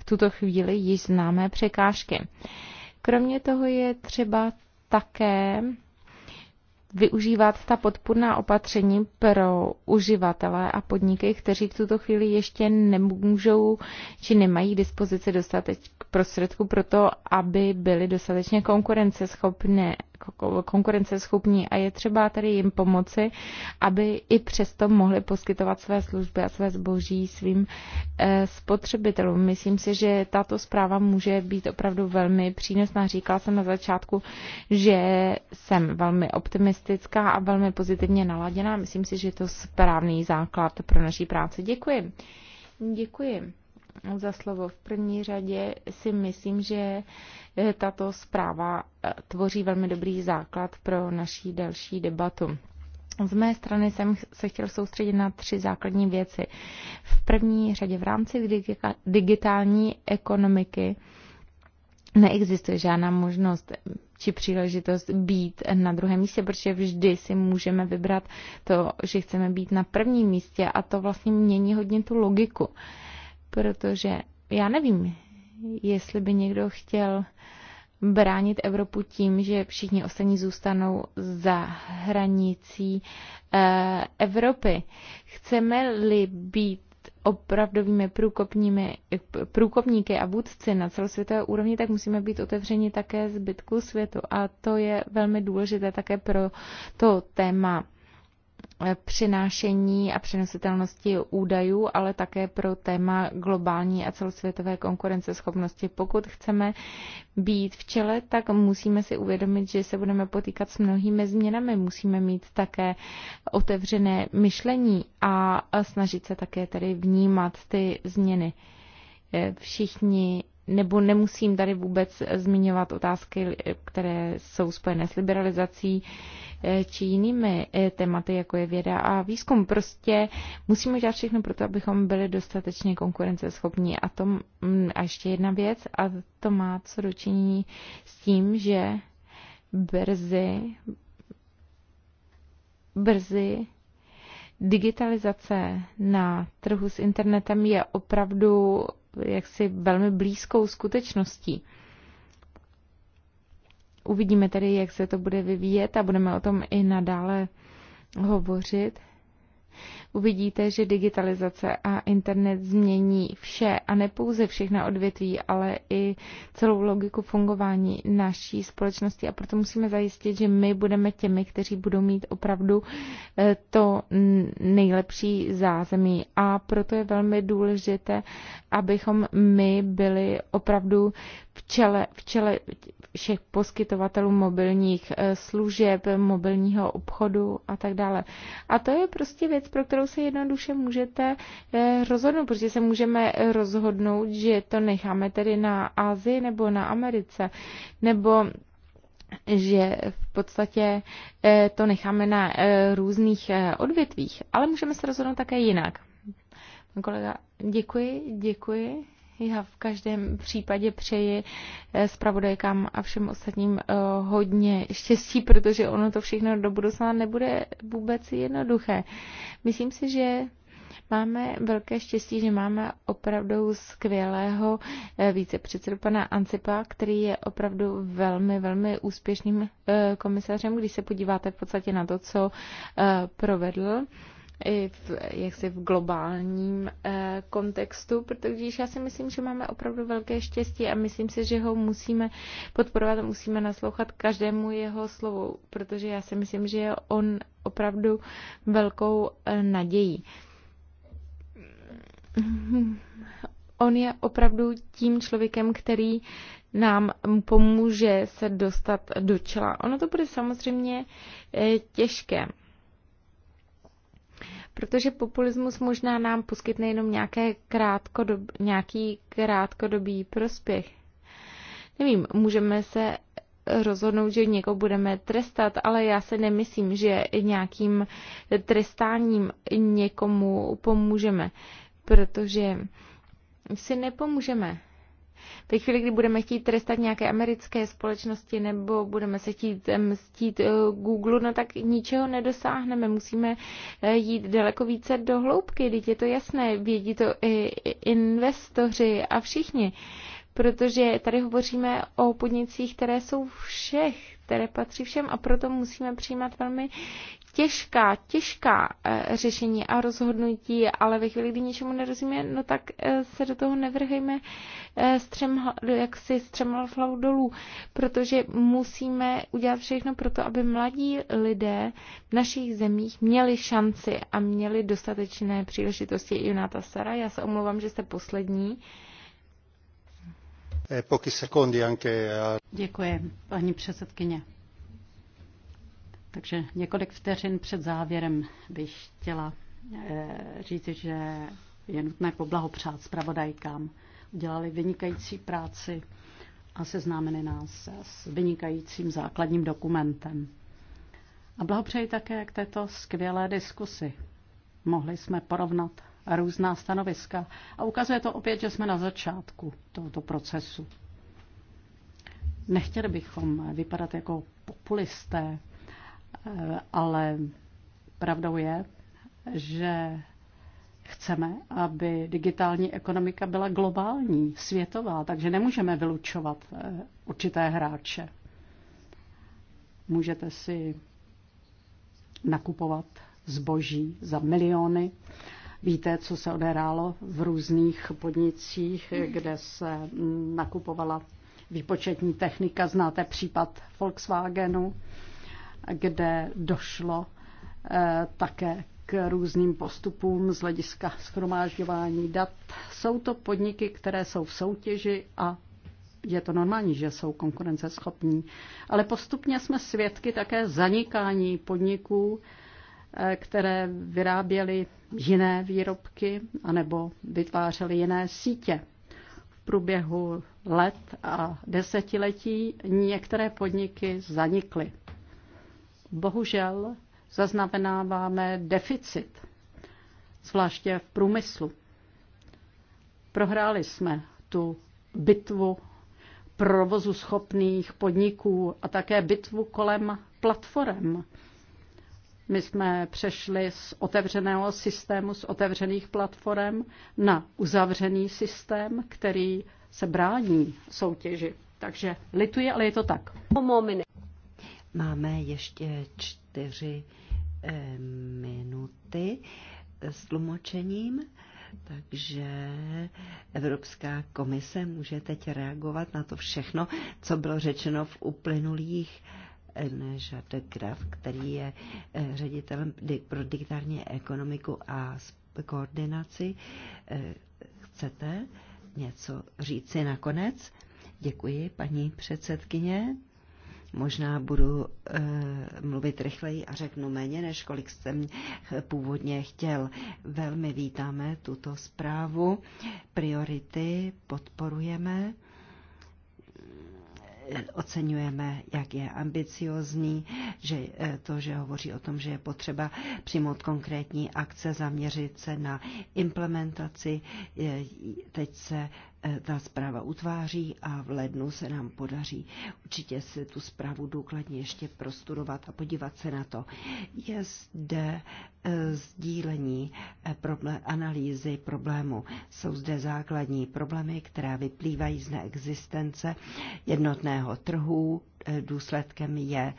v tuto chvíli již známé překážky. Kromě toho je třeba také využívat ta podpůrná opatření pro uživatele a podniky, kteří v tuto chvíli ještě nemůžou či nemají k dispozici dostatek prostředků pro to, aby byly dostatečně konkurenceschopné konkurenceschopní a je třeba tady jim pomoci, aby i přesto mohli poskytovat své služby a své zboží svým eh, spotřebitelům. Myslím si, že tato zpráva může být opravdu velmi přínosná. Říkala jsem na začátku, že jsem velmi optimistická a velmi pozitivně naladěná. Myslím si, že je to správný základ pro naší práci. Děkuji. Děkuji za slovo. V první řadě si myslím, že e, tato zpráva e, tvoří velmi dobrý základ pro naší další debatu. Z mé strany jsem se chtěl soustředit na tři základní věci. V první řadě v rámci digitální ekonomiky neexistuje žádná možnost či příležitost být na druhém místě, protože vždy si můžeme vybrat to, že chceme být na prvním místě a to vlastně mění hodně tu logiku. Uh, protože já nevím, jestli by někdo chtěl bránit Evropu tím, že všichni ostatní zůstanou za hranicí eh, Evropy. Chceme-li být opravdovými průkopními, průkopníky a vůdci na celosvětové úrovni, tak musíme být otevřeni také zbytku světu. A to je velmi důležité také pro to téma Eh, přinášení a přenositelnosti údajů, ale také pro téma globální a celosvětové konkurenceschopnosti. Pokud chceme být v čele, tak musíme si uvědomit, že se budeme potýkat s mnohými změnami. Musíme mít také otevřené myšlení a snažit se také tedy vnímat ty změny. Eh, všichni nebo nemusím tady vůbec zmiňovat otázky, které jsou spojené s liberalizací eh, či jinými eh, tématy, jako je věda a výzkum. Prostě musíme dělat všechno pro to, abychom byli dostatečně konkurenceschopní. A, to, a ještě jedna věc, a to má co dočinění s tím, že brzy, brzy digitalizace na trhu s internetem je opravdu jaksi velmi blízkou skutečností. Uvidíme tedy, jak se to bude vyvíjet a budeme o tom i nadále hovořit uvidíte, že digitalizace a internet změní vše a ne pouze všechna odvětví, ale i celou logiku fungování naší společnosti a proto musíme zajistit, že my budeme těmi, kteří budou mít opravdu eh, to nejlepší zázemí a proto je velmi důležité, abychom my byli opravdu v čele, v čele všech poskytovatelů mobilních eh, služeb, mobilního obchodu a tak dále. A to je prostě věc, pro kterou se jednoduše můžete eh, rozhodnout, protože se můžeme rozhodnout, že to necháme tedy na Asii nebo na Americe, nebo že v podstatě eh, to necháme na různých odvětvích, ale můžeme se rozhodnout také jinak. Kolega, děkuji, děkuji. Já v každém případě přeji eh, zpravodajkám a všem ostatním eh, hodně štěstí, protože ono to všechno do budoucna nebude vůbec jednoduché. Myslím si, že máme velké štěstí, že máme opravdu skvělého eh, vícepředsedu pana Ancipa, který je opravdu velmi, velmi úspěšným komisařem, když se podíváte v podstatě na to, co provedl i v, jaksi v globálním eh, kontextu, protože já si myslím, že máme opravdu velké štěstí a myslím si, že ho musíme podporovat a musíme naslouchat každému jeho slovu, protože já si myslím, že je on opravdu velkou eh, nadějí. On je opravdu tím člověkem, který nám pomůže se dostat do čela. Ono to bude samozřejmě eh, těžké protože populismus možná nám poskytne jenom nějaké krátkodob, nějaký krátkodobý prospěch. Nevím, můžeme se rozhodnout, že někoho budeme trestat, ale já se nemyslím, že nějakým trestáním někomu pomůžeme, protože si nepomůžeme. Ve chvíli, kdy budeme chtít trestat nějaké americké společnosti nebo budeme se chtít eh, mstít eh, Google, no tak ničeho nedosáhneme. Musíme eh, jít daleko více do hloubky, teď je to jasné, vědí to i investoři a všichni protože tady hovoříme o podnicích, které jsou všech, které patří všem a proto musíme přijímat velmi těžká, těžká eh, řešení a rozhodnutí, ale ve chvíli, kdy něčemu nerozumíme, no tak eh, se do toho nevrhejme eh, střem, jak si střemal hlavu dolů, protože musíme udělat všechno pro to, aby mladí lidé v našich zemích měli šanci a měli dostatečné příležitosti. Junáta Sara, já se omlouvám, že jste poslední. Děkuji, paní předsedkyně. Takže několik vteřin před závěrem bych chtěla eh, říct, že je nutné poblahopřát zpravodajkám. Udělali vynikající práci a seznámili nás s vynikajícím základním dokumentem. A blahopřeji také k této skvělé diskusi. Mohli jsme porovnat různá stanoviska a ukazuje to opět, že jsme na začátku tohoto procesu. Nechtěli bychom vypadat jako populisté, ale pravdou je, že chceme, aby digitální ekonomika byla globální, světová, takže nemůžeme vylučovat eh, určité hráče. Můžete si nakupovat zboží za miliony. Víte, co se odehrálo v různých podnicích, kde se nakupovala výpočetní technika. Znáte případ Volkswagenu kde došlo eh, také k různým postupům z hlediska schromážďování dat. Jsou to podniky, které jsou v soutěži a je to normální, že jsou konkurenceschopní. Ale postupně jsme svědky také zanikání podniků, eh, které vyráběly jiné výrobky anebo vytvářely jiné sítě. V průběhu let a desetiletí některé podniky zanikly. Bohužel zaznamenáváme deficit, zvláště v průmyslu. Prohráli jsme tu bitvu provozu schopných podniků a také bitvu kolem platform. My jsme přešli z otevřeného systému, z otevřených platform na uzavřený systém, který se brání soutěži. Takže lituje, ale je to tak. Máme ještě čtyři eh, minuty s tlumočením, takže Evropská komise může teď reagovat na to všechno, co bylo řečeno v uplynulých eh, Žade Graf, který je eh, ředitelem pro digitální ekonomiku a koordinaci. Chcete něco říci nakonec? Děkuji, paní předsedkyně. Možná budu e, mluvit rychleji a řeknu méně, než kolik jsem eh, původně chtěl. Velmi vítáme tuto zprávu. Priority podporujeme oceňujeme, jak je ambiciozní, že eh, to, že hovoří o tom, že je potřeba přijmout konkrétní akce, zaměřit se na implementaci. Teď se Eh, ta zpráva utváří a v lednu se nám podaří určitě si tu zprávu důkladně ještě prostudovat a podívat se na to. Je zde eh, sdílení eh, analýzy problému. Jsou zde základní problémy, které vyplývají z neexistence jednotného trhu, důsledkem je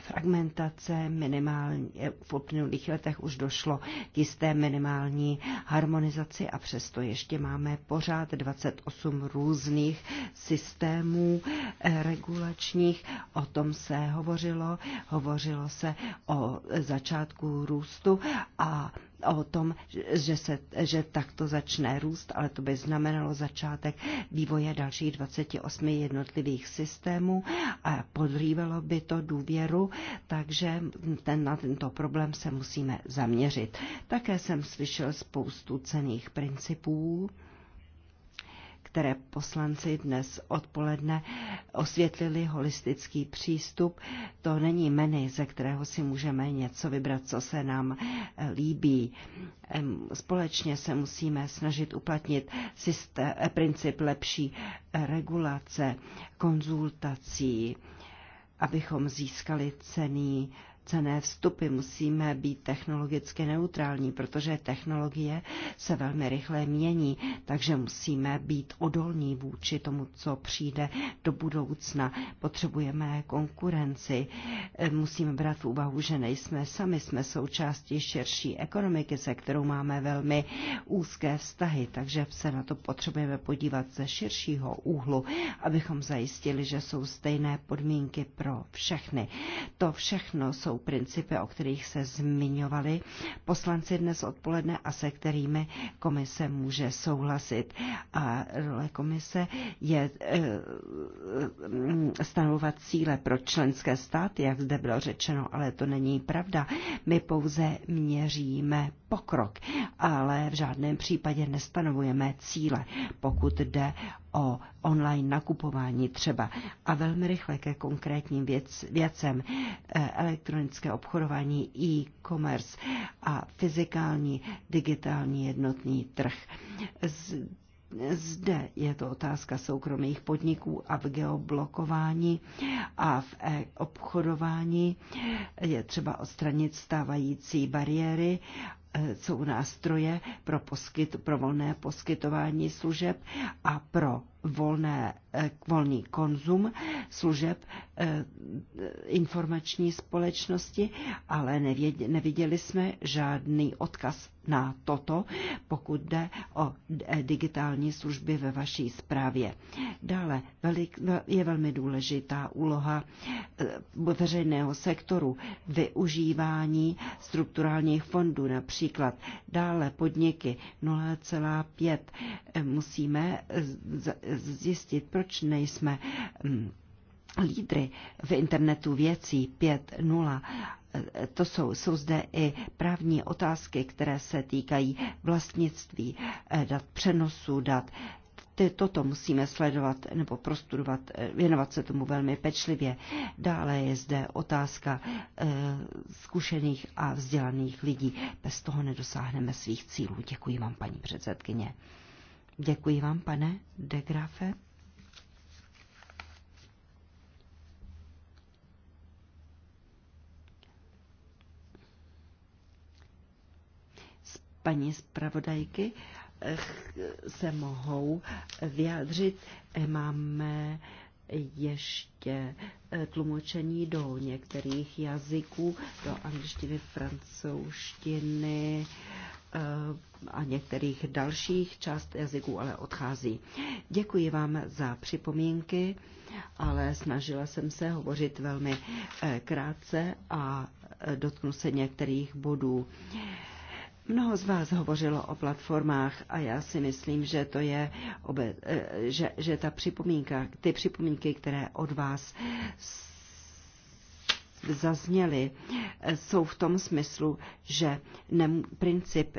fragmentace minimální. V uplynulých letech už došlo k jisté minimální harmonizaci a přesto ještě máme pořád 28 různých systémů eh, regulačních. O tom se hovořilo. Hovořilo se o začátku růstu a o tom, že, se, že takto začne růst, ale to by znamenalo začátek vývoje dalších 28 jednotlivých systémů a podrývalo by to důvěru, takže ten, na tento problém se musíme zaměřit. Také jsem slyšel spoustu cených principů které poslanci dnes odpoledne osvětlili holistický přístup. To není menu, ze kterého si můžeme něco vybrat, co se nám eh, líbí. Společně se musíme snažit uplatnit systém, princip lepší eh, regulace, konzultací, abychom získali cený cené vstupy. Musíme být technologicky neutrální, protože technologie se velmi rychle mění, takže musíme být odolní vůči tomu, co přijde do budoucna. Potřebujeme konkurenci. Musíme brát v úvahu, že nejsme sami, jsme součástí širší ekonomiky, se kterou máme velmi úzké vztahy, takže se na to potřebujeme podívat ze širšího úhlu, abychom zajistili, že jsou stejné podmínky pro všechny. To všechno jsou principy, o kterých se zmiňovali poslanci dnes odpoledne a se kterými komise může souhlasit. A role komise je eh, eh, stanovovat cíle pro členské státy, jak zde bylo řečeno, ale to není pravda. My pouze měříme pokrok, ale v žádném případě nestanovujeme cíle, pokud jde o online nakupování třeba. A velmi rychle ke konkrétním věc, věcem e, elektronické obchodování, e-commerce a fyzikální digitální jednotný trh. Z, zde je to otázka soukromých podniků a v geoblokování a v e obchodování je třeba odstranit stávající bariéry Eh, jsou nástroje pro, poskyt, pro volné poskytování služeb a pro volné, eh, volný konzum služeb eh, informační společnosti, ale nevěděli, neviděli jsme žádný odkaz na toto, pokud jde o eh, digitální služby ve vaší zprávě. Dále je velmi důležitá úloha veřejného sektoru, využívání strukturálních fondů například. Dále podniky 0,5 musíme zjistit, proč nejsme mm, lídry v internetu věcí 5.0. To jsou, jsou zde i právní otázky, které se týkají vlastnictví, eh, dat přenosu, dat. Ty, toto musíme sledovat nebo prostudovat, eh, věnovat se tomu velmi pečlivě. Dále je zde otázka e, zkušených a vzdělaných lidí. Bez toho nedosáhneme svých cílů. Děkuji vám, paní předsedkyně. Děkuji vám, pane de Grafe. paní zpravodajky eh, se mohou vyjádřit. Eh, máme ještě eh, tlumočení do některých jazyků, do angličtiny, francouzštiny, a některých dalších část jazyků ale odchází. Děkuji vám za připomínky, ale snažila jsem se hovořit velmi eh, krátce a eh, dotknu se některých bodů. Mnoho z vás hovořilo o platformách a já si myslím, že to je, obe, eh, že, že ta připomínka, ty připomínky, které od vás zazněly, jsou v tom smyslu, že princip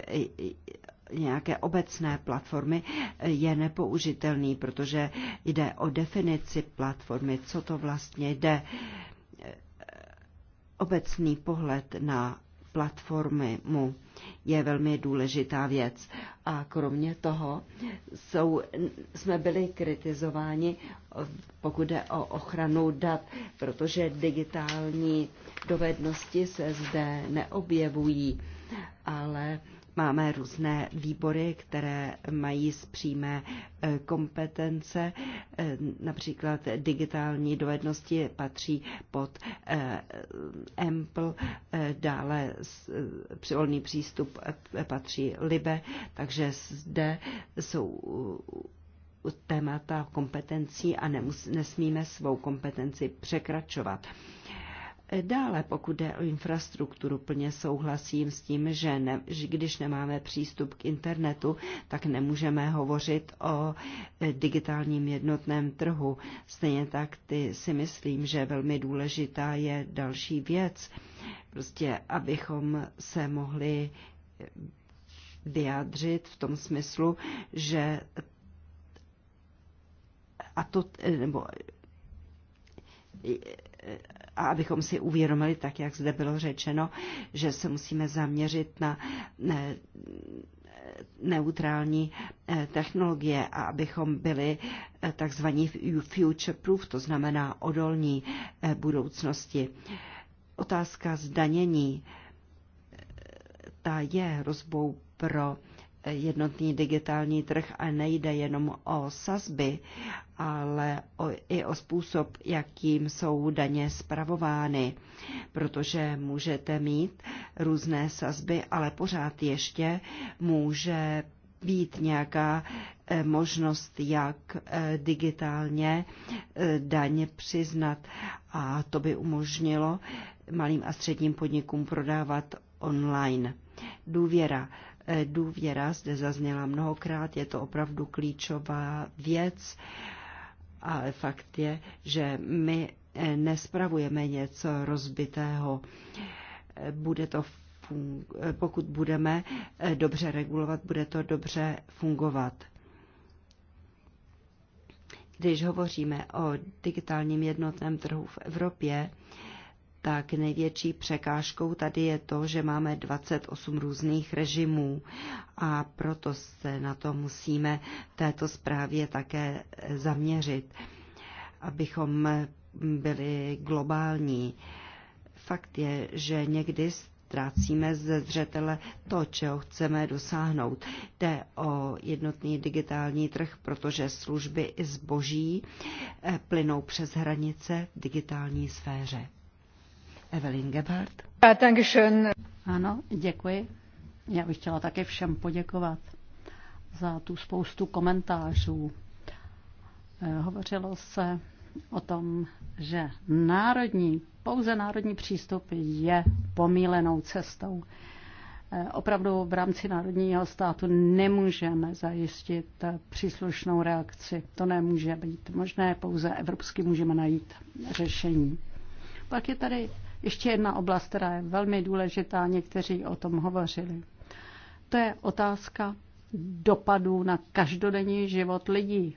nějaké obecné platformy je nepoužitelný, protože jde o definici platformy, co to vlastně jde. Obecný pohled na platformy mu je velmi důležitá věc. A kromě toho jsou, jsme byli kritizováni, pokud jde o ochranu dat, protože digitální dovednosti se zde neobjevují, ale Máme různé výbory, které mají z přímé e, kompetence, e, například digitální dovednosti patří pod EMPL, e, dále přivolný přístup patří LIBE, takže zde jsou témata kompetencí a nemus, nesmíme svou kompetenci překračovat. Dále, pokud jde o infrastrukturu, plně souhlasím s tím, že, ne, že když nemáme přístup k internetu, tak nemůžeme hovořit o e, digitálním jednotném trhu. Stejně tak ty si myslím, že velmi důležitá je další věc, prostě abychom se mohli e, vyjádřit v tom smyslu, že a to, e, nebo a abychom si uvědomili, tak jak zde bylo řečeno, že se musíme zaměřit na neutrální eh, technologie a abychom byli eh, takzvaní future proof, to znamená odolní eh, budoucnosti. Otázka zdanění, ta je hrozbou pro jednotný digitální trh a nejde jenom o sazby, ale o, i o způsob, jakým jsou daně spravovány, protože můžete mít různé sazby, ale pořád ještě může být nějaká eh, možnost, jak eh, digitálně eh, daně přiznat. A to by umožnilo malým a středním podnikům prodávat online. Důvěra Eh, důvěra zde zazněla mnohokrát, je to opravdu klíčová věc, ale fakt je, že my eh, nespravujeme něco rozbitého. Eh, bude to pokud budeme dobře regulovat, bude to dobře fungovat. Když hovoříme o digitálním jednotném trhu v Evropě, tak největší překážkou tady je to, že máme 28 různých režimů a proto se na to musíme této zprávě také zaměřit, abychom byli globální. Fakt je, že někdy ztrácíme ze zřetele to, čeho chceme dosáhnout. Jde o jednotný digitální trh, protože služby i zboží plynou přes hranice v digitální sféře. Evelyn Gebhardt. Ano, děkuji. Já bych chtěla také všem poděkovat za tu spoustu komentářů. Eh, hovořilo se o tom, že národní, pouze národní přístup je pomílenou cestou. Eh, opravdu v rámci národního státu nemůžeme zajistit příslušnou reakci. To nemůže být možné, pouze evropsky můžeme najít řešení. Pak je tady ještě jedna oblast, která je velmi důležitá, někteří o tom hovořili. To je otázka dopadů na každodenní život lidí.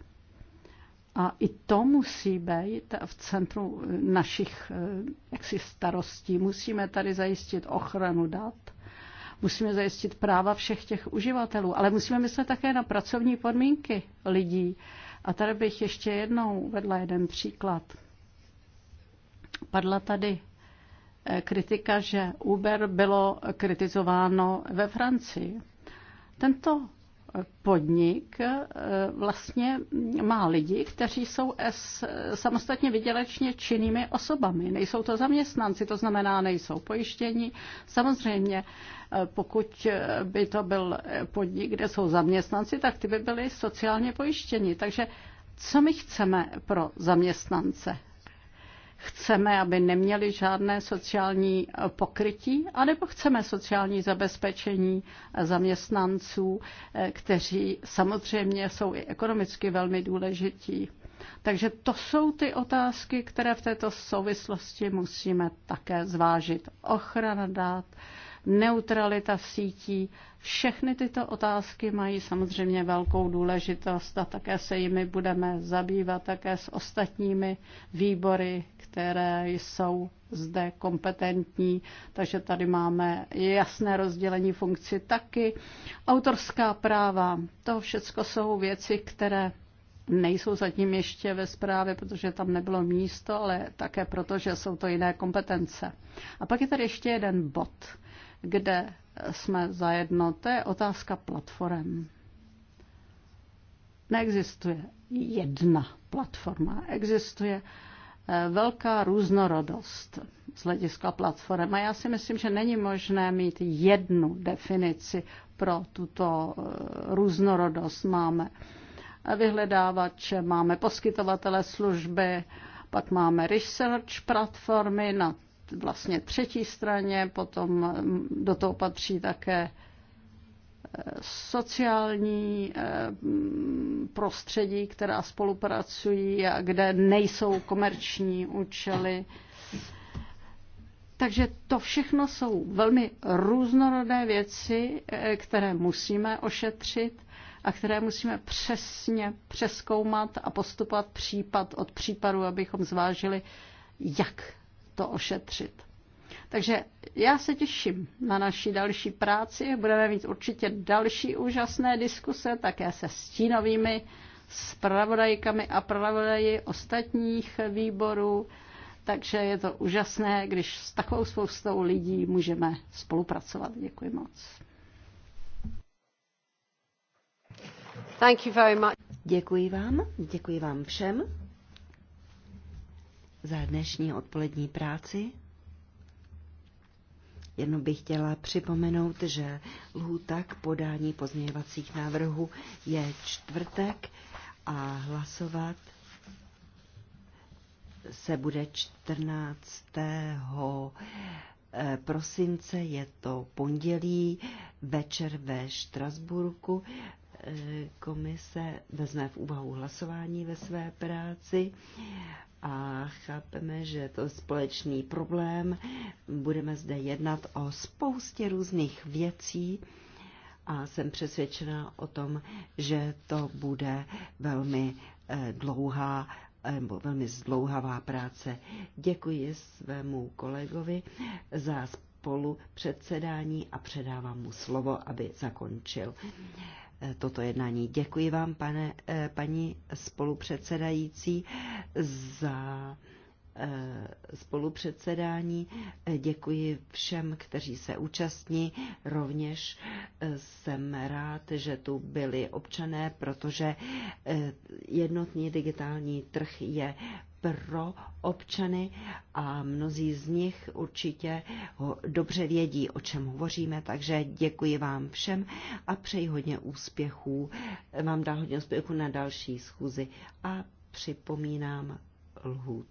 A i to musí být v centru našich eh, jaksi starostí. Musíme tady zajistit ochranu dat, musíme zajistit práva všech těch uživatelů, ale musíme myslet také na pracovní podmínky lidí. A tady bych ještě jednou vedla jeden příklad. Padla tady Eh, kritika, že Uber bylo kritizováno ve Francii. Tento eh, podnik eh, vlastně má lidi, kteří jsou S, samostatně vydělečně činnými osobami. Nejsou to zaměstnanci, to znamená, nejsou pojištění. Samozřejmě, pokud by to byl podnik, kde jsou zaměstnanci, tak ty by byly sociálně pojištěni. Takže co my chceme pro zaměstnance? Chceme, aby neměli žádné sociální pokrytí, anebo chceme sociální zabezpečení zaměstnanců, eh, kteří samozřejmě jsou i ekonomicky velmi důležití. Takže to jsou ty otázky, které v této souvislosti musíme také zvážit. Ochrana dát, neutralita sítí. Všechny tyto otázky mají samozřejmě velkou důležitost a také se jimi budeme zabývat také s ostatními výbory, které jsou zde kompetentní, takže tady máme jasné rozdělení funkci taky. Autorská práva, to všechno jsou věci, které nejsou zatím ještě ve zprávě, protože tam nebylo místo, ale také proto, že jsou to jiné kompetence. A pak je tady ještě jeden bod kde jsme zajedno, to je otázka platform. Neexistuje jedna platforma, existuje eh, velká různorodost z hlediska platform. A já si myslím, že není možné mít jednu definici pro tuto eh, různorodost. Máme eh, vyhledávače, máme poskytovatele služby, pak máme research platformy na vlastně třetí straně, potom mm, do toho patří také e, sociální e, mm, prostředí, která spolupracují a kde nejsou komerční účely. Takže to všechno jsou velmi různorodé věci, e, které musíme ošetřit a které musíme přesně přeskoumat a postupovat případ od případu, abychom zvážili, jak to ošetřit. Takže já se těším na naší další práci. Budeme mít určitě další úžasné diskuse, také se stínovými spravodajkami a pravodaji ostatních výborů. Takže je to úžasné, když s takovou spoustou lidí můžeme spolupracovat. Děkuji moc. Thank you very much. Děkuji vám, děkuji vám všem za dnešní odpolední práci. Jenom bych chtěla připomenout, že lhůta k podání pozměňovacích návrhů je čtvrtek a hlasovat se bude 14. Eh, prosince, je to pondělí, večer ve Štrasburku. Eh, komise vezme v úvahu hlasování ve své práci a chápeme, že to je společný problém. Budeme zde jednat o spoustě různých věcí a jsem přesvědčena o tom, že to bude velmi eh, dlouhá eh, nebo velmi zdlouhavá práce. Děkuji svému kolegovi za spolu předsedání a předávám mu slovo, aby zakončil. Eh, toto jednání. Děkuji vám, pane, eh, paní spolupředsedající, za eh, spolupředsedání. Děkuji všem, kteří se účastní. Rovněž jsem rád, že tu byli občané, protože jednotný digitální trh je pro občany a mnozí z nich určitě dobře vědí, o čem hovoříme, takže děkuji vám všem a přeji hodně úspěchů. Vám dá hodně úspěchů na další schůzi a připomínám lhůt.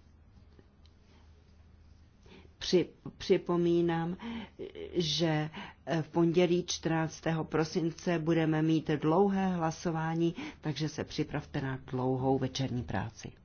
Při, připomínám, že v pondělí 14. prosince budeme mít dlouhé hlasování, takže se připravte na dlouhou večerní práci.